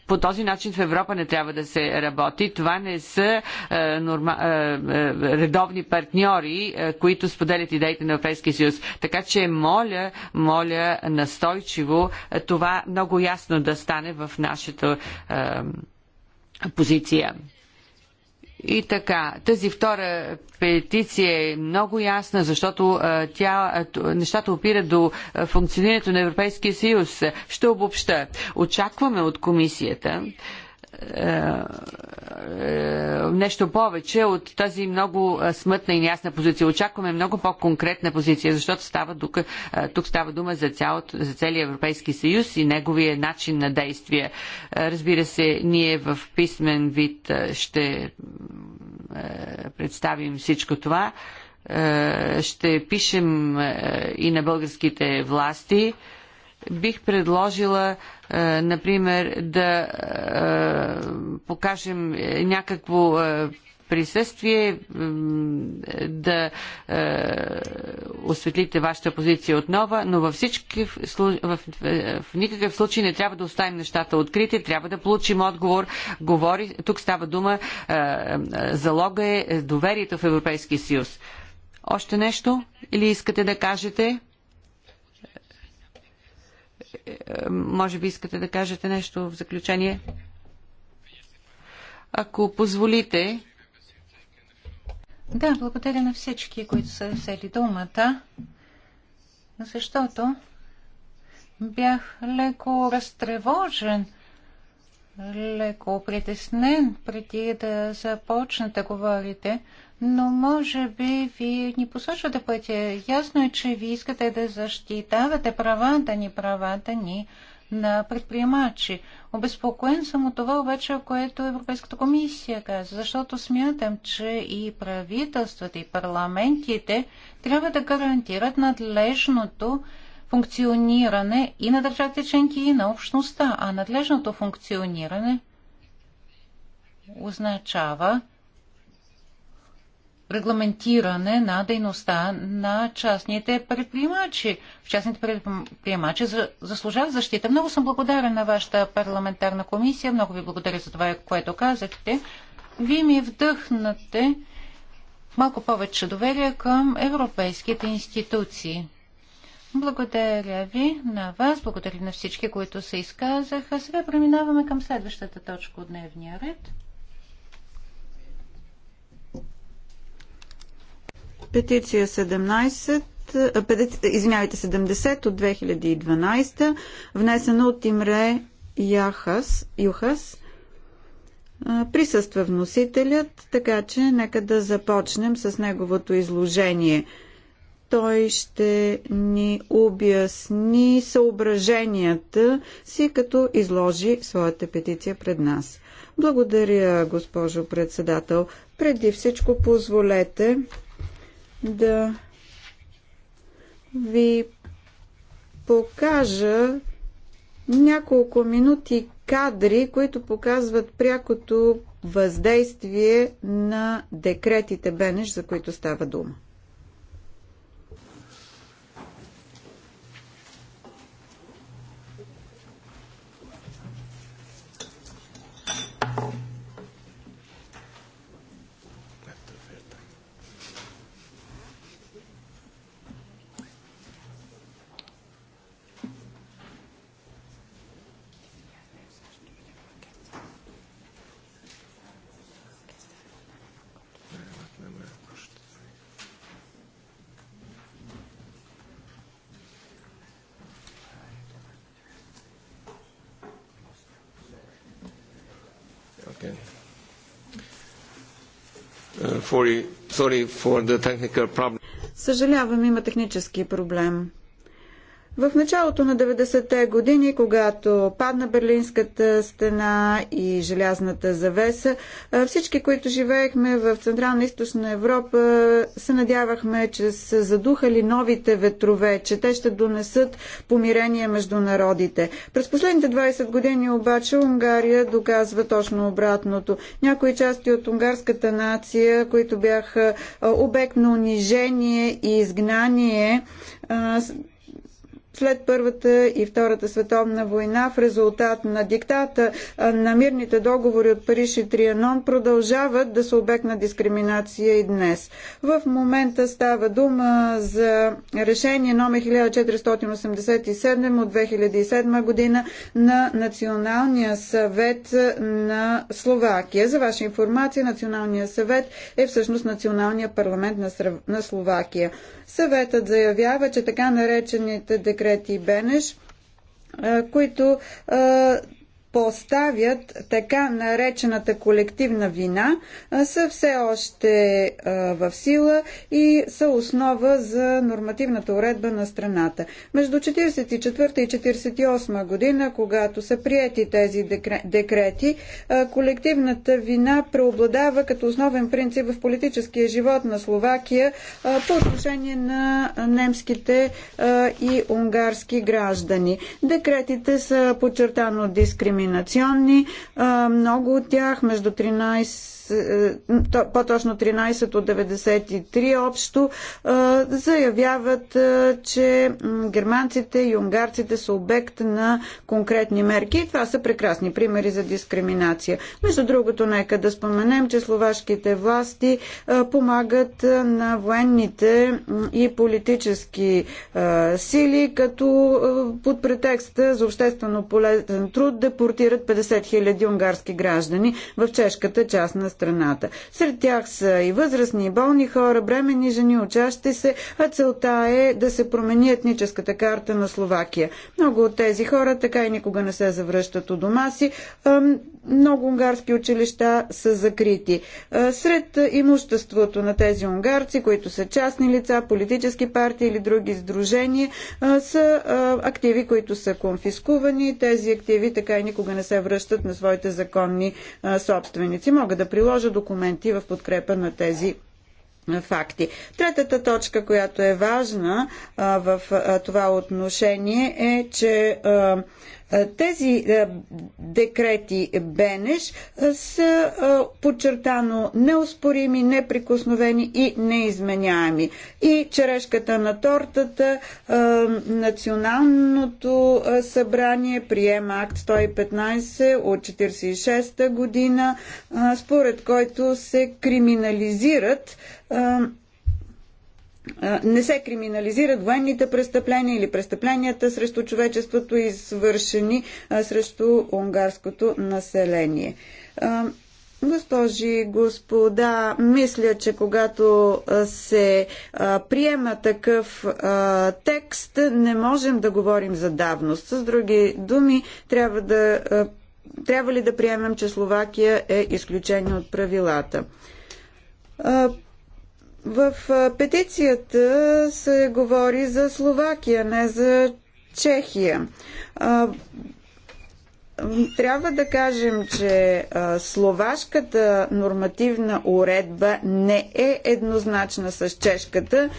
по този начин в Европа не трябва да се работи. Това не са е, норма, е, редовни партньори, е, които споделят идеите на Европейския съюз. Така че моля, моля настойчиво е, това много ясно да стане в нашата е, позиция. И така, тази втора петиция е много ясна, защото тя, нещата опират до функционирането на Европейския съюз. Ще обобща. Очакваме от комисията е, е, нещо повече от тази много е, смътна и ясна позиция. Очакваме много по-конкретна позиция, защото става тук, тук става дума за, цялото, за целия Европейски съюз и неговия начин на действие. Разбира се, ние в писмен вид ще представим всичко това. Ще пишем и на българските власти. Бих предложила е, например, да е, покажем някакво е, присъствие, да осветлите вашата позиция отново, но във, всички, в, в никакъв случай не трябва да оставим нещата открити, трябва да получим отговор. Говори, тук става дума, залога е доверието в Европейския съюз. Още нещо? Или искате да кажете? Е, е, може би искате да кажете нещо в заключение. Ако позволите. Да, благодаря на всички, които са взели думата, защото бях леко разтревожен леко притеснен преди да започна да говорите, но може би ви ни посочвате пътя. Ясно е, че ви искате да защитавате правата ни, правата ни на предприемачи. Обезпокоен съм от това обаче, което Европейската комисия каза, защото смятам, че и правителствата, и парламентите трябва да гарантират надлежното функциониране и на държавите членки, и на общността. А надлежното функциониране означава регламентиране на дейността на частните предприемачи. Частните предприемачи заслужават защита. Много съм благодарен на вашата парламентарна комисия. Много ви благодаря за това, което казахте. Вие ми вдъхнате малко повече доверие към европейските институции. Благодаря ви на вас, благодаря на всички, които се изказаха. Сега преминаваме към следващата точка от дневния ред. Петиция 17 извинявайте, 70 от 2012, внесена от Имре Яхас, Юхас. Присъства вносителят, така че нека да започнем с неговото изложение – той ще ни обясни съображенията си, като изложи своята петиция пред нас. Благодаря, госпожо председател. Преди всичко позволете да ви покажа няколко минути кадри, които показват прякото въздействие на декретите Бенеш, за които става дума. Sorry for the technical problem. Съжалявам, има технически проблем. В началото на 90-те години, когато падна Берлинската стена и желязната завеса, всички, които живеехме в Централна Източна Европа, се надявахме, че са задухали новите ветрове, че те ще донесат помирение между народите. През последните 20 години обаче Унгария доказва точно обратното. Някои части от унгарската нация, които бяха обект на унижение и изгнание, след Първата и Втората световна война, в резултат на диктата на мирните договори от Париж и Трианон продължават да са обект на дискриминация и днес. В момента става дума за решение номер 1487 от 2007 година на Националния съвет на Словакия. За ваша информация, Националния съвет е всъщност Националния парламент на Словакия. Съветът заявява, че така наречените декларации Трети Бенеш, които поставят така наречената колективна вина, са все още в сила и са основа за нормативната уредба на страната. Между 1944 и 1948 година, когато са прияти тези декрети, колективната вина преобладава като основен принцип в политическия живот на Словакия по отношение на немските и унгарски граждани. Декретите са подчертано дискриминирани дискриминационни. Много от тях, между 13 е, е, по-точно 13 от 93 общо, е, заявяват, че германците и унгарците са обект на конкретни мерки. И това са прекрасни примери за дискриминация. Между другото, нека да споменем, че словашките власти помагат на военните и политически сили, като под претекста за обществено полезен труд депортират 50 000 унгарски граждани в чешката част на страната. Сред тях са и възрастни, и болни хора, бремени жени, учащи се, а целта е да се промени етническата карта на Словакия. Много от тези хора така и никога не се завръщат у дома си. Много унгарски училища са закрити. Сред имуществото на тези унгарци, които са частни лица, политически партии или други сдружения, са активи, които са конфискувани. Тези активи така и никога не се връщат на своите законни собственици. Мога да приложа приложа документи в подкрепа на тези факти. Третата точка, която е важна а, в а, това отношение е, че а, е, тези е, декрети Бенеш е, са подчертано неоспорими, неприкосновени и неизменяеми. И черешката на тортата Националното събрание приема акт 115 от 1946 година, според който се криминализират не се криминализират военните престъпления или престъпленията срещу човечеството, извършени срещу унгарското население. Госпожи и господа, мисля, че когато се приема такъв текст, не можем да говорим за давност. С други думи, трябва, да, трябва ли да приемем, че Словакия е изключение от правилата? В петицията се говори за Словакия, не за Чехия. Трябва да кажем, че словашката нормативна уредба не е еднозначна с чешката.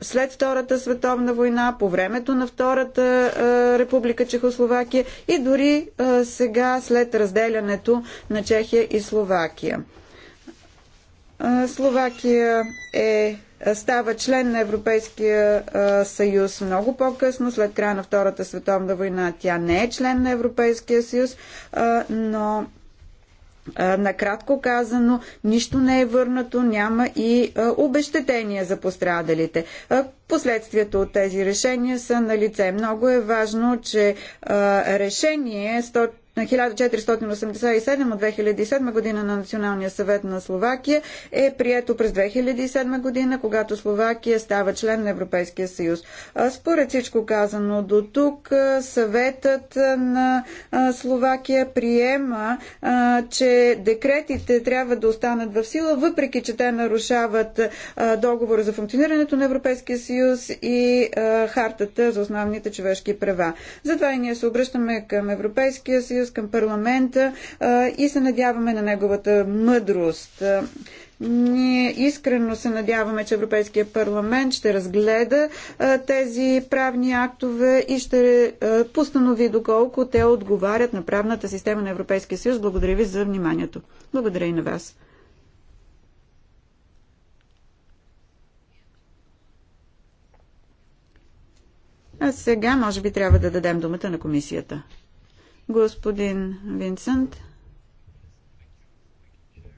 След Втората световна война, по времето на Втората република Чехословакия и дори сега след разделянето на Чехия и Словакия. Словакия е, става член на Европейския съюз много по-късно, след края на Втората световна война. Тя не е член на Европейския съюз, но накратко казано, нищо не е върнато, няма и обещетения за пострадалите. Последствията от тези решения са на лице. Много е важно, че решение на 1487 от 2007 година на Националния съвет на Словакия е прието през 2007 година, когато Словакия става член на Европейския съюз. Според всичко казано до тук, съветът на Словакия приема, че декретите трябва да останат в сила, въпреки че те нарушават договора за функционирането на Европейския съюз и хартата за основните човешки права. Затова и ние се обръщаме към Европейския съюз, към парламента и се надяваме на неговата мъдрост. Ние искрено се надяваме, че Европейския парламент ще разгледа а, тези правни актове и ще а, постанови доколко те отговарят на правната система на Европейския съюз. Благодаря ви за вниманието. Благодаря и на вас. А сега, може би, трябва да дадем думата на комисията. Господин Винсент,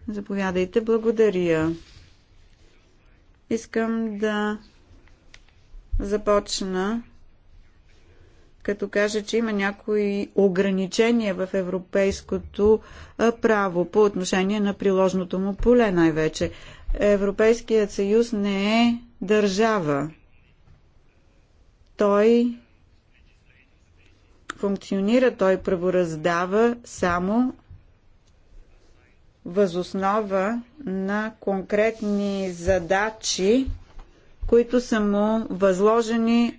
заповядайте. Благодаря. Искам да започна като кажа, че има някои ограничения в европейското право по отношение на приложното му поле най-вече. Европейският съюз не е държава. Той функционира. Той правораздава само възоснова на конкретни задачи, които са му възложени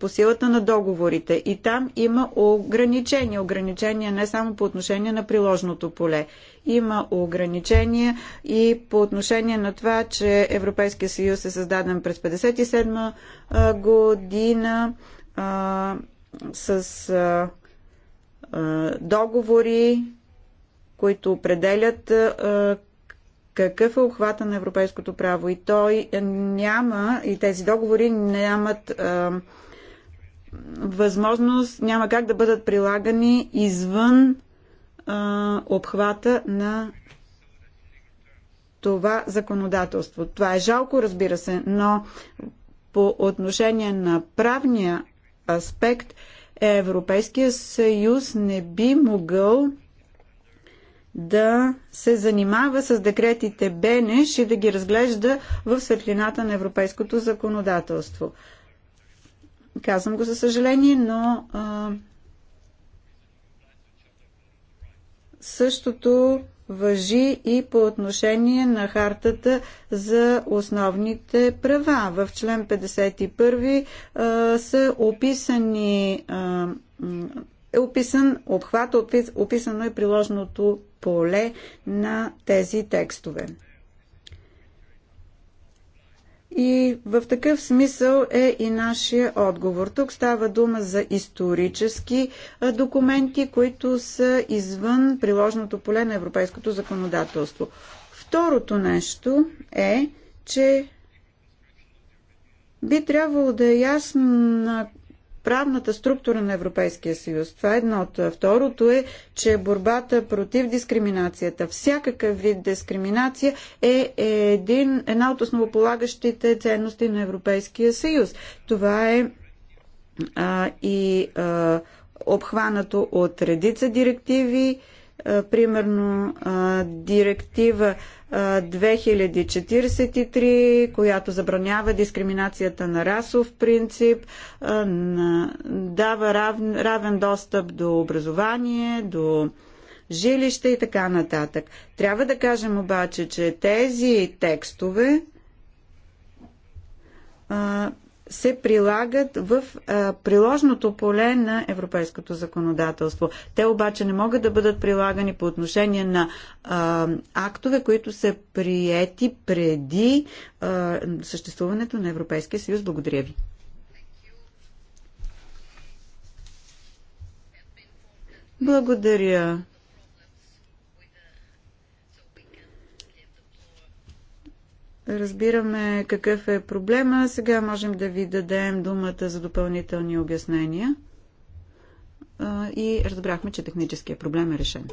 по силата на договорите. И там има ограничения. Ограничения не само по отношение на приложното поле. Има ограничения и по отношение на това, че Европейския съюз е създаден през 1957 година с а, а, договори, които определят а, какъв е обхвата на европейското право. И той няма, и тези договори нямат а, възможност, няма как да бъдат прилагани извън а, обхвата на това законодателство. Това е жалко, разбира се, но по отношение на правния аспект Европейския съюз не би могъл да се занимава с декретите Бенеш и да ги разглежда в светлината на европейското законодателство. Казвам го за съжаление, но а, същото въжи и по отношение на хартата за основните права. В член 51 а, са описани а, е описан обхват, описано е приложеното поле на тези текстове. И в такъв смисъл е и нашия отговор. Тук става дума за исторически документи, които са извън приложното поле на европейското законодателство. Второто нещо е, че би трябвало да е на правната структура на Европейския съюз. Това е едното. Второто е, че борбата против дискриминацията, всякакъв вид дискриминация е, е един, една от основополагащите ценности на Европейския съюз. Това е а, и а, обхванато от редица директиви, е, примерно е, директива 2043, е, която забранява дискриминацията на расов принцип, дава равен достъп до образование, до жилище и така нататък. Трябва да кажем обаче, че тези текстове се прилагат в а, приложното поле на европейското законодателство. Те обаче не могат да бъдат прилагани по отношение на а, актове, които са приети преди а, съществуването на Европейския съюз. Благодаря ви. Благодаря. разбираме какъв е проблема. Сега можем да ви дадем думата за допълнителни обяснения. И разбрахме, че техническия проблем е решен.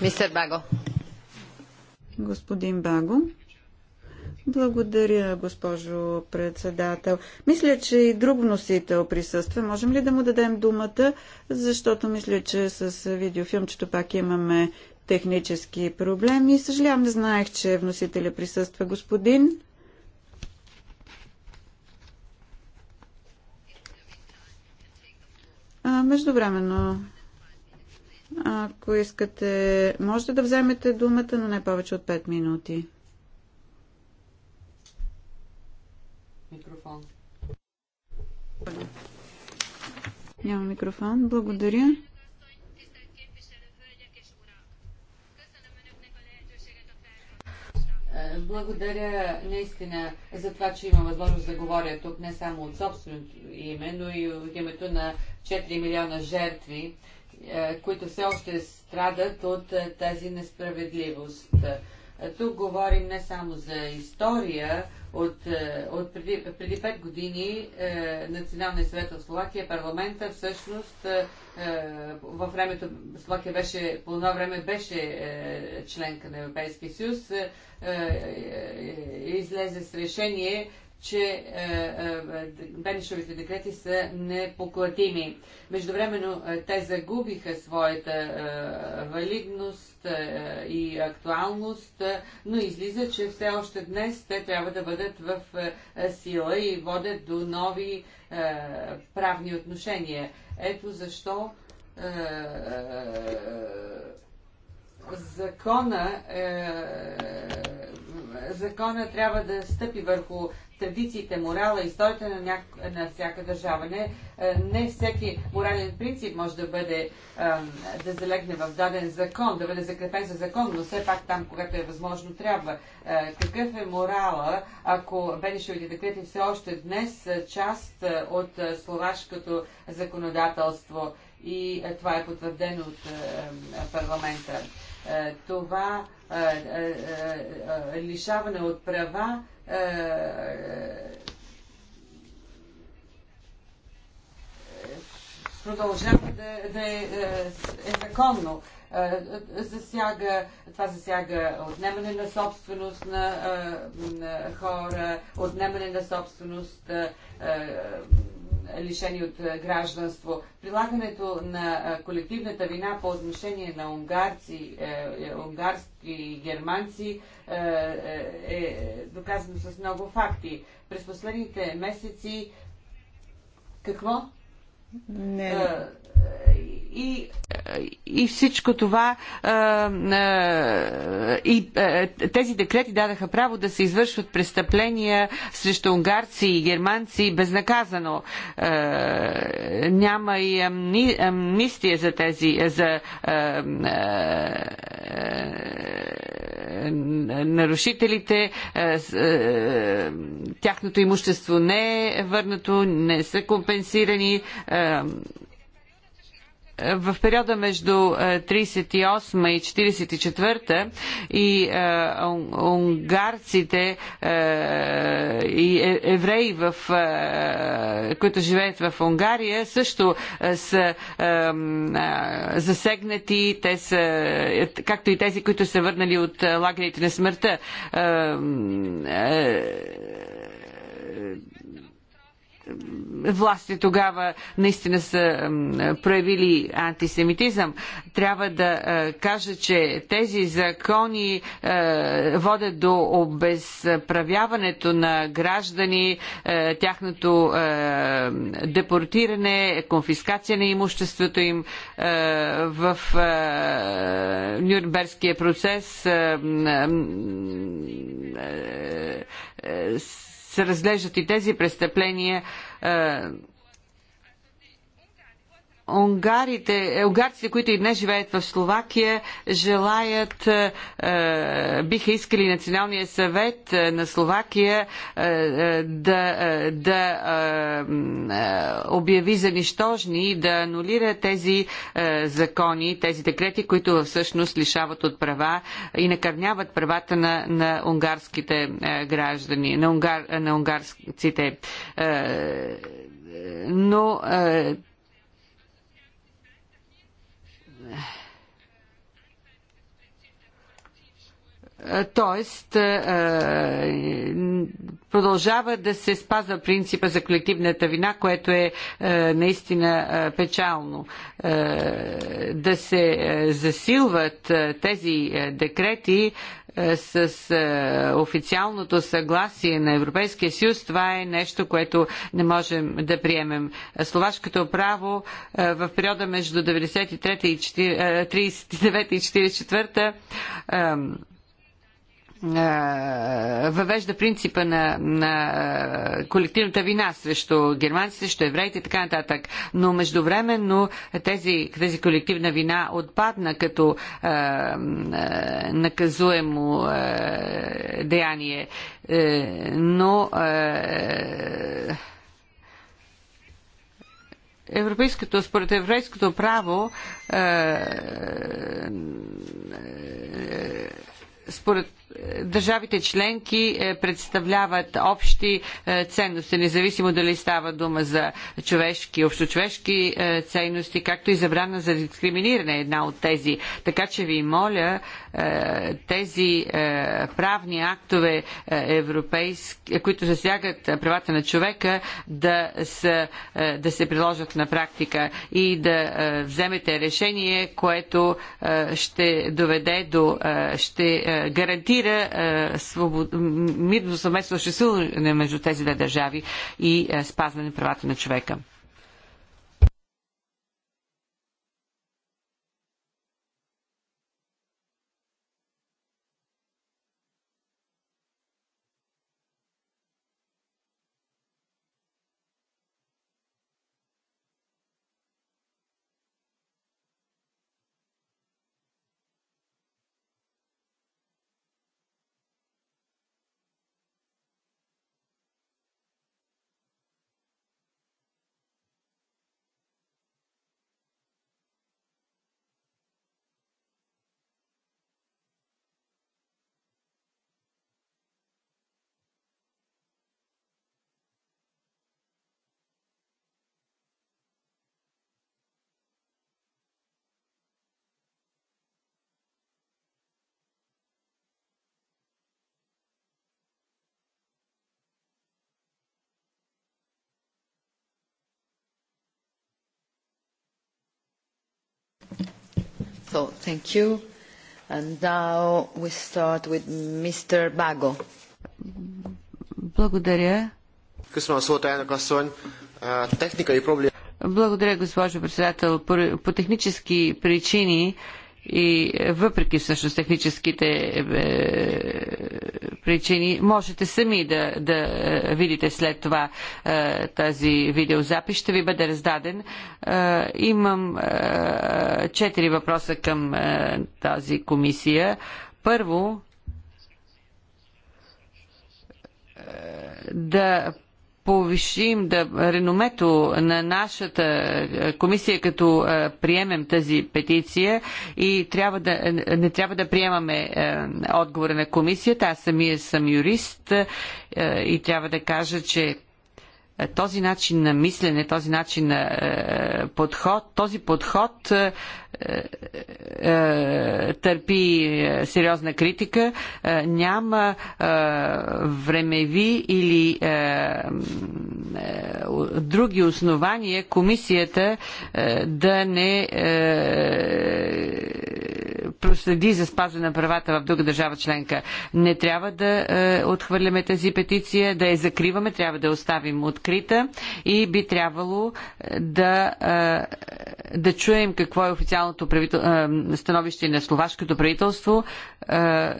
Мистер Баго. Господин Баго. Благодаря, госпожо председател. Мисля, че и друг вносител присъства. Можем ли да му дадем думата? Защото мисля, че с видеофилмчето пак имаме технически проблеми. Съжалявам, не знаех, че вносителя присъства господин. междувременно ако искате, можете да вземете думата, но не повече от 5 минути. Микрофон. Няма микрофон. Благодаря. Е, благодаря наистина за това, че има възможност да говоря тук не само от собственото име, но и от името на 4 милиона жертви е, които все още страдат от е, тази несправедливост. Е, тук говорим не само за история. От, от преди, преди 5 години е, Националния съвет в Словакия, парламента всъщност е, във времето Словакия беше, по едно време беше е, членка на Европейския съюз, е, е, излезе с решение че е, е, Бенешовите декрети са непоклатими. Междувременно е, те загубиха своята валидност и актуалност, но излиза, че все още днес те трябва да бъдат в сила и водят до нови правни отношения. Ето защо закона, закона трябва да стъпи върху традициите, морала, историята на, ня... на всяка държава. Не, е, не всеки морален принцип може да бъде да залегне в даден закон, да бъде закрепен за закон, но все пак там, когато е възможно, трябва. Е, какъв е морала, ако Бенешевите декрети все още днес част е, от словашкото законодателство и това е потвърдено от парламента. Това лишаване от права е, продължава да, да е, е, е законно. Е, засяга, това засяга отнемане на собственост на, на хора, отнемане на собственост лишени от е, гражданство. Прилагането на е, колективната вина по отношение на унгарци, е, унгарски и германци е доказано с много факти. През последните месеци какво? Не и, и всичко това и тези декрети дадаха право да се извършват престъпления срещу унгарци и германци безнаказано. Няма и амнистия за тези за нарушителите тяхното имущество не е върнато, не са компенсирани в периода между 38 е, и 44 и е, унгарците е, и е, евреи, в, е, които живеят в Унгария, също е, са засегнати. Те са, както и тези, които са върнали от лагерите на смъртта властите тогава наистина са проявили антисемитизъм. Трябва да е, кажа, че тези закони е, водят до обезправяването на граждани, е, тяхното депортиране, конфискация на имуществото им в Нюрнбергския процес се разглеждат и тези престъпления е, унгарите, е, унгарците, които и днес живеят в Словакия, желаят, е, е биха искали Националния съвет е, на Словакия е, да, да е, обяви за нищожни и да анулира тези закони, тези декрети, които всъщност лишават от права и накърняват правата на, на унгарските граждани, на, унгар, на унгарците. но е, тоест, е, продължава да се спазва принципа за колективната вина, което е, е наистина печално. Да се засилват тези декрети е, с е, официалното съгласие на Европейския съюз, това е нещо, което не можем да приемем. Словашкото право е, в периода между 1993 и 1944 въвежда принципа на, на колективната вина срещу германците, срещу евреите и така нататък. Но междувременно тези, тези колективна вина отпадна като е, наказуемо е, деяние. Е, но е, европейското, според европейското право е, е, според държавите членки е, представляват общи е, ценности, независимо дали става дума за човешки, общочовешки е, ценности, както и забрана за дискриминиране една от тези. Така че ви моля тези правни актове европейски, които засягат правата на човека, да, са, да се приложат на практика и да вземете решение, което ще доведе до, ще гарантира гарантира е, свобод... мирно съвместно съществуване между тези две държави и е, спазване правата на човека. So thank you. And now we start with Mr. Bago. Благодаря. Благодаря, госпожо председател. По технически причини и въпреки всъщност техническите е, причини. Можете сами да, да е, видите след това е, тази видеозапис. Ще ви бъде раздаден. Е, имам четири въпроса към тази комисия. Първо, да повишим да, реномето на нашата е, комисия, като е, приемем тази петиция и трябва да, е, не трябва да приемаме отговора на комисията. Аз самия съм юрист и трябва да кажа, че е, този начин на мислене, този начин на е, подход, този подход е, е, е търпи е, сериозна критика. Няма времеви или други основания комисията да не проследи за спазване на правата в друга държава членка. Не трябва да е, отхвърляме тази петиция, да я закриваме, трябва да я оставим открита и би трябвало е, да, е, да чуем какво е официалното правител... е, становище на словашкото правителство е,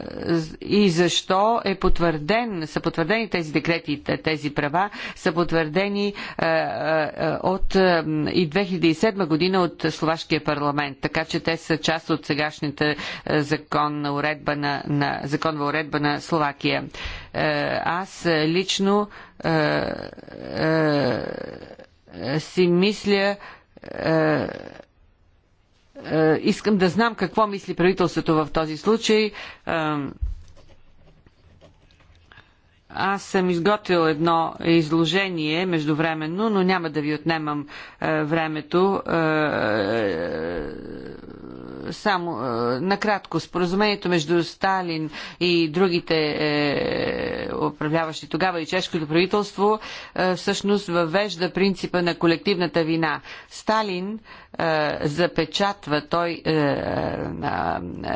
и защо е потвърден, са потвърдени тези декрети, тези права, са потвърдени е, е, е от е, и 2007 година от Словашкия парламент, така че те са част от сегашните. Е, законна уредба на, на, законова уредба на Словакия. Е, аз лично е, е, си мисля е, е, искам да знам какво мисли правителството в този случай. Аз съм изготвил едно изложение междувременно, но няма да ви отнемам времето само е, накратко, споразумението между Сталин и другите е, управляващи тогава и чешкото правителство е, всъщност въвежда принципа на колективната вина. Сталин е, запечатва, той е, е, е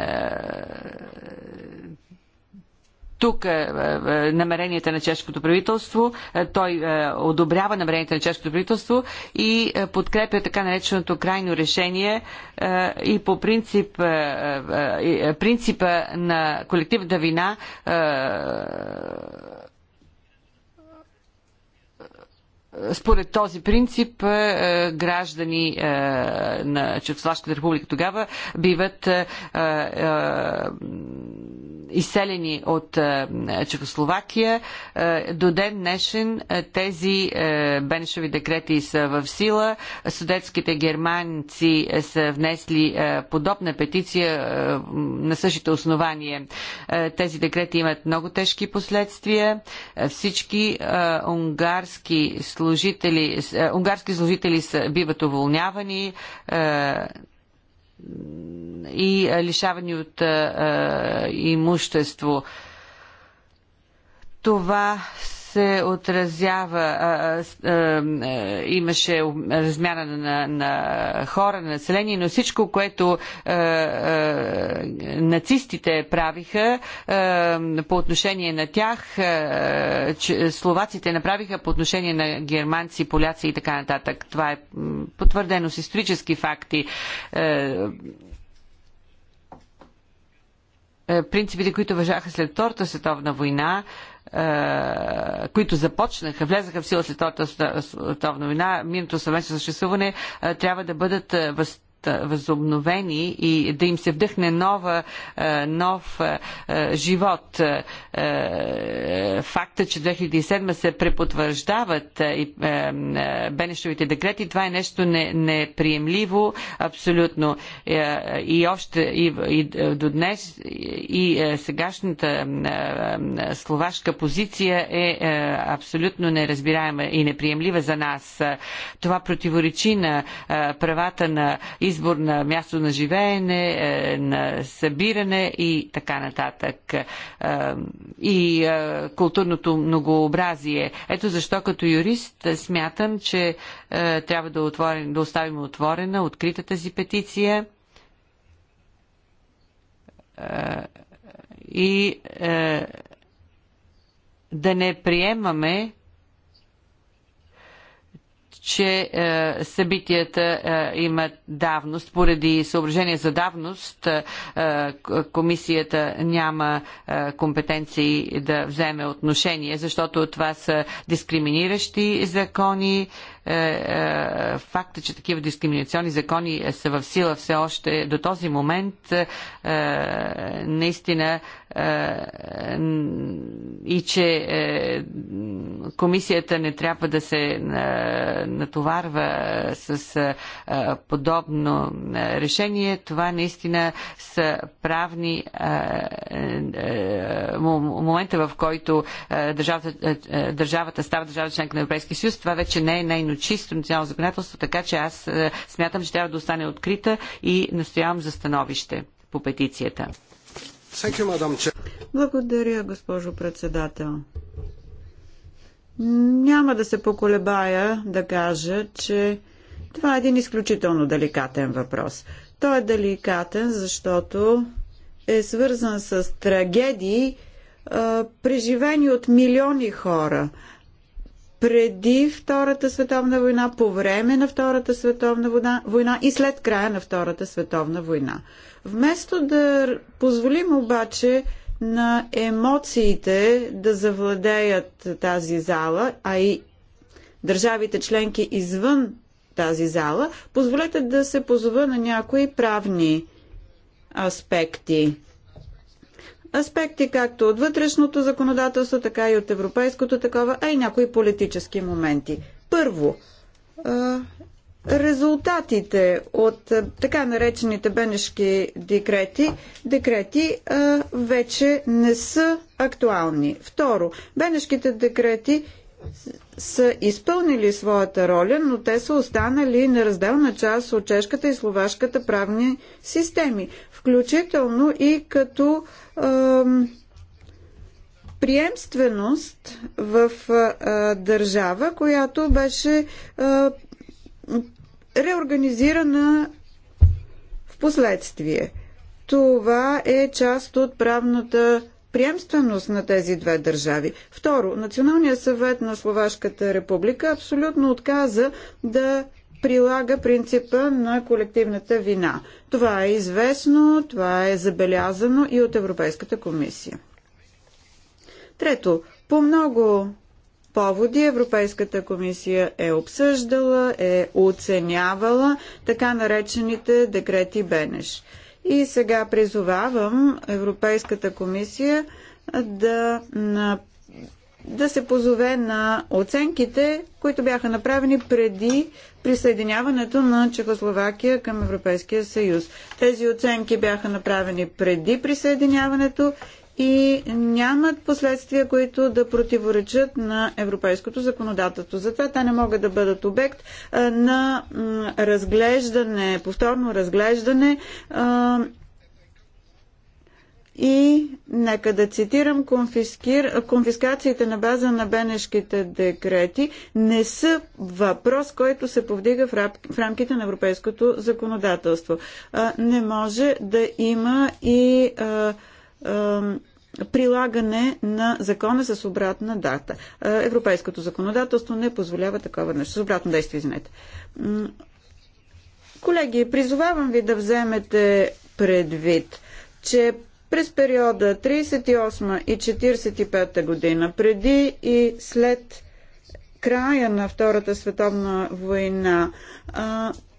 тук е, е, е, намеренията на чешкото правителство, той одобрява намеренията на чешкото правителство и подкрепя така нареченото крайно решение и по принцип, принципа на колективната вина според този принцип граждани на Чехословашката република тогава биват изселени от е, Чехословакия. Е, до ден днешен е, тези Бенешови декрети са в сила. Судетските германци са внесли подобна петиция на същите основания. Тези декрети имат много тежки последствия. Всички унгарски служители, унгарски служители са, биват уволнявани и лишавани от имущество. Това се отразява, а, а, а, имаше размяна на, на хора, на население, но всичко, което а, а, нацистите правиха а, по отношение на тях, а, че, словаците направиха по отношение на германци, поляци и така нататък. Това е потвърдено с исторически факти. А, е, принципите, които въжаха след Втората световна война, е, които започнаха, влезаха в сила след Втората световна война, минато съвместно съществуване, е, трябва да бъдат е, възстановени възобновени и да им се вдъхне нова, нов живот. Факта, че 2007 се препотвърждават и Бенешовите декрети, това е нещо неприемливо абсолютно. И още и, и до днес и сегашната словашка позиция е абсолютно неразбираема и неприемлива за нас. Това противоречи на правата на избор на място на живеене, е, на събиране и така нататък. Е, и е, културното многообразие. Ето защо като юрист смятам, че трябва да, отворим, да оставим отворена, открита тази петиция и да не приемаме че е, събитията е, имат давност. Поради съображение за давност, е, комисията няма е, компетенции да вземе отношение, защото това са дискриминиращи закони, е, е, факта, че такива дискриминационни закони са в сила все още до този момент, е, наистина и че комисията не трябва да се натоварва с подобно решение, това наистина са правни момента, в който държавата, държавата става държава членка на Европейския съюз, това вече не е най нейно чисто национално законодателство, така че аз е, смятам, че трябва да остане открита и настоявам за становище по петицията. Благодаря, госпожо председател. Няма да се поколебая да кажа, че това е един изключително деликатен въпрос. Той е деликатен, защото е свързан с трагедии, преживени от милиони хора преди Втората световна война, по време на Втората световна война, война и след края на Втората световна война. Вместо да позволим обаче на емоциите да завладеят тази зала, а и държавите членки извън тази зала, позволете да се позова на някои правни аспекти аспекти, както от вътрешното законодателство, така и от европейското такова, а и някои политически моменти. Първо, резултатите от така наречените бенешки декрети, декрети вече не са актуални. Второ, бенешките декрети са изпълнили своята роля, но те са останали неразделна част от чешката и словашката правни системи включително и като приемственост в държава, която беше реорганизирана в последствие. Това е част от правната приемственост на тези две държави. Второ, Националният съвет на Словашката република абсолютно отказа да прилага принципа на колективната вина. Това е известно, това е забелязано и от Европейската комисия. Трето, по много поводи Европейската комисия е обсъждала, е оценявала така наречените декрети Бенеш. И сега призовавам Европейската комисия да да се позове на оценките, които бяха направени преди присъединяването на Чехословакия към Европейския съюз. Тези оценки бяха направени преди присъединяването и нямат последствия, които да противоречат на европейското законодателство. Затова те не могат да бъдат обект на разглеждане, повторно разглеждане и нека да цитирам, конфискир... конфискациите на база на бенешките декрети не са въпрос, който се повдига в, рап... в рамките на европейското законодателство. А, не може да има и а, а, прилагане на закона с обратна дата. А, европейското законодателство не позволява такова нещо. С обратно действие, извинете. Колеги, призовавам ви да вземете предвид, че през периода 38 и 45 година, преди и след края на Втората световна война,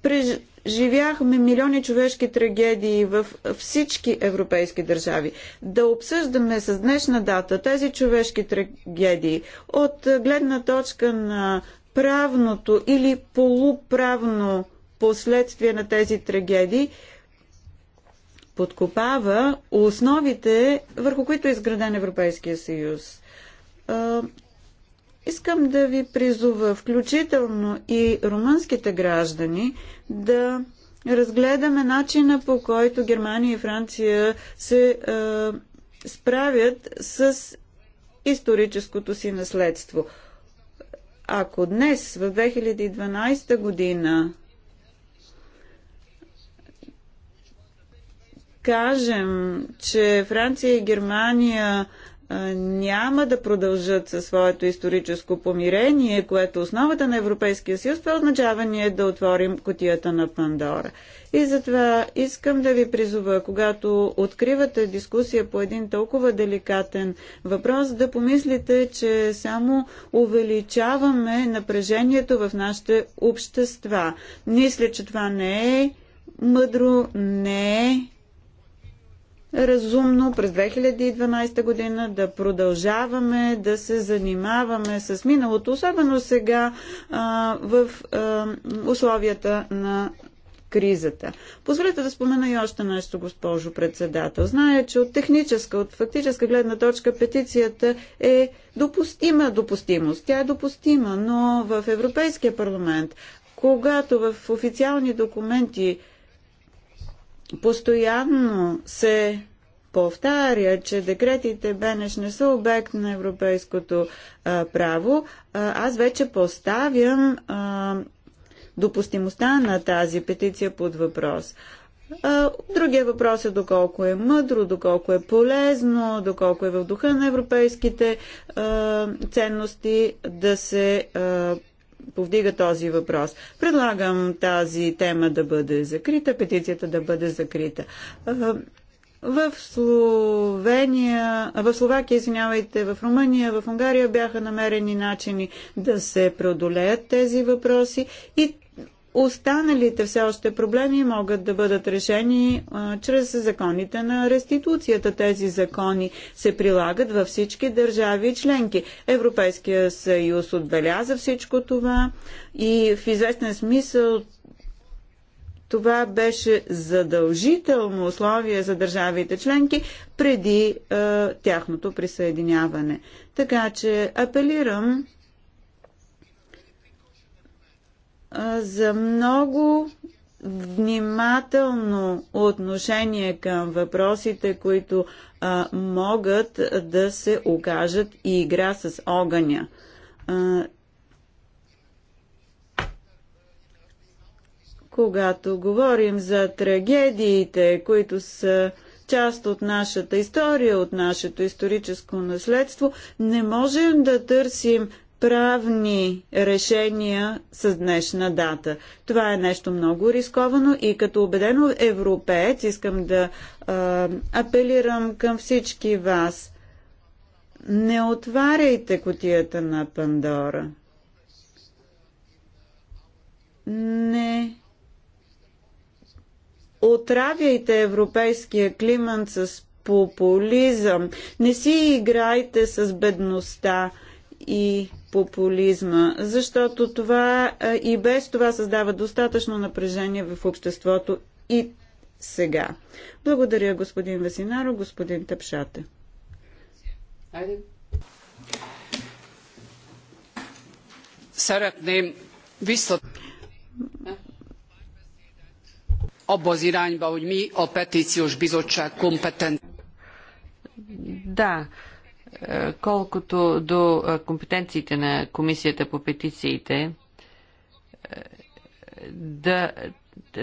преживяхме милиони човешки трагедии в всички европейски държави. Да обсъждаме с днешна дата тези човешки трагедии от гледна точка на правното или полуправно последствие на тези трагедии – подкопава основите, върху които е изграден Европейския съюз. Искам да ви призова, включително и румънските граждани, да разгледаме начина по който Германия и Франция се а, справят с историческото си наследство. Ако днес, в 2012 година, кажем, че Франция и Германия няма да продължат със своето историческо помирение, което е основата на Европейския съюз, това означава ние да отворим котията на Пандора. И затова искам да ви призова, когато откривате дискусия по един толкова деликатен въпрос, да помислите, че само увеличаваме напрежението в нашите общества. Мисля, че това не е мъдро, не е разумно през 2012 година да продължаваме да се занимаваме с миналото, особено сега а, в а, условията на кризата. Позволете да спомена и още нещо, госпожо председател. Зная, че от техническа, от фактическа гледна точка петицията е допустима допустимост. Тя е допустима, но в Европейския парламент, когато в официални документи Постоянно се повтаря, че декретите Бенеш не са обект на европейското а, право, а, аз вече поставям а, допустимостта на тази петиция под въпрос. другия въпрос е доколко е мъдро, доколко е полезно, доколко е в духа на европейските а, ценности да се а, повдига този въпрос. Предлагам тази тема да бъде закрита, петицията да бъде закрита. В Словения, в Словакия, извинявайте, в Румъния, в Унгария бяха намерени начини да се преодолеят тези въпроси и Останалите все още проблеми могат да бъдат решени а, чрез законите на реституцията. Тези закони се прилагат във всички държави и членки. Европейския съюз отбеляза всичко това и в известен смисъл това беше задължително условие за държавите членки преди а, тяхното присъединяване. Така че апелирам за много внимателно отношение към въпросите, които а, могат да се окажат и игра с огъня. А, когато говорим за трагедиите, които са част от нашата история, от нашето историческо наследство, не можем да търсим правни решения с днешна дата. Това е нещо много рисковано и като убедено европеец искам да а, апелирам към всички вас. Не отваряйте котията на Пандора. Не отравяйте европейския климат с популизъм. Не си играйте с бедността и популизма, защото това и без това създава достатъчно напрежение в обществото и сега. Благодаря, господин Васинаро, господин Тъпшате. Айде. Szeretném visszat abba az irányba, hogy Да, е, колкото до е, компетенциите на Комисията по петициите, е, да,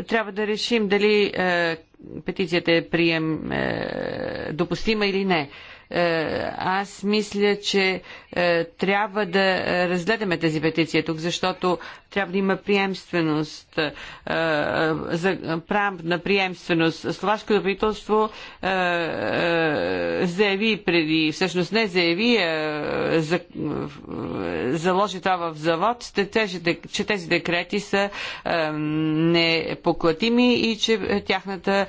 трябва да решим дали петицията е прием, допустима или не. аз мисля, че е, трябва да разгледаме тази петиция тук, защото трябва да има приемственост, е, е, за на приемственост. Словашкото правителство заяви преди, всъщност не заяви, за, заложи това в завод, че тези декрети са непоклатими и че тяхната,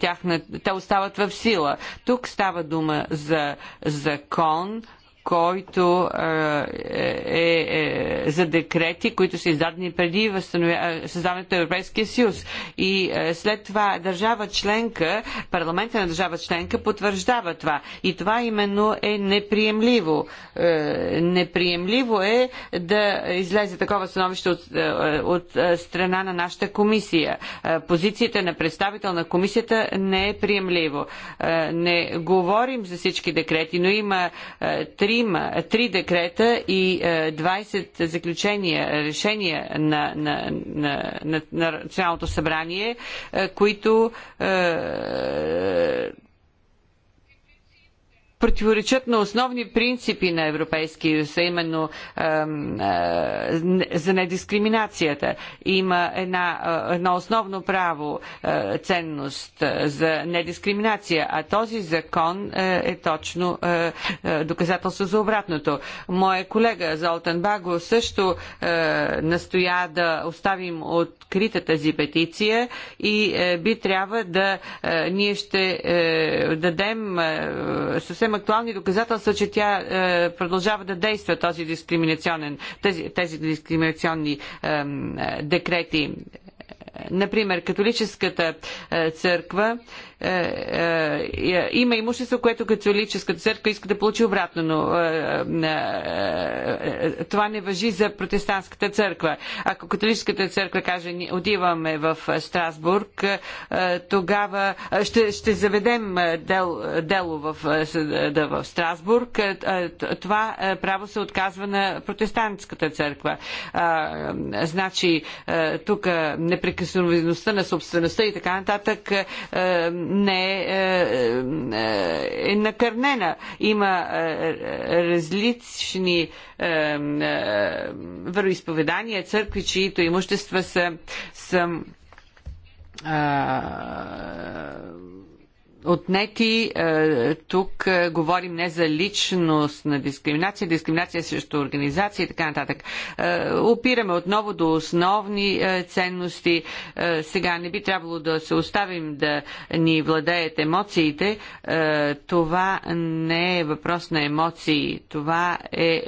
тяхната, те остават в сила. Тук става дума за закон, който е, е, е за декрети, които са издадени преди създаването на Европейския съюз. И е, след това държава членка, парламента на държава членка потвърждава това. И това именно е неприемливо. Е, неприемливо е да излезе такова становище от, от страна на нашата комисия. Позицията на представител на комисията не е приемливо. Не говорим за всички декрети, но има три трима, три декрета и 20 е, заключения, решения на, на, на, на, на Националното събрание, е, които е, противоречат на основни принципи на Европейския съюз, а именно е, е, за недискриминацията. Има една, едно основно право, е, ценност за недискриминация, а този закон е, е точно доказателство за обратното. Моя колега Золтан Баго също е настоя да оставим открита тази петиция и е, би трябва да е, ние ще дадем съвсем имам актуални доказателства, че тя е, продължава да действа този дискриминационен, тези, тези дискриминационни е, декрети. Например, католическата е, църква е, е, е, има имущество, което католическата църква иска да получи обратно, но това не въжи за протестантската църква. Ако католическата църква каже, отиваме в Страсбург, тогава ще, ще заведем дел, дело в, да, в Страсбург, това право се отказва на протестантската църква. Значи, тук непрекъсновеността на собствеността и така нататък не е, е, е, е накърнена. Има е, е, различни е, е, вероисповедания, църкви, чието имущества са, са е, отнети. Е, тук е, говорим не за личност на дискриминация, дискриминация срещу организации и така нататък. Е, опираме отново до основни ценности. Сега не би трябвало да се оставим да ни владеят емоциите. Това не е въпрос на емоции. Това е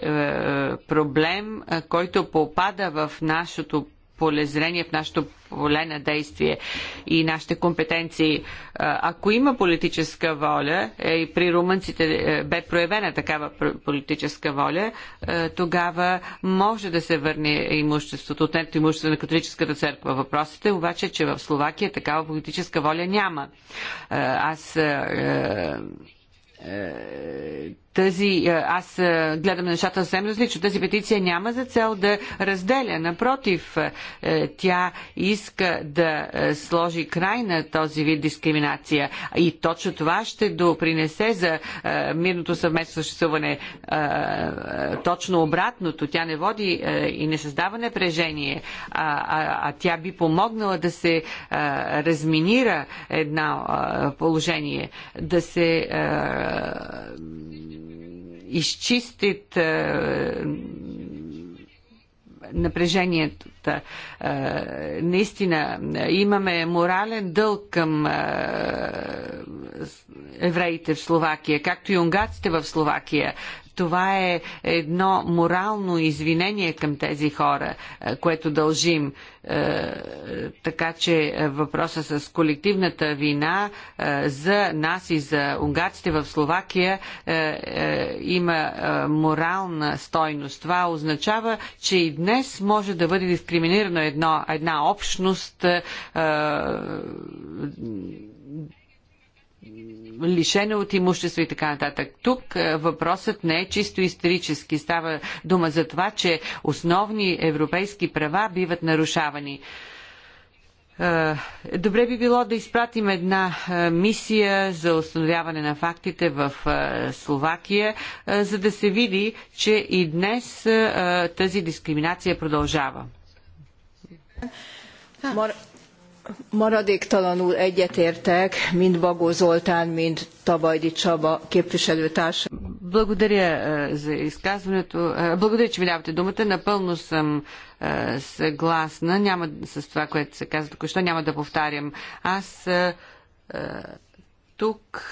проблем, който попада в нашето полезрение, в нашето поле на действие и нашите компетенции. Ако има политическа воля, е, и при румънците е, бе проявена такава политическа воля, е, тогава може да се върне имуществото, отнето имущество на католическата църква. Въпросът е обаче, че в Словакия такава политическа воля няма. Аз тази, е, аз е, гледам нещата съвсем различно, тази петиция няма за цел да разделя. Напротив, е, тя иска да сложи край на този вид дискриминация. И точно това ще допринесе за мирното съвместно съществуване. Точно обратното. Тя не води и не създава напрежение, а, а, а тя би помогнала да се разминира едно положение, да се изчистит е, напрежението. Наистина имаме морален дълг към е, евреите в Словакия, както и унгарците в Словакия това е едно морално извинение към тези хора, е, което дължим. Е, така че въпроса с колективната вина е, за нас и за унгарците в Словакия има морална стойност. Това означава, че и днес може да бъде дискриминирана една общност лишена от имущество и така нататък. Тук е, въпросът не е чисто исторически. Става дума за това, че основни европейски права биват нарушавани. Е, добре би било да изпратим една е, мисия за установяване на фактите в Словакия, за да се види, че и днес тази дискриминация продължава. Maradéktalanul egyetértek mind Bagó Zoltán, mind Tabajdi Csaba képviselőtársa. Благодаря е, за изказването. Е, благодаря, че ми давате думата. Напълно съм е, съгласна. Няма с това, което се казва току-що. Няма да повтарям. Аз тук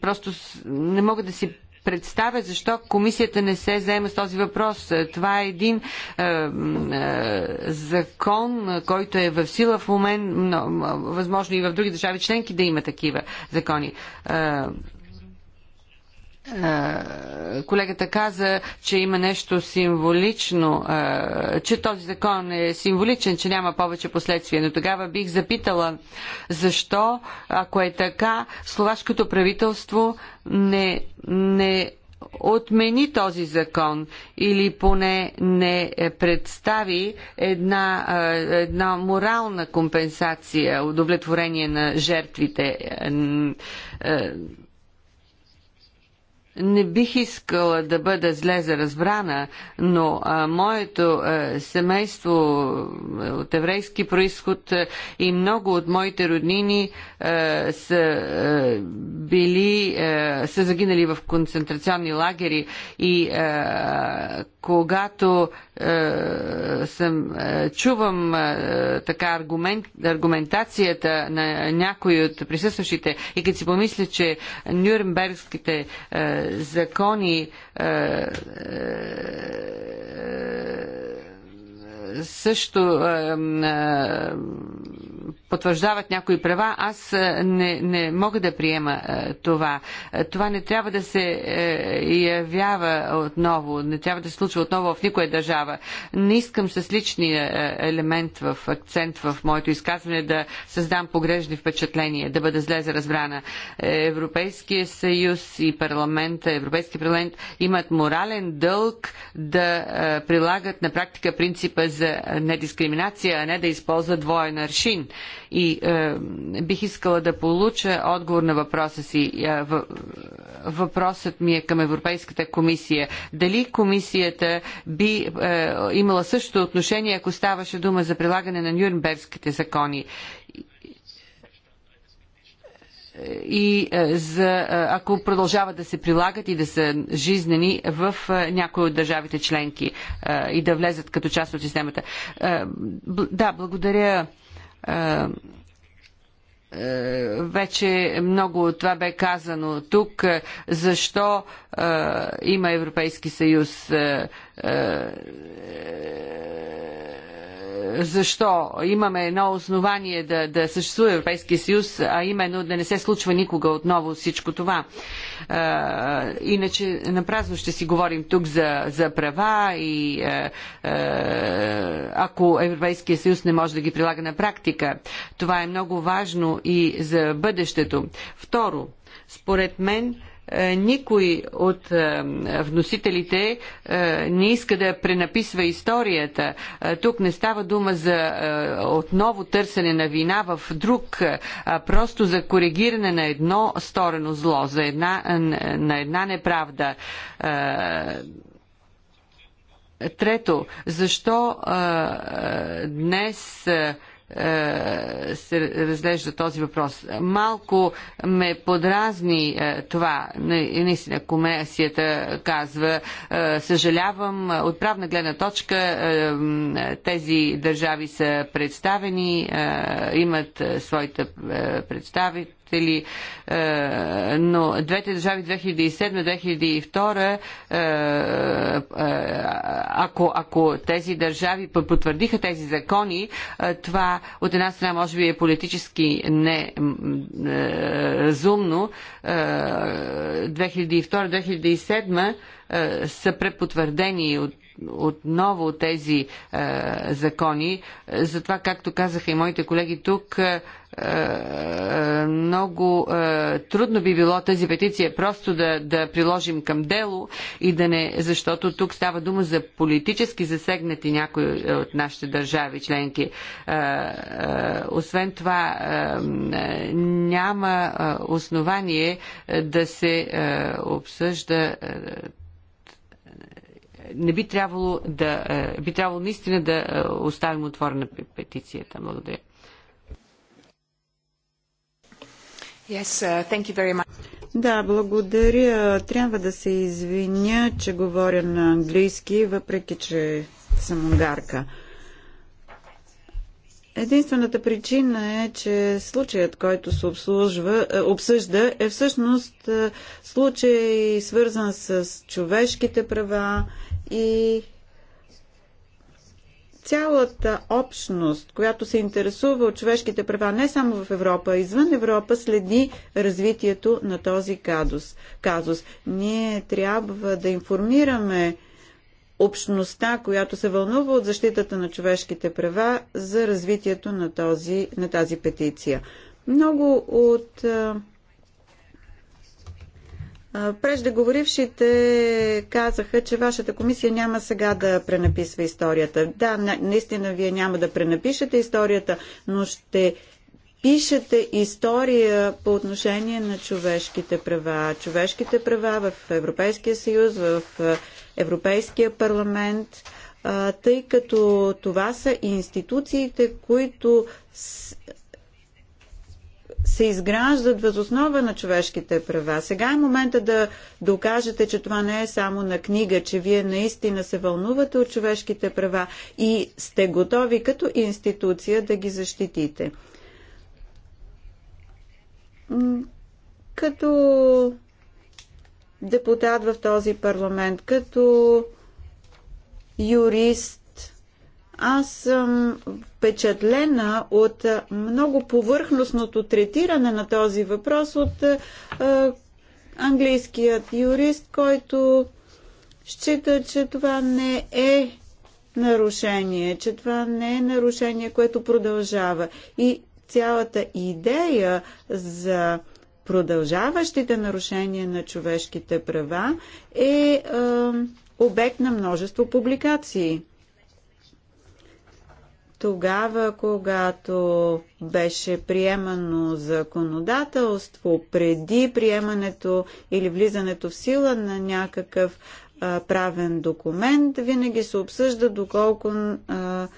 просто не мога да си представя защо комисията не се заема с този въпрос. Това е един е, е, закон, който е в сила в момент, но, възможно и в други държави членки да има такива закони. Е, е, колегата каза, че има нещо символично, е, че този закон е символичен, че няма повече последствия. Но тогава бих запитала защо, ако е така, словашкото правителство не, не отмени този закон или поне не представи една, е, една морална компенсация, удовлетворение на жертвите не бих искала да бъда зле за разбрана, но а, моето а, семейство от еврейски происход а, и много от моите роднини а, са а, били, а, са загинали в концентрационни лагери и а, когато е, съм, е, чувам е, така аргумент, аргументацията на някои от присъстващите и като си помисля, че Нюрнбергските закони също потвърждават някои права, аз е, не, не мога да приема е, това. Е, това не трябва да се явява отново, не трябва да се случва отново в никоя държава. Не искам с личния елемент в акцент в моето изказване да създам погрежни впечатления, да бъда зле за разбрана. Европейския съюз и парламент, Европейски парламент имат морален дълг да прилагат на практика принципа за недискриминация, а не да използват двоен аршин. И е, бих искала да получа отговор на въпроса си. Е, въпросът ми е към Европейската комисия. Дали комисията би е, имала същото отношение, ако ставаше дума за прилагане на Нюрнбергските закони? и е, за, е, ако продължават да се прилагат и да са жизнени в някои от държавите членки и да влезат като част от системата. Да, благодаря е, вече много от това бе казано тук, защо е, има Европейски съюз. Е, е, защо имаме едно основание да, да съществува Европейския съюз, а именно да не се случва никога отново всичко това. А, иначе напразно ще си говорим тук за, за права и а, ако Европейския съюз не може да ги прилага на практика. Това е много важно и за бъдещето. Второ, според мен е, никой от е, вносителите е, не иска да пренаписва историята. Тук не става дума за отново търсене на вина в друг, а просто за коригиране на едно сторено зло, за една, на една неправда. Трето, защо днес а, е, се разглежда този въпрос. Малко ме подразни е, това. Наистина, комесията казва, е, съжалявам, от правна гледна точка тези държави са представени, имат своите представи показатели, е, но двете държави 2007-2002, е, е, ако, ако тези държави потвърдиха тези закони, това от една страна може би е политически неразумно. 2002-2007 са препотвърдени от отново тези е, закони. Затова, както казаха и моите колеги тук, много е, трудно би било тази петиция просто да, да приложим към дело и да не, защото тук става дума за политически засегнати някои от нашите държави членки. Е, е, освен това, няма основание да се обсъжда не би трябвало да, би трябвало наистина да оставим отворена петицията. Благодаря. Yes, uh, thank you very much. Да, благодаря. Трябва да се извиня, че говоря на английски, въпреки че съм унгарка. Единствената причина е, че случаят, който се обслужва, е, обсъжда, е всъщност е, случай свързан с човешките права и цялата общност, която се интересува от човешките права не само в Европа, а извън Европа, следи развитието на този казус. казус. Ние трябва да информираме общността, която се вълнува от защитата на човешките права за развитието на, този, на тази петиция. Много от Преждеговорившите казаха, че вашата комисия няма сега да пренаписва историята. Да, наистина вие няма да пренапишете историята, но ще пишете история по отношение на човешките права. Човешките права в Европейския съюз, в Европейския парламент, тъй като това са институциите, които се изграждат възоснова на човешките права. Сега е момента да докажете, че това не е само на книга, че вие наистина се вълнувате от човешките права и сте готови като институция да ги защитите. Като депутат в този парламент, като юрист, аз съм впечатлена от много повърхностното третиране на този въпрос от английският юрист, който счита, че това не е нарушение, че това не е нарушение, което продължава. И цялата идея за продължаващите нарушения на човешките права е, е обект на множество публикации тогава, когато беше приемано законодателство преди приемането или влизането в сила на някакъв а, правен документ, винаги се обсъжда доколко а,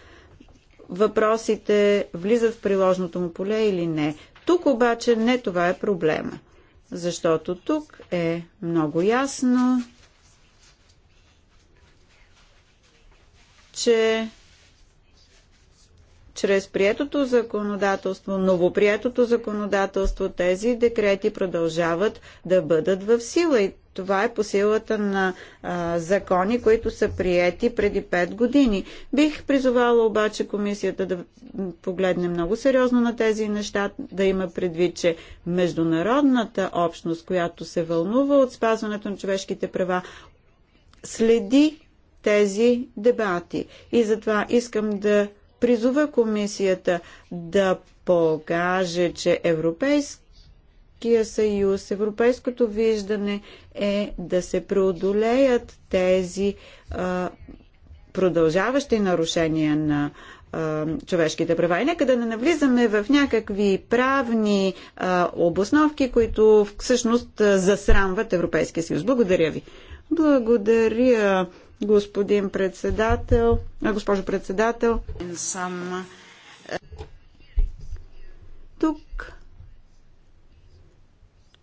въпросите влизат в приложното му поле или не. Тук обаче не това е проблема, защото тук е много ясно, че чрез приетото законодателство, новоприетото законодателство, тези декрети продължават да бъдат в сила и това е по силата на а, закони, които са приети преди 5 години. Бих призовала обаче комисията да погледне много сериозно на тези неща, да има предвид, че международната общност, която се вълнува от спазването на човешките права, следи тези дебати. И затова искам да призова комисията да покаже, че Европейския съюз, европейското виждане е да се преодолеят тези а, продължаващи нарушения на а, човешките права. И нека да не навлизаме в някакви правни а, обосновки, които всъщност засрамват Европейския съюз. Благодаря ви. Благодаря господин председател, а, госпожо председател. Тук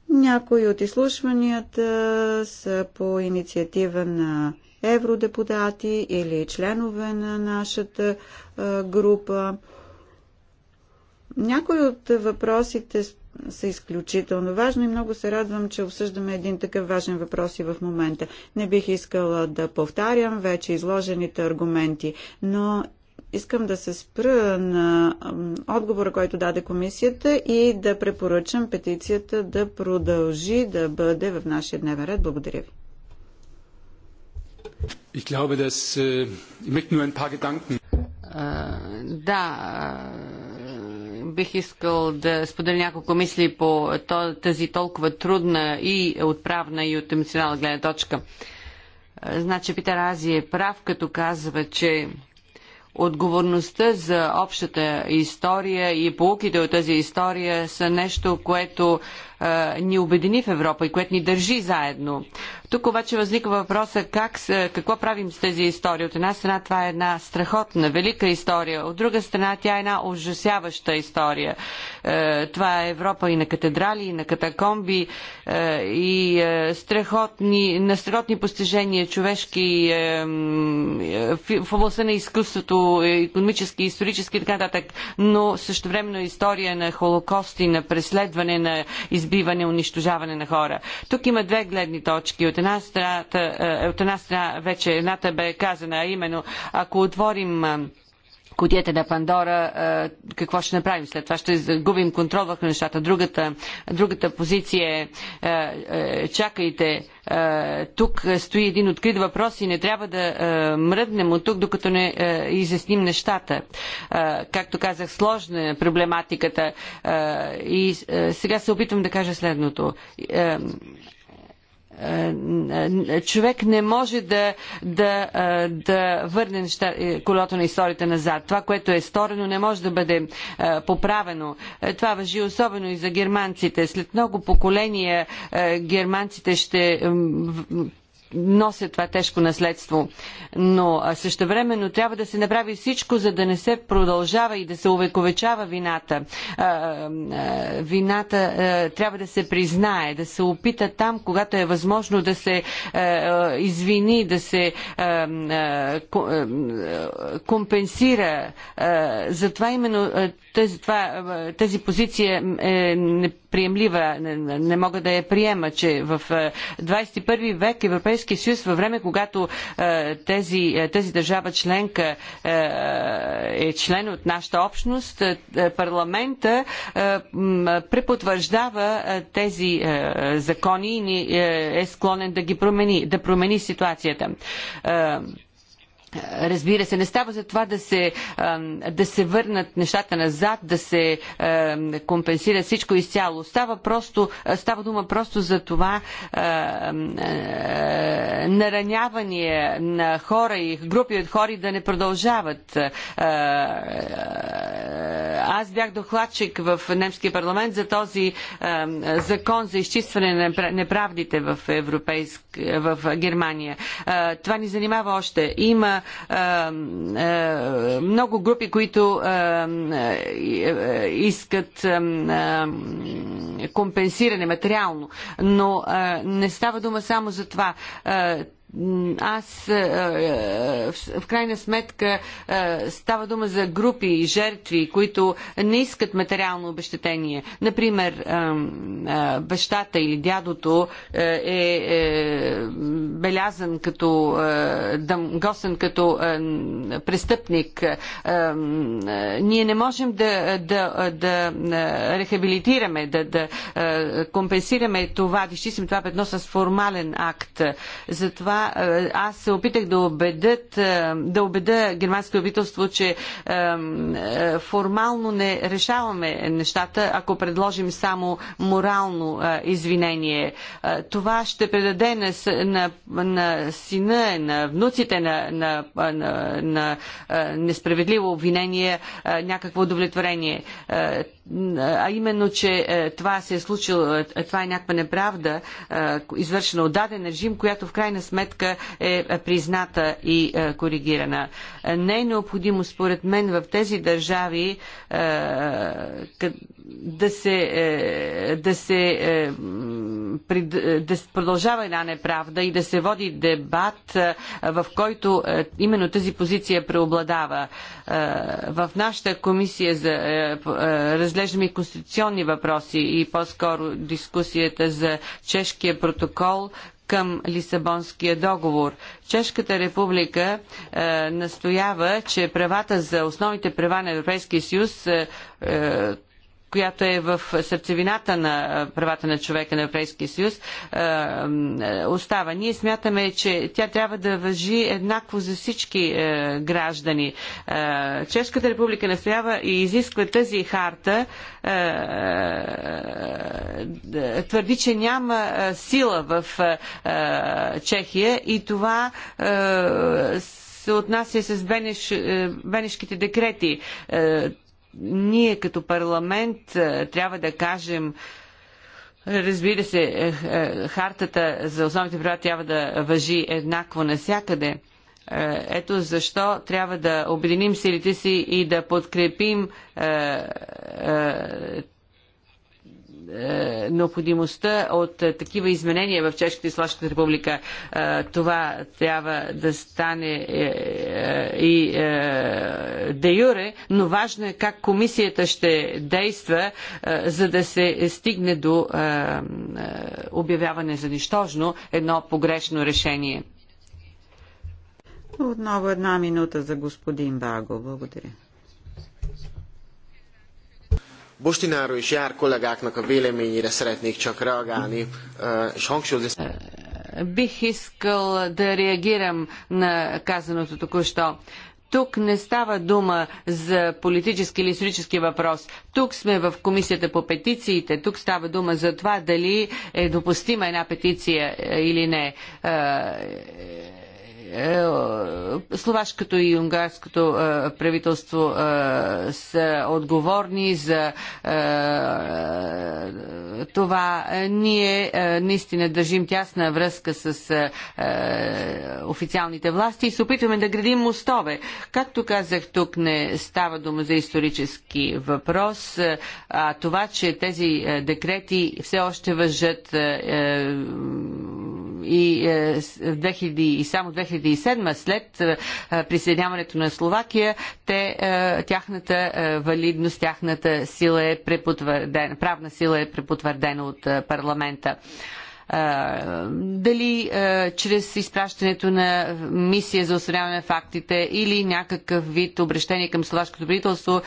някои от изслушванията са по инициатива на евродепутати или членове на нашата група. Някои от въпросите са изключително важни и много се радвам, че обсъждаме един такъв важен въпрос и в момента. Не бих искала да повтарям вече изложените аргументи, но искам да се спра на отговора, който даде комисията и да препоръчам петицията да продължи да бъде в нашия дневен ред. Благодаря ви. Ich glaube, dass, äh, ich möchte nur ein paar Gedanken. Uh, да, бих искал да споделя няколко мисли по тази толкова трудна и отправна и от емоционална гледна точка. Значи Питер Ази е прав, като казва, че отговорността за общата история и полуките от тази история са нещо, което ни обедини в Европа и което ни държи заедно. Тук обаче възниква въпроса как, какво правим с тези истории? От една страна това е една страхотна, велика история. От друга страна тя е една ужасяваща история. Е, това е Европа и на катедрали, и на катакомби, е, и е, страхотни, на страхотни постижения човешки в областта на изкуството, економически, исторически и така нататък. Но също същевременно история на холокости, на преследване, на избирателност избиване, унищожаване на хора. Тук има две гледни точки. От една страна, е, от една страна вече едната бе казана, а именно ако отворим е, кутията на Пандора, какво ще направим след това? Ще губим контрол върху нещата. Другата, другата позиция е, е чакайте, тук стои един открит въпрос и не трябва да мръднем от тук, докато не изясним нещата. Както казах, сложна е проблематиката и сега се опитвам да кажа следното е, е, човек не може да, да, е, да върне неща, колото на историята назад. Това, което е сторено, не може да бъде поправено. Това въжи особено и за германците. След много поколения германците ще носят това тежко наследство. Но същевременно трябва да се направи всичко, за да не се продължава и да се увековечава вината. Вината трябва да се признае, да се опита там, когато е възможно да се извини, да се компенсира. Затова именно тази, това, тази позиция е неприемлива. Не мога да я приема, че в 21 век Европейския Европейския съюз във време, когато е, тези, е, тази държава членка е, е член от нашата общност, парламента препотвърждава тези закони и е склонен да ги промени, да промени ситуацията. Разбира се, не става за това да се, да се върнат нещата назад, да се компенсира всичко изцяло. Става, просто, става дума просто за това е, наранявания на хора и групи от хори да не продължават. аз бях докладчик в немския парламент за този закон за изчистване на неправдите в, европейск, в Германия. Това ни занимава още. Има много групи, които искат компенсиране материално, но не става дума само за това аз в крайна сметка става дума за групи и жертви, които не искат материално обещетение. Например, бащата или дядото е, е белязан като гостен като престъпник. Ние не можем да, да, да рехабилитираме, да, да компенсираме това, да изчистим това петно с формален акт. Затова е, аз се опитах да убедят, е, да убеда германско правителство, че е, формално не решаваме нещата, ако предложим само морално извинение. Това ще предаде на, на, на сина, на внуците на, на, на, на несправедливо обвинение някакво удовлетворение. А именно, че това се е случило, това е някаква неправда, извършена от даден режим, която в крайна сметка сметка е призната и е, коригирана. Не е необходимо, според мен, в тези държави е, да се, е, да се да продължава една неправда и да се води дебат, в който именно тази позиция преобладава. В нашата комисия за, разглеждаме конституционни въпроси и по-скоро дискусията за чешкия протокол, към Лисабонския договор. Чешката република е, настоява, че правата за основните права на Европейския съюз е, която е в сърцевината на правата на човека на Европейския съюз, е, е, остава. Ние смятаме, че тя трябва да въжи еднакво за всички е, граждани. Чешката република настоява и изисква тази харта, твърди, че няма сила в Чехия и това се отнася с бенеш, бенешките декрети ние като парламент е, трябва да кажем Разбира се, е, е, хартата за основните права трябва да въжи еднакво навсякъде. Ето защо трябва да обединим силите си и да подкрепим е, е, е, необходимостта от е, такива изменения в Чешката и Словашката република. Е, това трябва да стане и де юре, но важно е как комисията ще действа, за да се стигне до обявяване за нищожно едно погрешно решение. Отново една минута за господин Баго. Благодаря. Bostináról és jár kollégáknak a véleményére szeretnék csak reagálni, és hangsúlyozni. Бих искал да реагирам на казаното току-що. Тук не става дума за политически или исторически въпрос. Тук сме в комисията по петициите. Тук става дума за това дали е допустима една петиция или не е, е, словашкото и унгарското е, правителство са отговорни за това. Ние наистина държим тясна връзка с официалните власти и се опитваме да градим мостове. Както казах, тук не става дума за исторически въпрос, а това, че тези декрети все още въжат и, и само 2000 2007 след присъединяването на Словакия, те, тяхната валидност, тяхната сила е препотвърдена, правна сила е препотвърдена от парламента дали чрез изпращането на мисия за осъзнаване на фактите или някакъв вид обращение към словашкото правителство.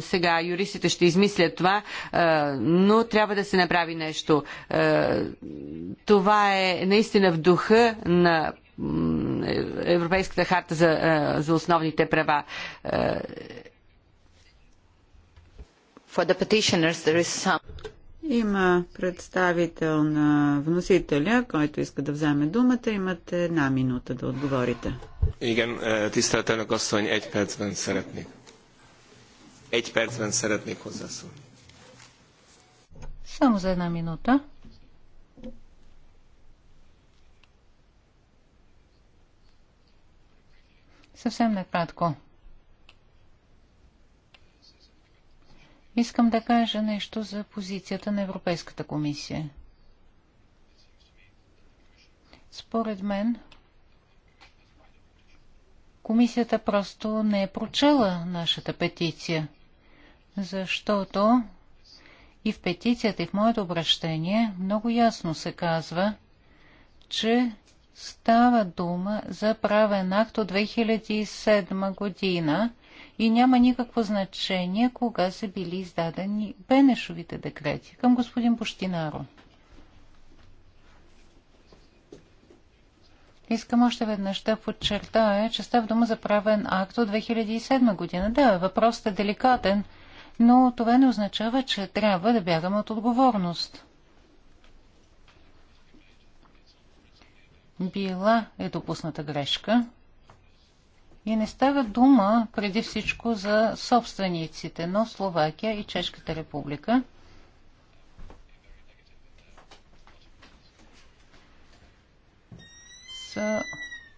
сега юристите ще измислят това, но трябва да се направи нещо. това е наистина в духа на Европейската харта за, е, за основните права. Е, some... Има представител на вносителя, който иска да вземе думата. Имате една минута да отговорите. Igen, е, tisztelt elnök asszony, egy percben szeretnék. Egy percben szeretnék hozzászólni. Само за една минута. Съвсем накратко. Искам да кажа нещо за позицията на Европейската комисия. Според мен, комисията просто не е прочела нашата петиция, защото и в петицията, и в моето обращение много ясно се казва, че Става дума за правен акт от 2007 година и няма никакво значение кога са били издадени Бенешовите декрети. Към господин Пуштинаро. Искам още веднъж да подчертая, че става дума за правен акт от 2007 година. Да, въпросът е деликатен, но това не означава, че трябва да бягаме от отговорност. била е допусната грешка. И не става дума преди всичко за собствениците, но Словакия и Чешката република. са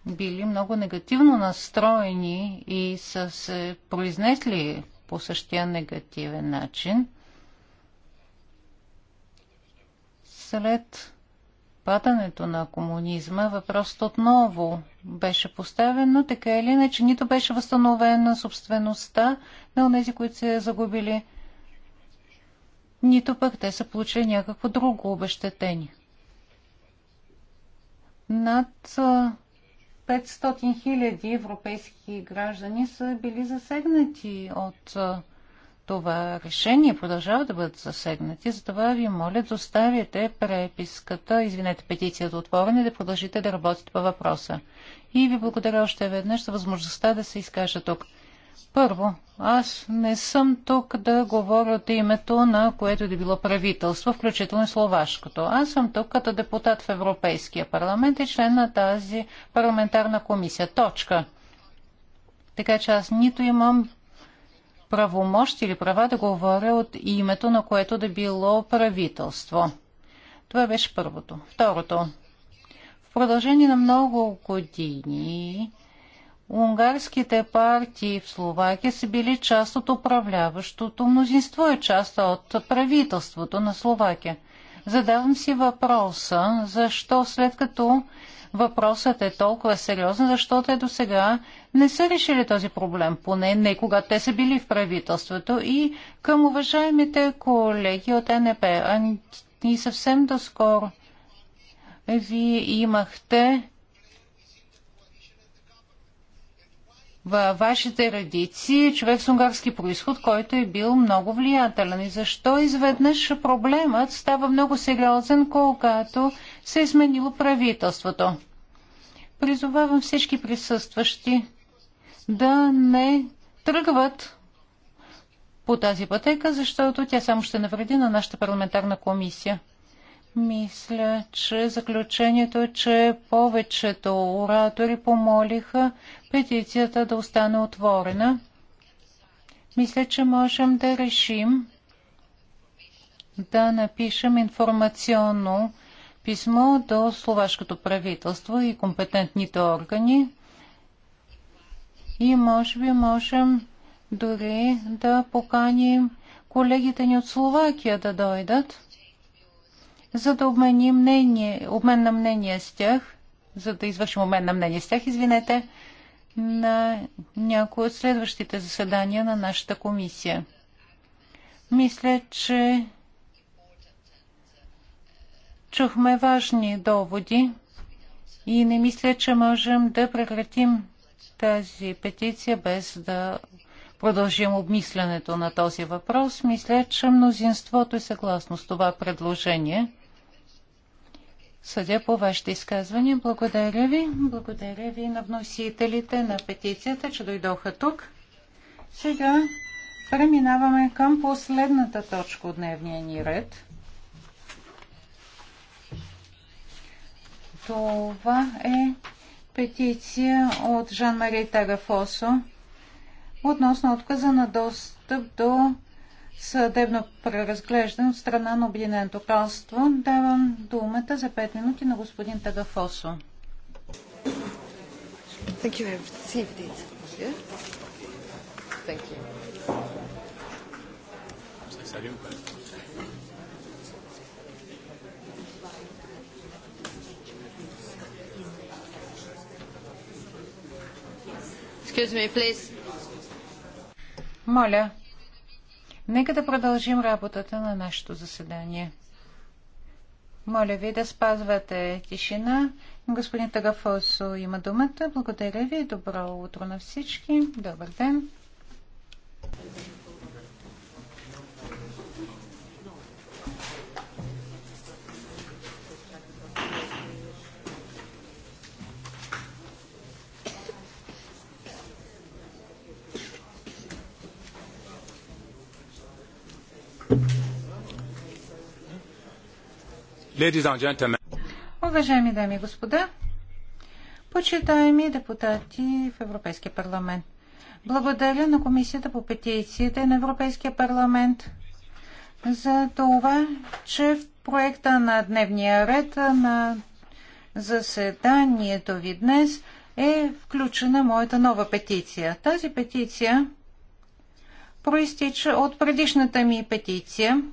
били много негативно настроени и са се произнесли по същия негативен начин. След падането на комунизма, въпросът отново беше поставен, но така или иначе нито беше възстановена собствеността на тези, които се загубили, нито пък те са получили някакво друго обещетение. Над 500 хиляди европейски граждани са били засегнати от това решение продължават да бъдат засегнати. Затова ви моля да оставите преписката, извинете, петицията отворена и да продължите да работите по въпроса. И ви благодаря още веднъж за възможността да се изкажа тук. Първо, аз не съм тук да говоря от името на което да било правителство, включително и словашкото. Аз съм тук като депутат в Европейския парламент и член на тази парламентарна комисия. Точка. Така че аз нито имам Правомощ или права да говоря от името на което да било правителство. Това беше първото. Второто. В продължение на много години унгарските партии в Словакия са били част от управляващото мнозинство и част от правителството на Словакия. Задавам си въпроса, защо след като въпросът е толкова сериозен, защото те до сега не са решили този проблем, поне не когато те са били в правителството. И към уважаемите колеги от НП, и съвсем доскоро вие имахте във вашите редици човек с унгарски происход, който е бил много влиятелен. И защо изведнъж проблемът става много сериозен, когато се е изменило правителството. Призовавам всички присъстващи да не тръгват по тази пътека, защото тя само ще навреди на нашата парламентарна комисия. Мисля, че заключението е, че повечето оратори помолиха петицията да остане отворена. Мисля, че можем да решим да напишем информационно писмо до словашкото правителство и компетентните органи и може би можем дори да поканим колегите ни от Словакия да дойдат, за да обменим мнение, обмен на мнение с тях, за да извършим обмен на мнение с тях, извинете, на някои от следващите заседания на нашата комисия. Мисля, че Чухме важни доводи и не мисля, че можем да прекратим тази петиция без да продължим обмислянето на този въпрос. Мисля, че мнозинството е съгласно с това предложение. Съдя по вашите изказвания. Благодаря ви. Благодаря ви на вносителите на петицията, че дойдоха тук. Сега преминаваме към последната точка от дневния ни ред. Това е петиция от Жан-Мари Тагафосо относно отказа на достъп до съдебно преразглеждане от страна на Обединеното кралство. Давам думата за 5 минути на господин Тагафосо. Thank you. Thank you. Me, Моля, нека да продължим работата на нашето заседание. Моля ви да спазвате тишина. Господин Тагафосо има думата. Благодаря ви. Добро утро на всички. Добър ден. Уважаеми дами и господа, почитаеми депутати в Европейския парламент, благодаря на Комисията по петициите на Европейския парламент за това, че в проекта на дневния ред на заседанието ви днес е включена моята нова петиция. Тази петиция проистича от предишната ми петиция –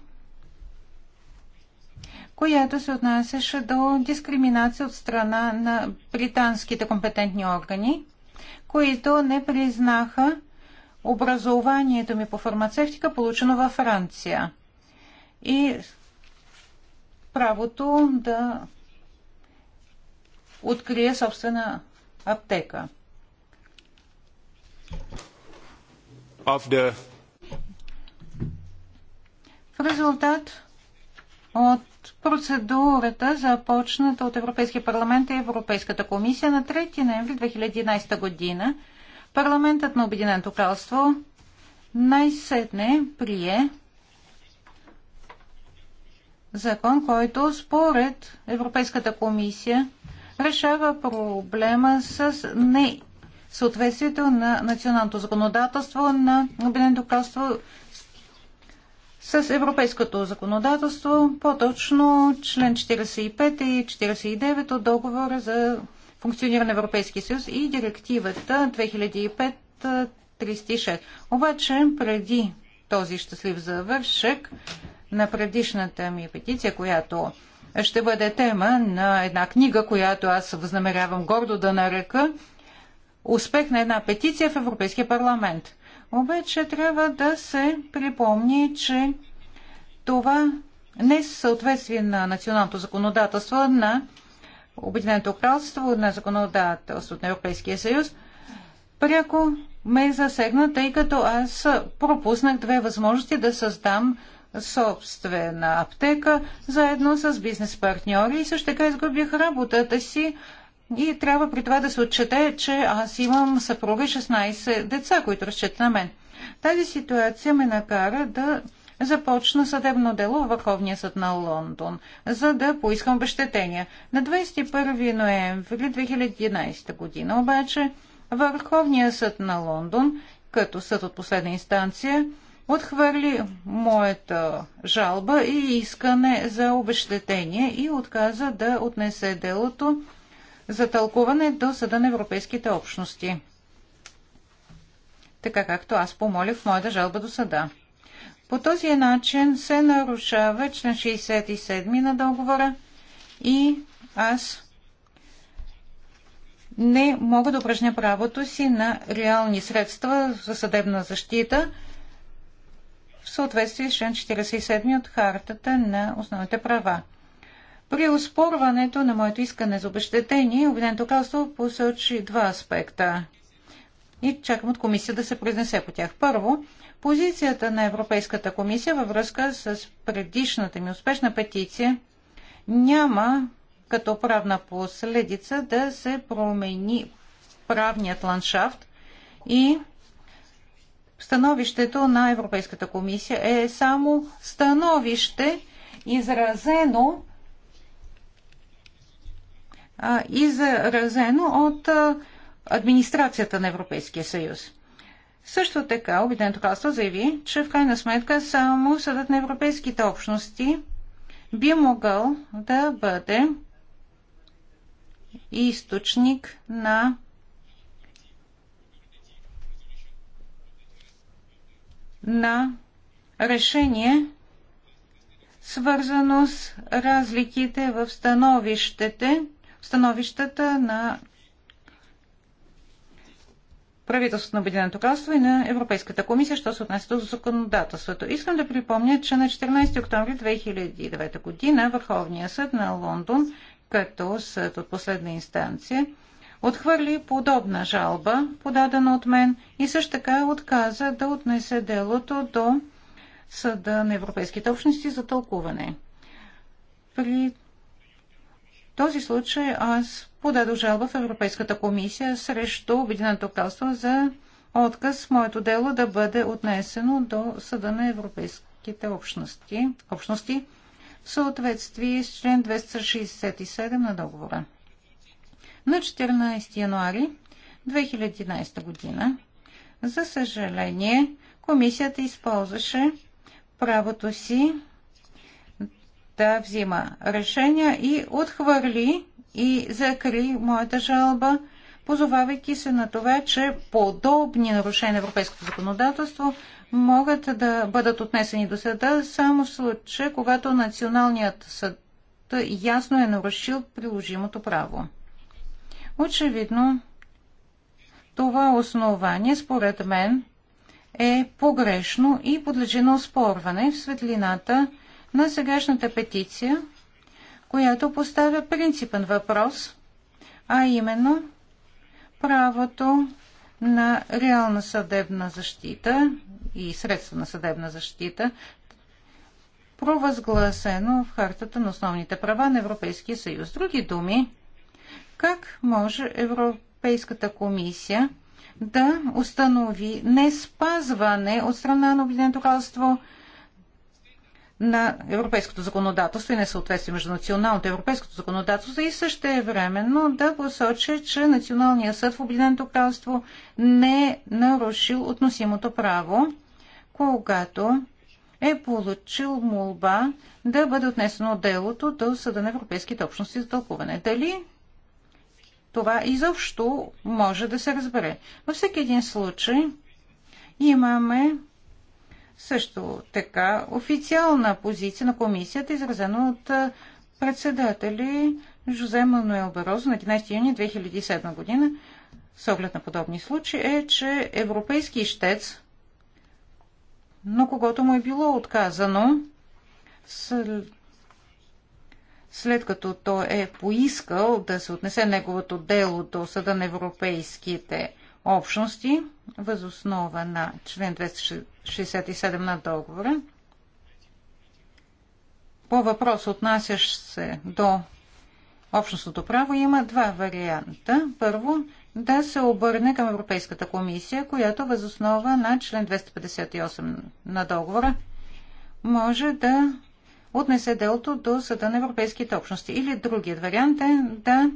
която се отнасяше до дискриминация от страна на британските компетентни органи, които не признаха образованието ми по фармацевтика, получено във Франция. И правото да открие собствена аптека. В резултат от Процедурата започната от Европейския парламент и Европейската комисия на 3 ноември 2011 година. Парламентът на Обединеното кралство най-сетне прие закон, който според Европейската комисия решава проблема с не съответствието на националното законодателство на Обединеното кралство с европейското законодателство, по-точно член 45 и 49 от договора за функциониране на Европейския съюз и директивата 2005-36. Обаче преди този щастлив завършък на предишната ми петиция, която ще бъде тема на една книга, която аз възнамерявам гордо да нарека Успех на една петиция в Европейския парламент – обаче трябва да се припомни, че това не е съответствие на националното законодателство на Обединеното кралство, на законодателството на Европейския съюз, пряко ме засегна, тъй като аз пропуснах две възможности да създам собствена аптека заедно с бизнес партньори и също така изгубих работата си и трябва при това да се отчете, че аз имам съпруга 16 деца, които разчитат на мен. Тази ситуация ме накара да започна съдебно дело в Върховния съд на Лондон, за да поискам обещетения. На 21 ноември 2011 година обаче Върховния съд на Лондон, като съд от последна инстанция, отхвърли моята жалба и искане за обещетение и отказа да отнесе делото за тълкуване до Съда на Европейските общности. Така както аз помолих в моята жалба до съда. По този начин се нарушава член 67 на договора и аз не мога да упражня правото си на реални средства за съдебна защита в съответствие с член 47 от Хартата на основните права. При оспорването на моето искане за обещетение, Обединеното кралство посочи два аспекта. И чакам от комисия да се произнесе по тях. Първо, позицията на Европейската комисия във връзка с предишната ми успешна петиция няма като правна последица да се промени правният ландшафт и становището на Европейската комисия е само становище, изразено изразено от администрацията на Европейския съюз. Също така Обединеното кралство заяви, че в крайна сметка само съдът на европейските общности би могъл да бъде източник на на решение, свързано с разликите в становищете становищата на правителството на Обединеното кралство и на Европейската комисия, що се отнася до законодателството. Искам да припомня, че на 14 октомври 2009 година Върховният съд на Лондон, като съд от последна инстанция, отхвърли подобна жалба, подадена от мен, и също така отказа да отнесе делото до Съда на Европейските общности за тълкуване. При този случай аз подадох жалба в Европейската комисия срещу Обединеното кралство за отказ моето дело да бъде отнесено до Съда на Европейските общности, общности в съответствие с член 267 на договора. На 14 януари 2011 година, за съжаление, комисията използваше правото си да взима решения и отхвърли и закри моята жалба, позовавайки се на това, че подобни нарушения на европейското законодателство могат да бъдат отнесени до съда само в случай, когато националният съд ясно е нарушил приложимото право. Очевидно, това основание, според мен, е погрешно и подлежи на оспорване в светлината на сегашната петиция, която поставя принципен въпрос, а именно правото на реална съдебна защита и средства на съдебна защита, провъзгласено в Хартата на основните права на Европейския съюз. Други думи, как може Европейската комисия да установи не спазване от страна на Обединеното кралство – на европейското законодателство и несъответствие между националното и европейското законодателство и също е временно да посочи, че Националният съд в Обединеното кралство не е нарушил относимото право, когато е получил молба да бъде отнесено делото до Съда на Европейските общности за тълкуване. Дали това изобщо може да се разбере. Във всеки един случай имаме също така официална позиция на комисията, изразена от председатели Жозе Мануел Барозо на 11 юни 2007 година, с оглед на подобни случаи, е, че европейски щец, но когато му е било отказано, след като той е поискал да се отнесе неговото дело до Съда на европейските общности, възоснова на член 267 на договора. По въпрос, отнасящ се до общностното право, има два варианта. Първо, да се обърне към Европейската комисия, която възоснова на член 258 на договора може да отнесе делото до Съда на Европейските общности. Или другият вариант е да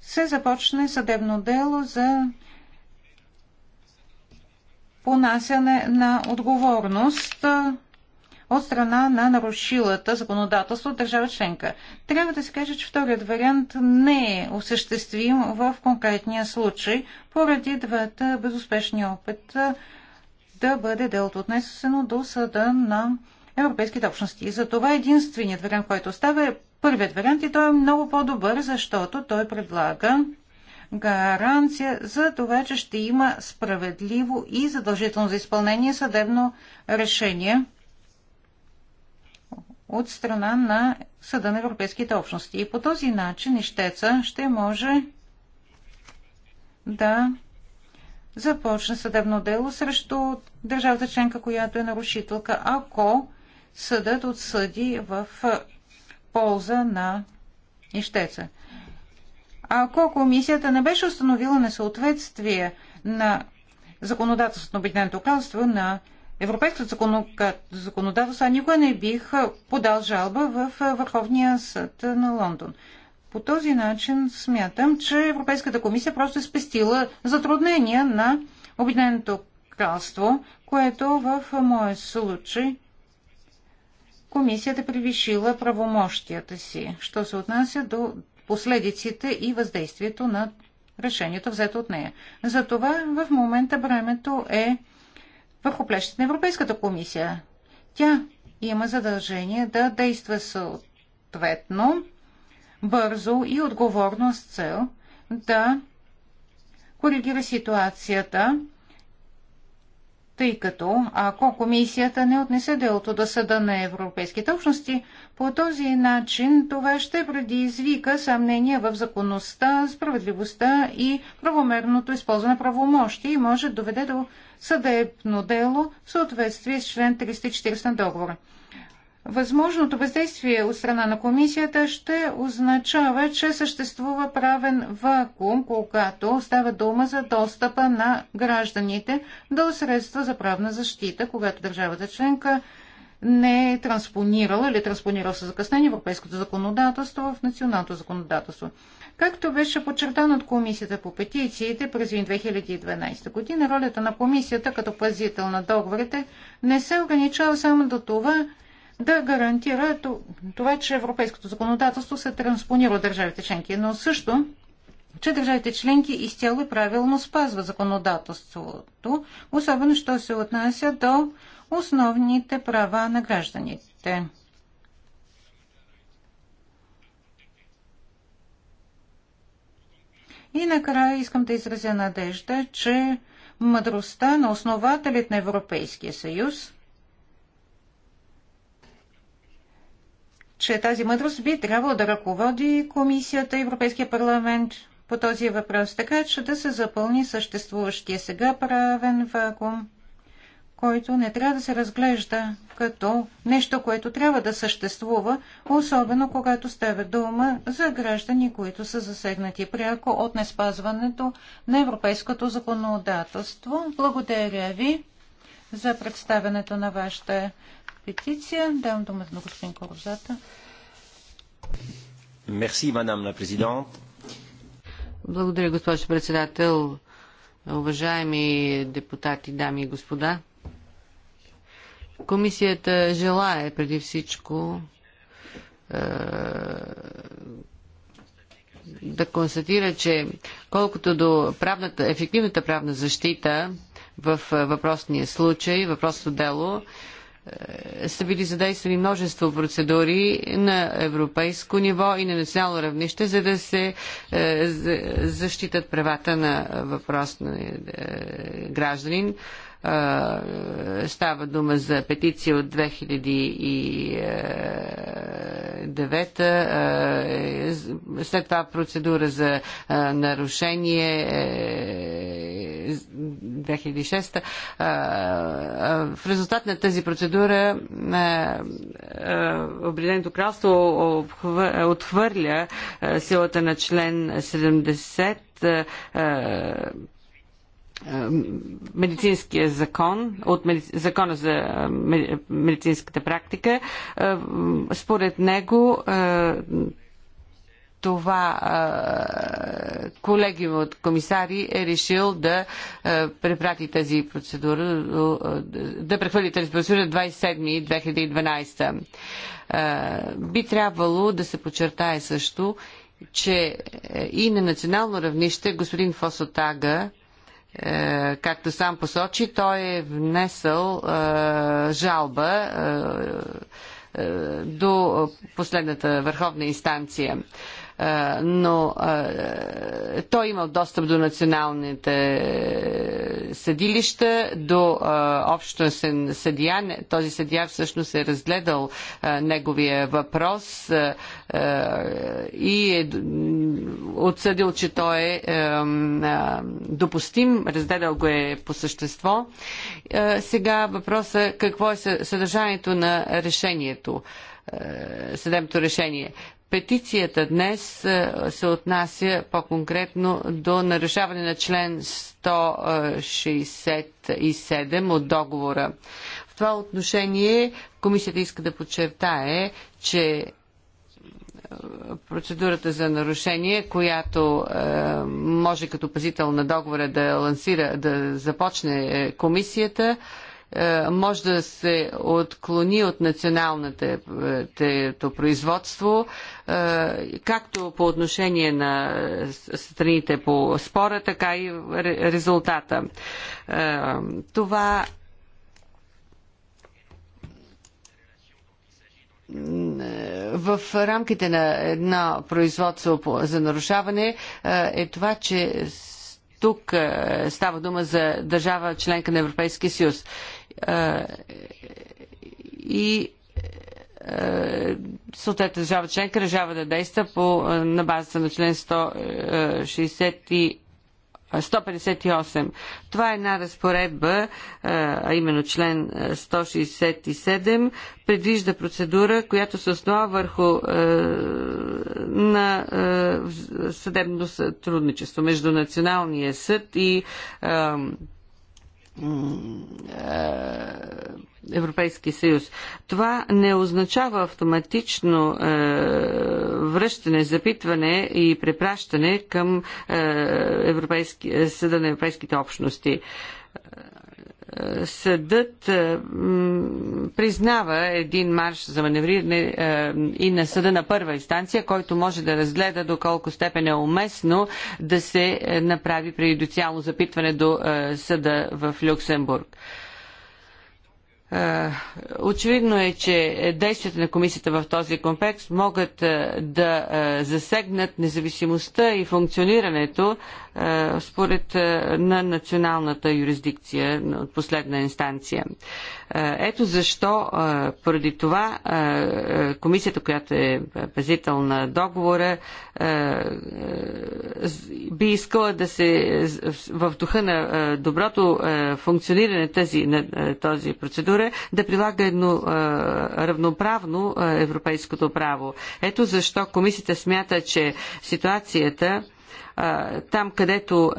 се започне съдебно дело за понасяне на отговорност от страна на нарушилата законодателство държава членка. Трябва да се каже, че вторият вариант не е осъществим в конкретния случай, поради двата безуспешни опит да бъде делото отнесено до съда на европейските общности. И за това единственият вариант, който остава е първият вариант и той е много по-добър, защото той предлага гаранция за това, че ще има справедливо и задължително за изпълнение съдебно решение от страна на Съда на Европейските общности. И по този начин ищеца ще може да започне съдебно дело срещу държавата членка, която е нарушителка, ако съдът отсъди в полза на ищеца. Ако комисията не беше установила несъответствие на законодателството на Обединеното кралство на Европейското законодателство, а никой не бих подал жалба в Върховния съд на Лондон. По този начин смятам, че Европейската комисия просто е спестила затруднения на Обединеното кралство, което в моят случай комисията е превишила правомощията си, що се отнася до последиците и въздействието на решението взето от нея. Затова в момента бремето е върху плещите на Европейската комисия. Тя има задължение да действа съответно, бързо и отговорно с цел да коригира ситуацията тъй като ако комисията не отнесе делото до съда на европейските общности, по този начин това ще предизвика съмнение в законността, справедливостта и правомерното използване на правомощи и може да доведе до съдебно дело в съответствие с член 340 на договора. Възможното въздействие от страна на комисията ще означава, че съществува правен вакуум, когато става дума за достъпа на гражданите до средства за правна защита, когато държавата членка не е транспонирала или е транспонирала със закъснение европейското законодателство в националното законодателство. Както беше подчертано от Комисията по петициите през 2012 година, ролята на Комисията като пазител на договорите не се ограничава само до това, да гарантира това, че европейското законодателство се транспонира от държавите членки, но също, че държавите членки изцяло и правилно спазва законодателството, особено що се отнася до основните права на гражданите. И накрая искам да изразя надежда, че мъдростта на основателите на Европейския съюз – че тази мъдрост би трябвало да ръководи Комисията Европейския парламент по този въпрос, така че да се запълни съществуващия сега правен вакуум, който не трябва да се разглежда като нещо, което трябва да съществува, особено когато става дума за граждани, които са засегнати пряко от неспазването на европейското законодателство. Благодаря ви за представенето на вашата петиция. Давам думата на господин Корозата. Мерси, мадам на президент. Благодаря, госпожо председател. Уважаеми депутати, дами и господа. Комисията желае преди всичко е, да констатира, че колкото до правната, ефективната правна защита в е, въпросния случай, въпросното дело, е, е, са били задействани множество процедури на европейско ниво и на национално равнище, за да се е, защитат правата на въпрос на е, гражданин става дума за петиция от 2009. След това процедура за нарушение 2006. В резултат на тази процедура Обединеното кралство отхвърля силата на член 70 медицинския закон, от медици... закона за медицинската практика. Според него това колеги от комисари е решил да препрати тази процедура, да прехвърли тази процедура 27 2012. Би трябвало да се подчертае също, че е, и на национално равнище господин Фосотага е, както сам посочи, той е внесъл е, жалба до последната върховна инстанция но той имал достъп до националните съдилища, до общо съдия. Този съдия всъщност е разгледал неговия въпрос и е отсъдил, че той е допустим, разгледал го е по същество. Сега въпросът е какво е съдържанието на решението съдебното решение. Петицията днес е, се отнася по-конкретно до нарушаване на член 167 от договора. В това отношение комисията иска да подчертае, че е, процедурата за нарушение, която е, може като пазител на договора да лансира, да започне комисията, е, може да се отклони от националното е, производство, е, както по отношение на страните по спора, така и резултата. Това в рамките на едно производство за нарушаване е това, че тук става дума за държава членка на Европейския съюз и съответната държава членка решава да действа по, на базата на член 160 158. Това е една разпоредба, а именно член 167, предвижда процедура, която се основа върху е, на съдебно сътрудничество между Националния съд и е, Европейския съюз. Това не означава автоматично е, връщане, запитване и препращане към е, Европейски, е, Съда на Европейските общности съдът е, признава един марш за маневриране е, и на съда на първа инстанция, който може да разгледа доколко степен е уместно да се е, направи преюдициално запитване до съда в Люксембург. Очевидно е, че действията на комисията в този комплекс могат да засегнат независимостта и функционирането е, според е, на националната юрисдикция от последна инстанция. Е, ето защо поради това комисията, която е пазител на договора, би искала да се в духа на доброто функциониране тази, на този процедура да прилага едно равноправно европейското право. Ето защо комисията смята, че ситуацията там, където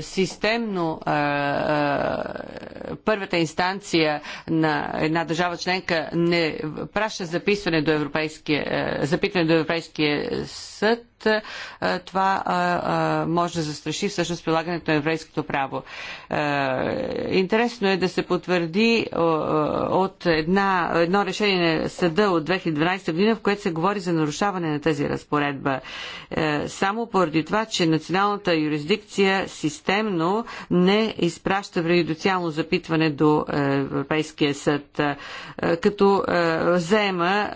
системно първата инстанция на една държава членка не праща записване до Европейския, запитване до Европейския съд, това може да застраши всъщност прилагането на еврейското право. Интересно е да се потвърди от една, едно решение на съда от 2012 година, в което се говори за нарушаване на тази разпоредба. Само поради това, че националната юрисдикция системно не изпраща преюдициално запитване до Европейския съд, като взема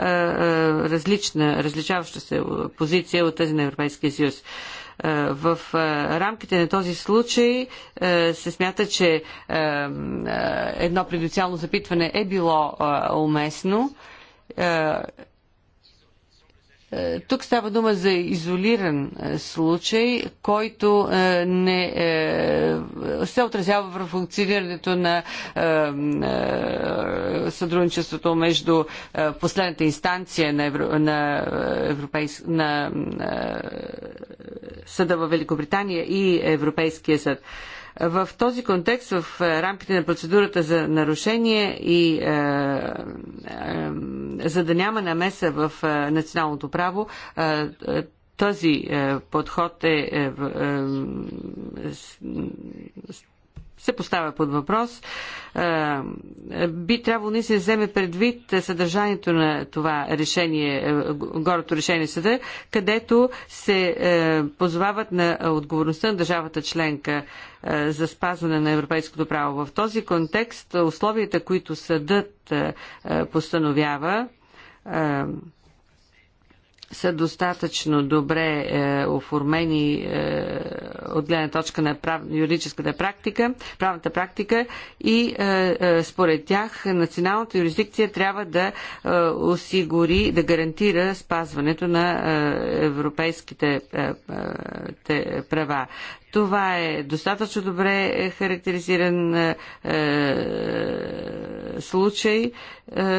различна, различаваща се позиция от тази на Европейския съюз. Е, в е, рамките на този случай е, се смята, че едно предоциално запитване е било уместно е, тук става дума за изолиран е, случай, който е, не се отразява в функционирането на сътрудничеството между последната инстанция на, Евро... на, Европейс... на Съда в Великобритания и Европейския съд. В този контекст, в е, рамките на процедурата за нарушение и е, е, за да няма намеса в е, националното право, е, е този подход е се поставя под въпрос. Е, би трябвало да се вземе предвид съдържанието на това решение, е, горното решение съда, където се е, позовават на отговорността на държавата членка за спазване на европейското право. В този контекст условията, които съдът постановява, са достатъчно добре е, оформени е, от гледна точка на прав... юридическата практика, правната практика и е, е, според тях националната юрисдикция трябва да е, осигури, да гарантира спазването на е, европейските е, е те, права. Това е достатъчно добре е, характеризиран е, е, случай, е,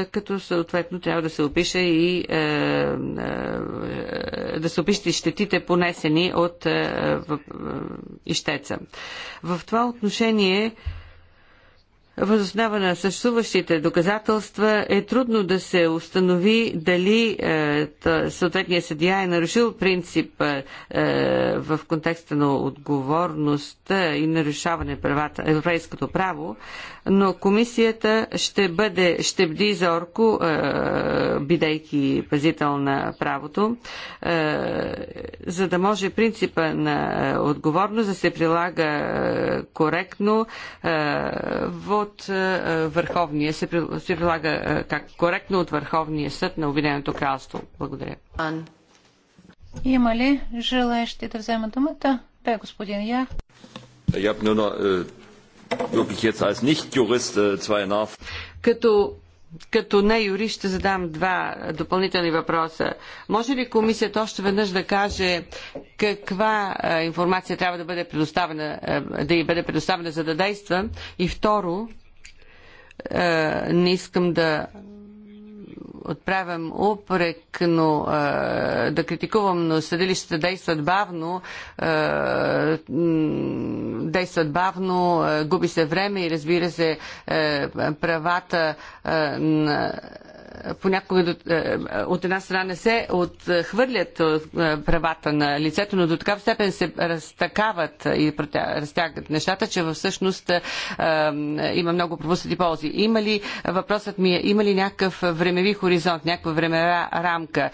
като съответно трябва да се опише и е, е, е да се опишат и щетите понесени от е, е, ищеца. В това отношение Възоснова на съществуващите доказателства е трудно да се установи дали е, съответният съдия е нарушил принцип е, е, в контекста на отговорността и нарушаване правата, европейското право но комисията ще бъде, ще бди зорко, е, бидейки пазител на правото, е, за да може принципа на е, отговорност да се прилага коректно от Върховния, се прилага как коректно от Върховния съд на Обединеното кралство. Благодаря. Има ли желаящи да вземат думата? Бе, господин Я. Äh, като като не юрист ще задам два допълнителни въпроса. Може ли комисията още веднъж да каже каква е, информация трябва да бъде предоставена, е, да й бъде предоставена за да действа? И второ, е, не искам да отправям упрек, но да критикувам, но съдилищата действат бавно, действат бавно, губи се време и разбира се правата на понякога е, от една страна не се отхвърлят е, правата на лицето, но до такава степен се разтакават и разтягат нещата, че всъщност е, има много пропуснати ползи. Има ли, въпросът ми е, има ли някакъв времеви хоризонт, някаква времева рамка?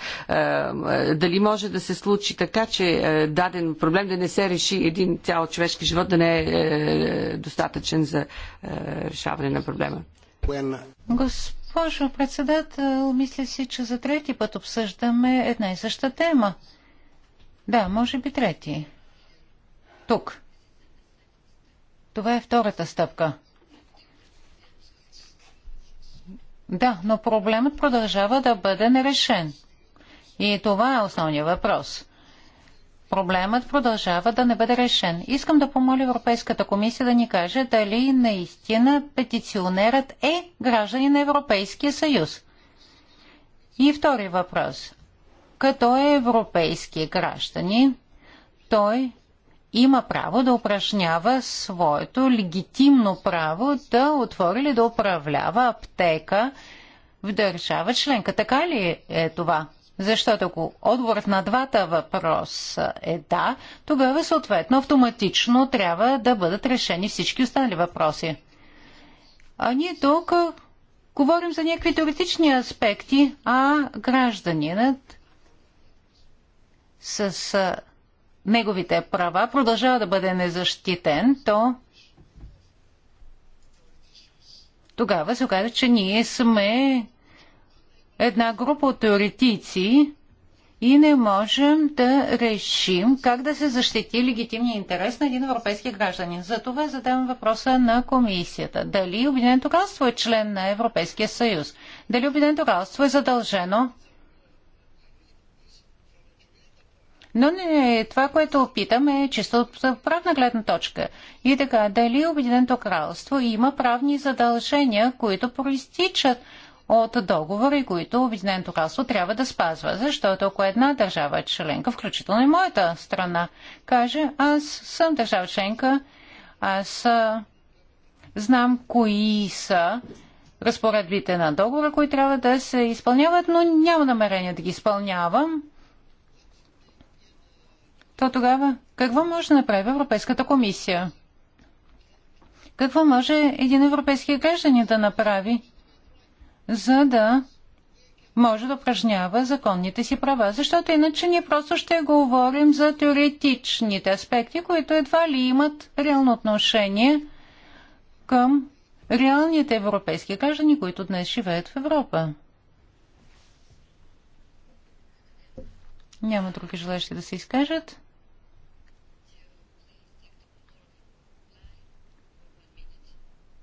Дали може да се случи така, че даден проблем да не се реши един цял човешки живот, да не е достатъчен за решаване на проблема? When... Госпожо председател, мисля си, че за трети път обсъждаме една и съща тема. Да, може би трети. Тук. Това е втората стъпка. Да, но проблемът продължава да бъде нерешен. И това е основният въпрос проблемът продължава да не бъде решен. Искам да помоля Европейската комисия да ни каже дали наистина петиционерът е гражданин на Европейския съюз. И втори въпрос. Като е европейски гражданин, той има право да упражнява своето легитимно право да отвори или да управлява аптека в държава членка. Така ли е това? Защото ако отговорът на двата въпроса е да, тогава съответно автоматично трябва да бъдат решени всички останали въпроси. А ние тук говорим за някакви теоретични аспекти, а гражданинът с неговите права продължава да бъде незащитен, то тогава се оказва, че ние сме една група от теоретици и не можем да решим как да се защити легитимния интерес на един европейски гражданин. За това задавам въпроса на комисията. Дали Обединеното кралство е член на Европейския съюз? Дали Обединеното кралство е задължено Но не, това, което опитаме е чисто от правна гледна точка. И така, дали Обединеното кралство има правни задължения, които проистичат от договори, които Обединеното кралство трябва да спазва. Защото ако една държава членка, включително и моята страна, каже, аз съм държава членка, аз знам кои са разпоредбите на договора, които трябва да се изпълняват, но няма намерение да ги изпълнявам, то тогава какво може да направи Европейската комисия? Какво може един европейски гражданин да направи? за да може да упражнява законните си права, защото иначе ние просто ще говорим за теоретичните аспекти, които едва ли имат реално отношение към реалните европейски граждани, които днес живеят в Европа. Няма други желащи да се изкажат.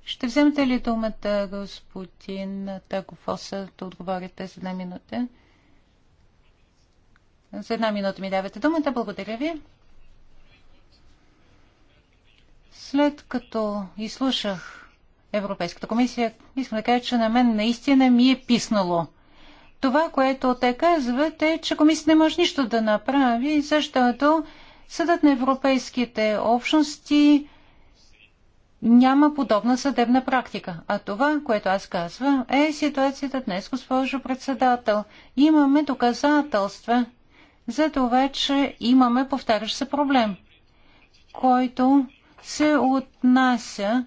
Ще вземете ли думата, господин Тагофоса, да отговорите за една минута? За една минута ми давате думата. Благодаря ви. След като изслушах Европейската комисия, искам да кажа, че на мен наистина ми е писнало. Това, което те казват е, че комисията не може нищо да направи, защото Съдът на европейските общности няма подобна съдебна практика. А това, което аз казвам, е ситуацията днес, госпожо председател. Имаме доказателства за това, че имаме повтарящ се проблем, който се отнася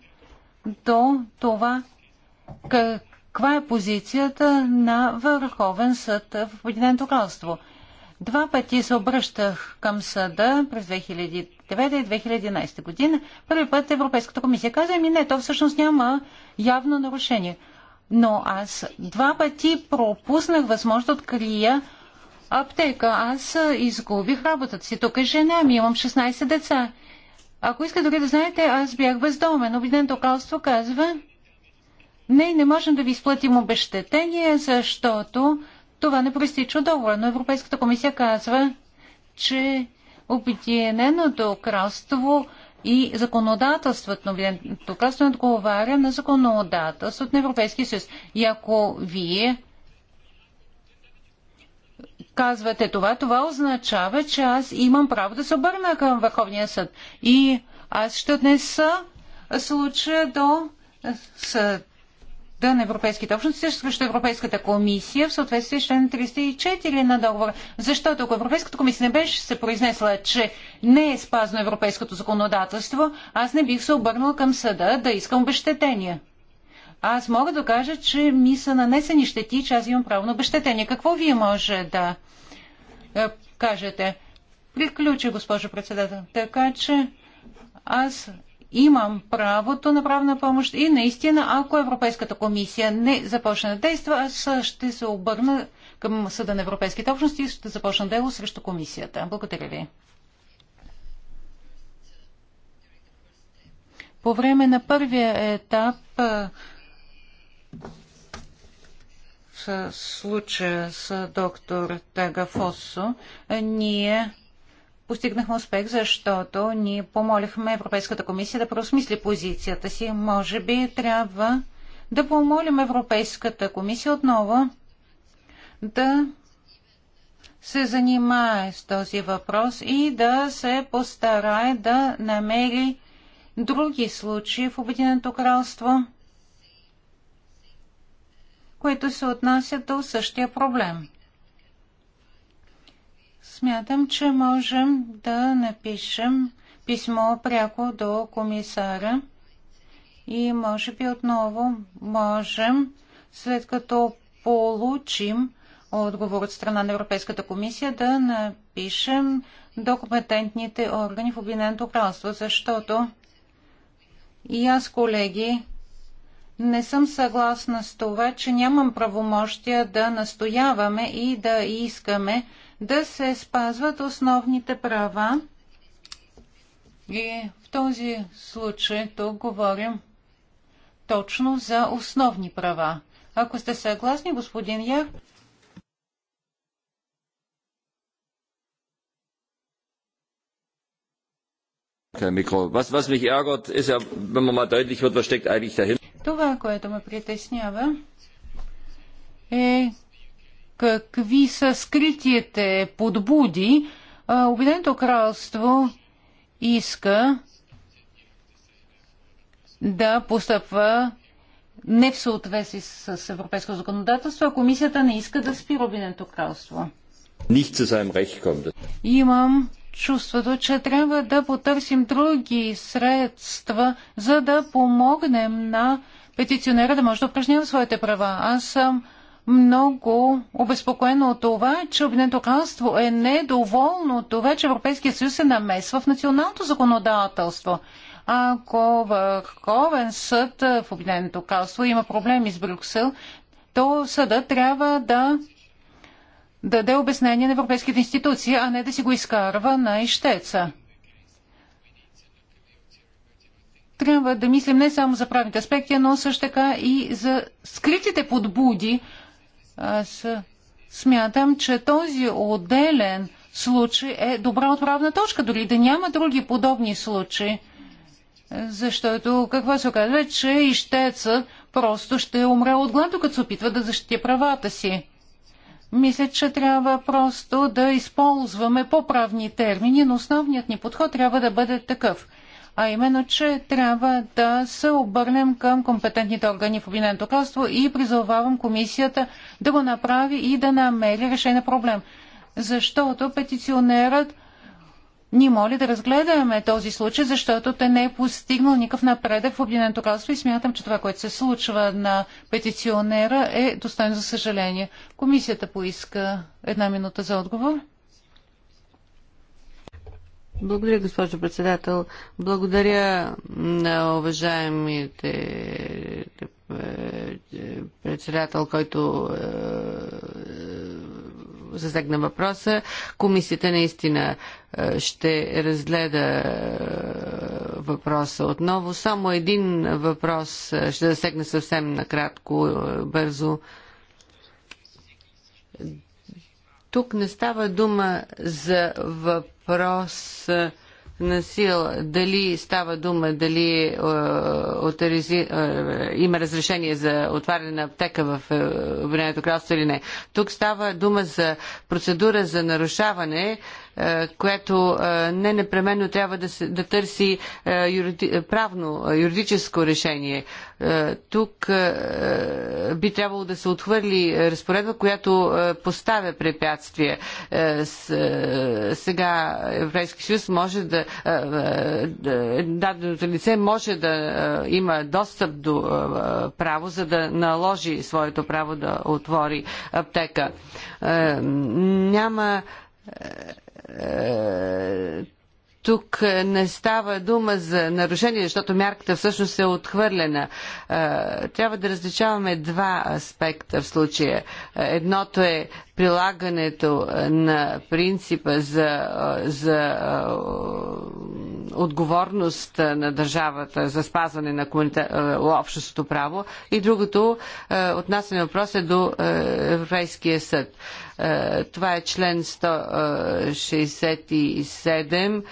до това каква е позицията на Върховен съд в Обединеното кралство – Два пъти се обръщах към съда през 2009 и 2011 година. Първи път Европейската комисия каза, ами не, то всъщност няма явно нарушение. Но аз два пъти пропуснах възможност да открия аптека. Аз изгубих работата си. Тук е жена ми, имам 16 деца. Ако искате дори да знаете, аз бях бездомен. Обединеното кралство казва, не, не можем да ви изплатим обещетение, защото това не проистича от договора, но Европейската комисия казва, че Обединеното кралство и законодателството на Обединеното кралство отговаря на законодателството на Европейския съюз. И ако вие казвате това, това означава, че аз имам право да се обърна към Върховния съд. И аз ще отнеса случая до съд съда на Европейските общности срещу Европейската комисия в съответствие с член 304 на договора. Защото ако Европейската комисия не беше се произнесла, че не е спазно европейското законодателство, аз не бих се обърнала към съда да искам обещетения. Аз мога да кажа, че ми са нанесени щети, че аз имам право на обещетение. Какво вие може да е, кажете? Приключи, госпожо председател. Така че аз имам правото на правна помощ и наистина, ако Европейската комисия не започне да действа, аз ще се обърна към Съда на Европейските общности и ще започна дело срещу комисията. Благодаря ви. По време на първия етап в случая с доктор Тагафосо, ние постигнахме успех, защото ние помолихме Европейската комисия да преосмисли позицията си. Може би трябва да помолим Европейската комисия отново да се занимае с този въпрос и да се постарае да намери други случаи в Обединеното кралство, които се отнасят до същия проблем. Смятам, че можем да напишем писмо пряко до комисара и може би отново можем, след като получим отговор от страна на Европейската комисия, да напишем до компетентните органи в Обединеното кралство, защото и аз, колеги, не съм съгласна с това, че нямам правомощия да настояваме и да искаме да се спазват основните права. И в този случай тук говорим точно за основни права. Ако сте съгласни, господин Яр. Това, което ме притеснява, е, какви са скритите подбуди. Обединеното кралство иска да постъпва не в съответствие с европейско законодателство, а комисията не иска да спира Обединеното кралство. Имам чувството, че трябва да потърсим други средства, за да помогнем на петиционера да може да упражнява своите права. Аз съм много обезпокоено от това, че Обединеното кралство е недоволно от това, че Европейския съюз се намесва в националното законодателство. Ако Върховен съд в Обединеното кралство има проблеми с Брюксел, то съда трябва да даде обяснение на европейските институции, а не да си го изкарва на ищеца. трябва да мислим не само за правните аспекти, но също така и за скритите подбуди аз смятам, че този отделен случай е добра отправна точка, дори да няма други подобни случаи. Защото какво се оказва, че ищецът просто ще умре от глад, докато се опитва да защити правата си. Мисля, че трябва просто да използваме по-правни термини, но основният ни подход трябва да бъде такъв а именно, че трябва да се обърнем към компетентните органи в Обединеното кралство и призовавам комисията да го направи и да намери решение на проблем. Защото петиционерът ни моли да разгледаме този случай, защото те не е постигнал никакъв напредък в Обединеното кралство и смятам, че това, което се случва на петиционера е достойно за съжаление. Комисията поиска една минута за отговор. Благодаря, госпожо председател. Благодаря на уважаемите е, председател, който е, засегна въпроса. Комисията наистина е, ще разгледа въпроса отново. Само един въпрос ще засегна съвсем накратко, бързо тук не става дума за въпрос на сила, дали става дума, дали е, оторизи, е, има разрешение за отваряне на аптека в е, кралство или не. Тук става дума за процедура за нарушаване е, което е, не непременно трябва да, се, да търси е, юриди, правно, юридическо решение. Тук би трябвало да се отхвърли разпоредба, която поставя препятствие. Сега Европейски съюз може да, даденото лице може да има достъп до право, за да наложи своето право да отвори аптека. Няма е, тук не става дума за нарушение, защото мярката всъщност е отхвърлена. Е, трябва да различаваме два аспекта в случая. Едното е прилагането на принципа за, за отговорност на държавата за спазване на комунита... право и другото отнасяне въпрос е до Европейския съд. Това е член 167.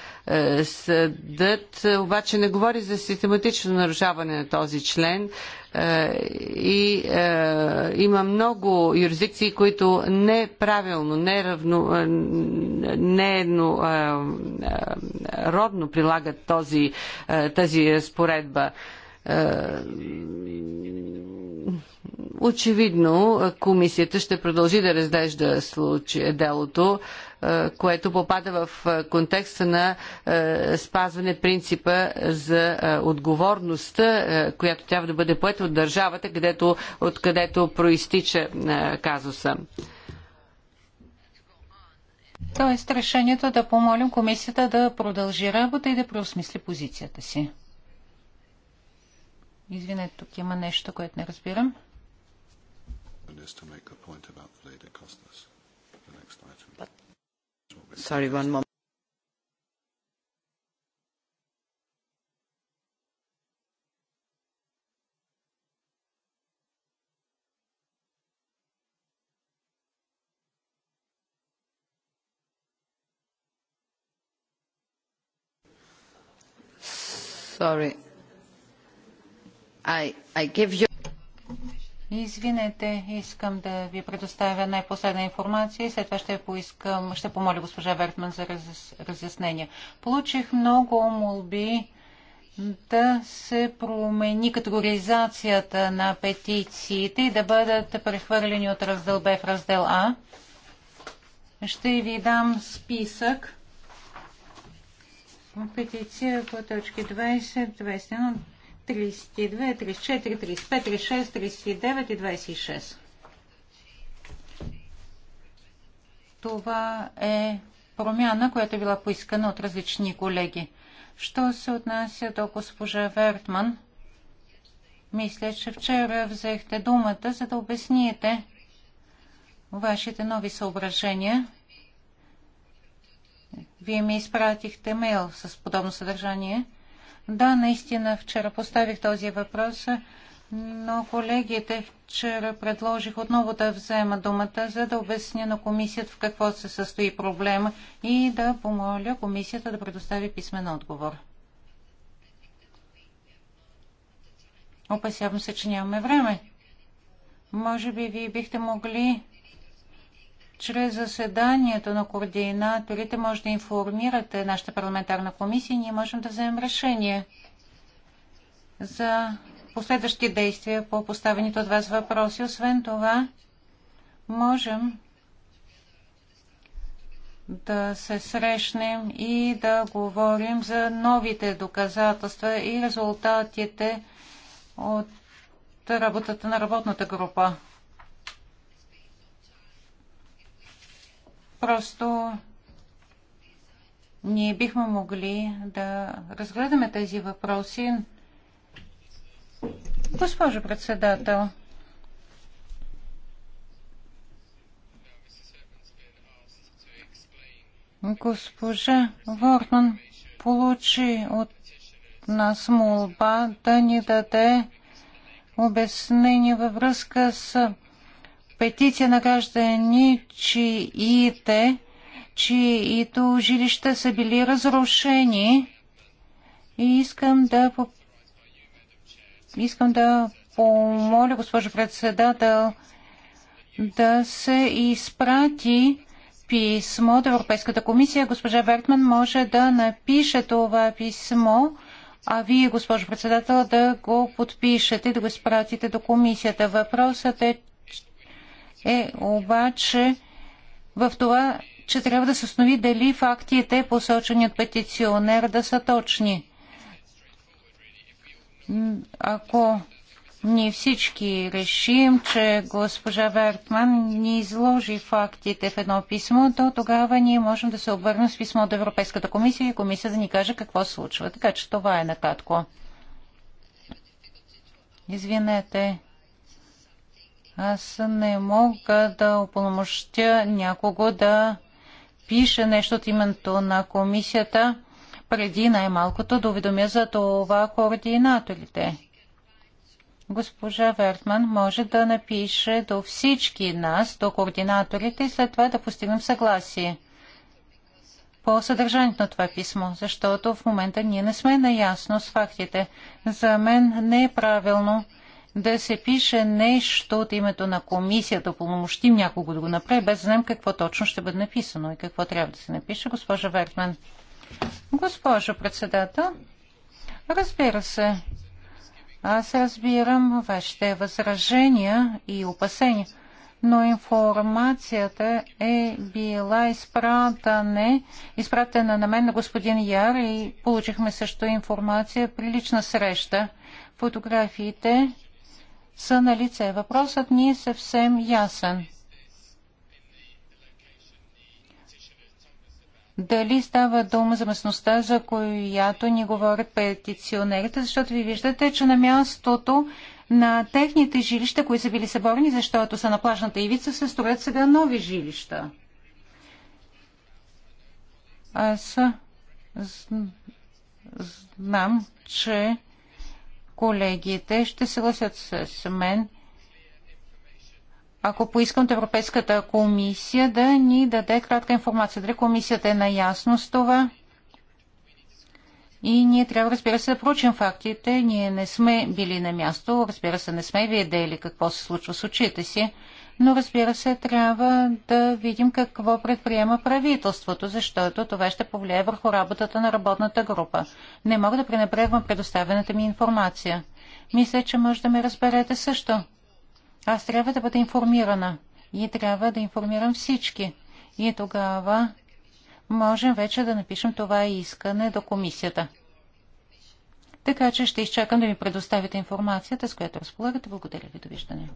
Съдът обаче не говори за систематично нарушаване на този член е, и е, има много юрисдикции, които неправилно, неравно, е, е родно прилагат този, тази разпоредба. Очевидно, комисията ще продължи да разглежда случая делото е, което попада в е, контекста на е, спазване принципа за отговорността, която трябва да бъде поета от държавата, където, откъдето проистича казуса. Тоест решението да помолим комисията да продължи работа и да преосмисли позицията си. Извинете, тук има нещо, което не разбирам. Just to make a point about Sorry, one moment. Sorry. I, I give you Извинете, искам да ви предоставя най-последна информация и след това ще поискам, ще помоля госпожа Вертман за разяснение. Получих много молби да се промени категоризацията на петициите и да бъдат прехвърлени от раздел Б в раздел А. Ще ви дам списък. Петиция по точки 20, 21, 32, 34, 35, 36, 39 и 26. Това е промяна, която е била поискана от различни колеги. Що се отнася до госпожа Вертман? Мисля, че вчера взехте думата, за да обясните вашите нови съображения. Вие ми изпратихте мейл с подобно съдържание – да, наистина вчера поставих този въпрос, но колегите вчера предложих отново да взема думата, за да обясня на комисията в какво се състои проблема и да помоля комисията да предостави писмен отговор. Опасявам се, че нямаме време. Може би вие бихте могли чрез заседанието на координаторите може да информирате нашата парламентарна комисия и ние можем да вземем решение за последващи действия по поставените от вас въпроси. Освен това, можем да се срещнем и да говорим за новите доказателства и резултатите от работата на работната група. Просто ние бихме могли да разгледаме тези въпроси. Госпожо председател, госпожа Вортман получи от нас молба да ни даде обяснение във връзка с петиция на граждани, чиите, чието жилища са били разрушени. И искам да, искам да помоля, госпожо председател, да се изпрати писмо от Европейската комисия. Госпожа Бертман може да напише това писмо, а вие, госпожо председател, да го подпишете, да го изпратите до комисията. Въпросът е, е обаче в това, че трябва да се установи дали фактите, посочени от петиционер, да са точни. Ако ние всички решим, че госпожа Вертман ни изложи фактите в едно писмо, то тогава ние можем да се обърнем с писмо от Европейската комисия и комисия да ни каже какво случва. Така че това е накратко. Извинете, аз не мога да опълномощя някого да пише нещо от името на комисията, преди най-малкото да уведомя за това координаторите. Госпожа Вертман може да напише до всички нас, до координаторите и след това да постигнем съгласие по съдържанието на това писмо, защото в момента ние не сме наясно с фактите. За мен не е правилно да се пише нещо от името на комисията, полномощим някого да го направи, без да знаем какво точно ще бъде написано и какво трябва да се напише. Госпожа Вертман. Госпожо председател, разбира се, аз разбирам вашите възражения и опасения, но информацията е била изпратена, изпратена на мен на господин Яр и получихме също информация при лична среща. Фотографиите са на лице. Въпросът ни е съвсем ясен. Дали става дума за местността, за която ни говорят петиционерите, защото ви виждате, че на мястото на техните жилища, които са били съборни, защото са на плажната ивица, се строят сега нови жилища. Аз знам, че колегите ще се гласят с мен, ако поискам от Европейската комисия да ни даде кратка информация. Дали комисията е наясно с това? И ние трябва, разбира се, да проучим фактите. Ние не сме били на място, разбира се, не сме видели какво се случва с очите си, но разбира се, трябва да видим какво предприема правителството, защото това ще повлияе върху работата на работната група. Не мога да пренебрегвам предоставената ми информация. Мисля, че може да ме разберете също. Аз трябва да бъда информирана и трябва да информирам всички. И тогава можем вече да напишем това искане до комисията. Така че ще изчакам да ми предоставите информацията, с която разполагате. Благодаря ви. Довиждане.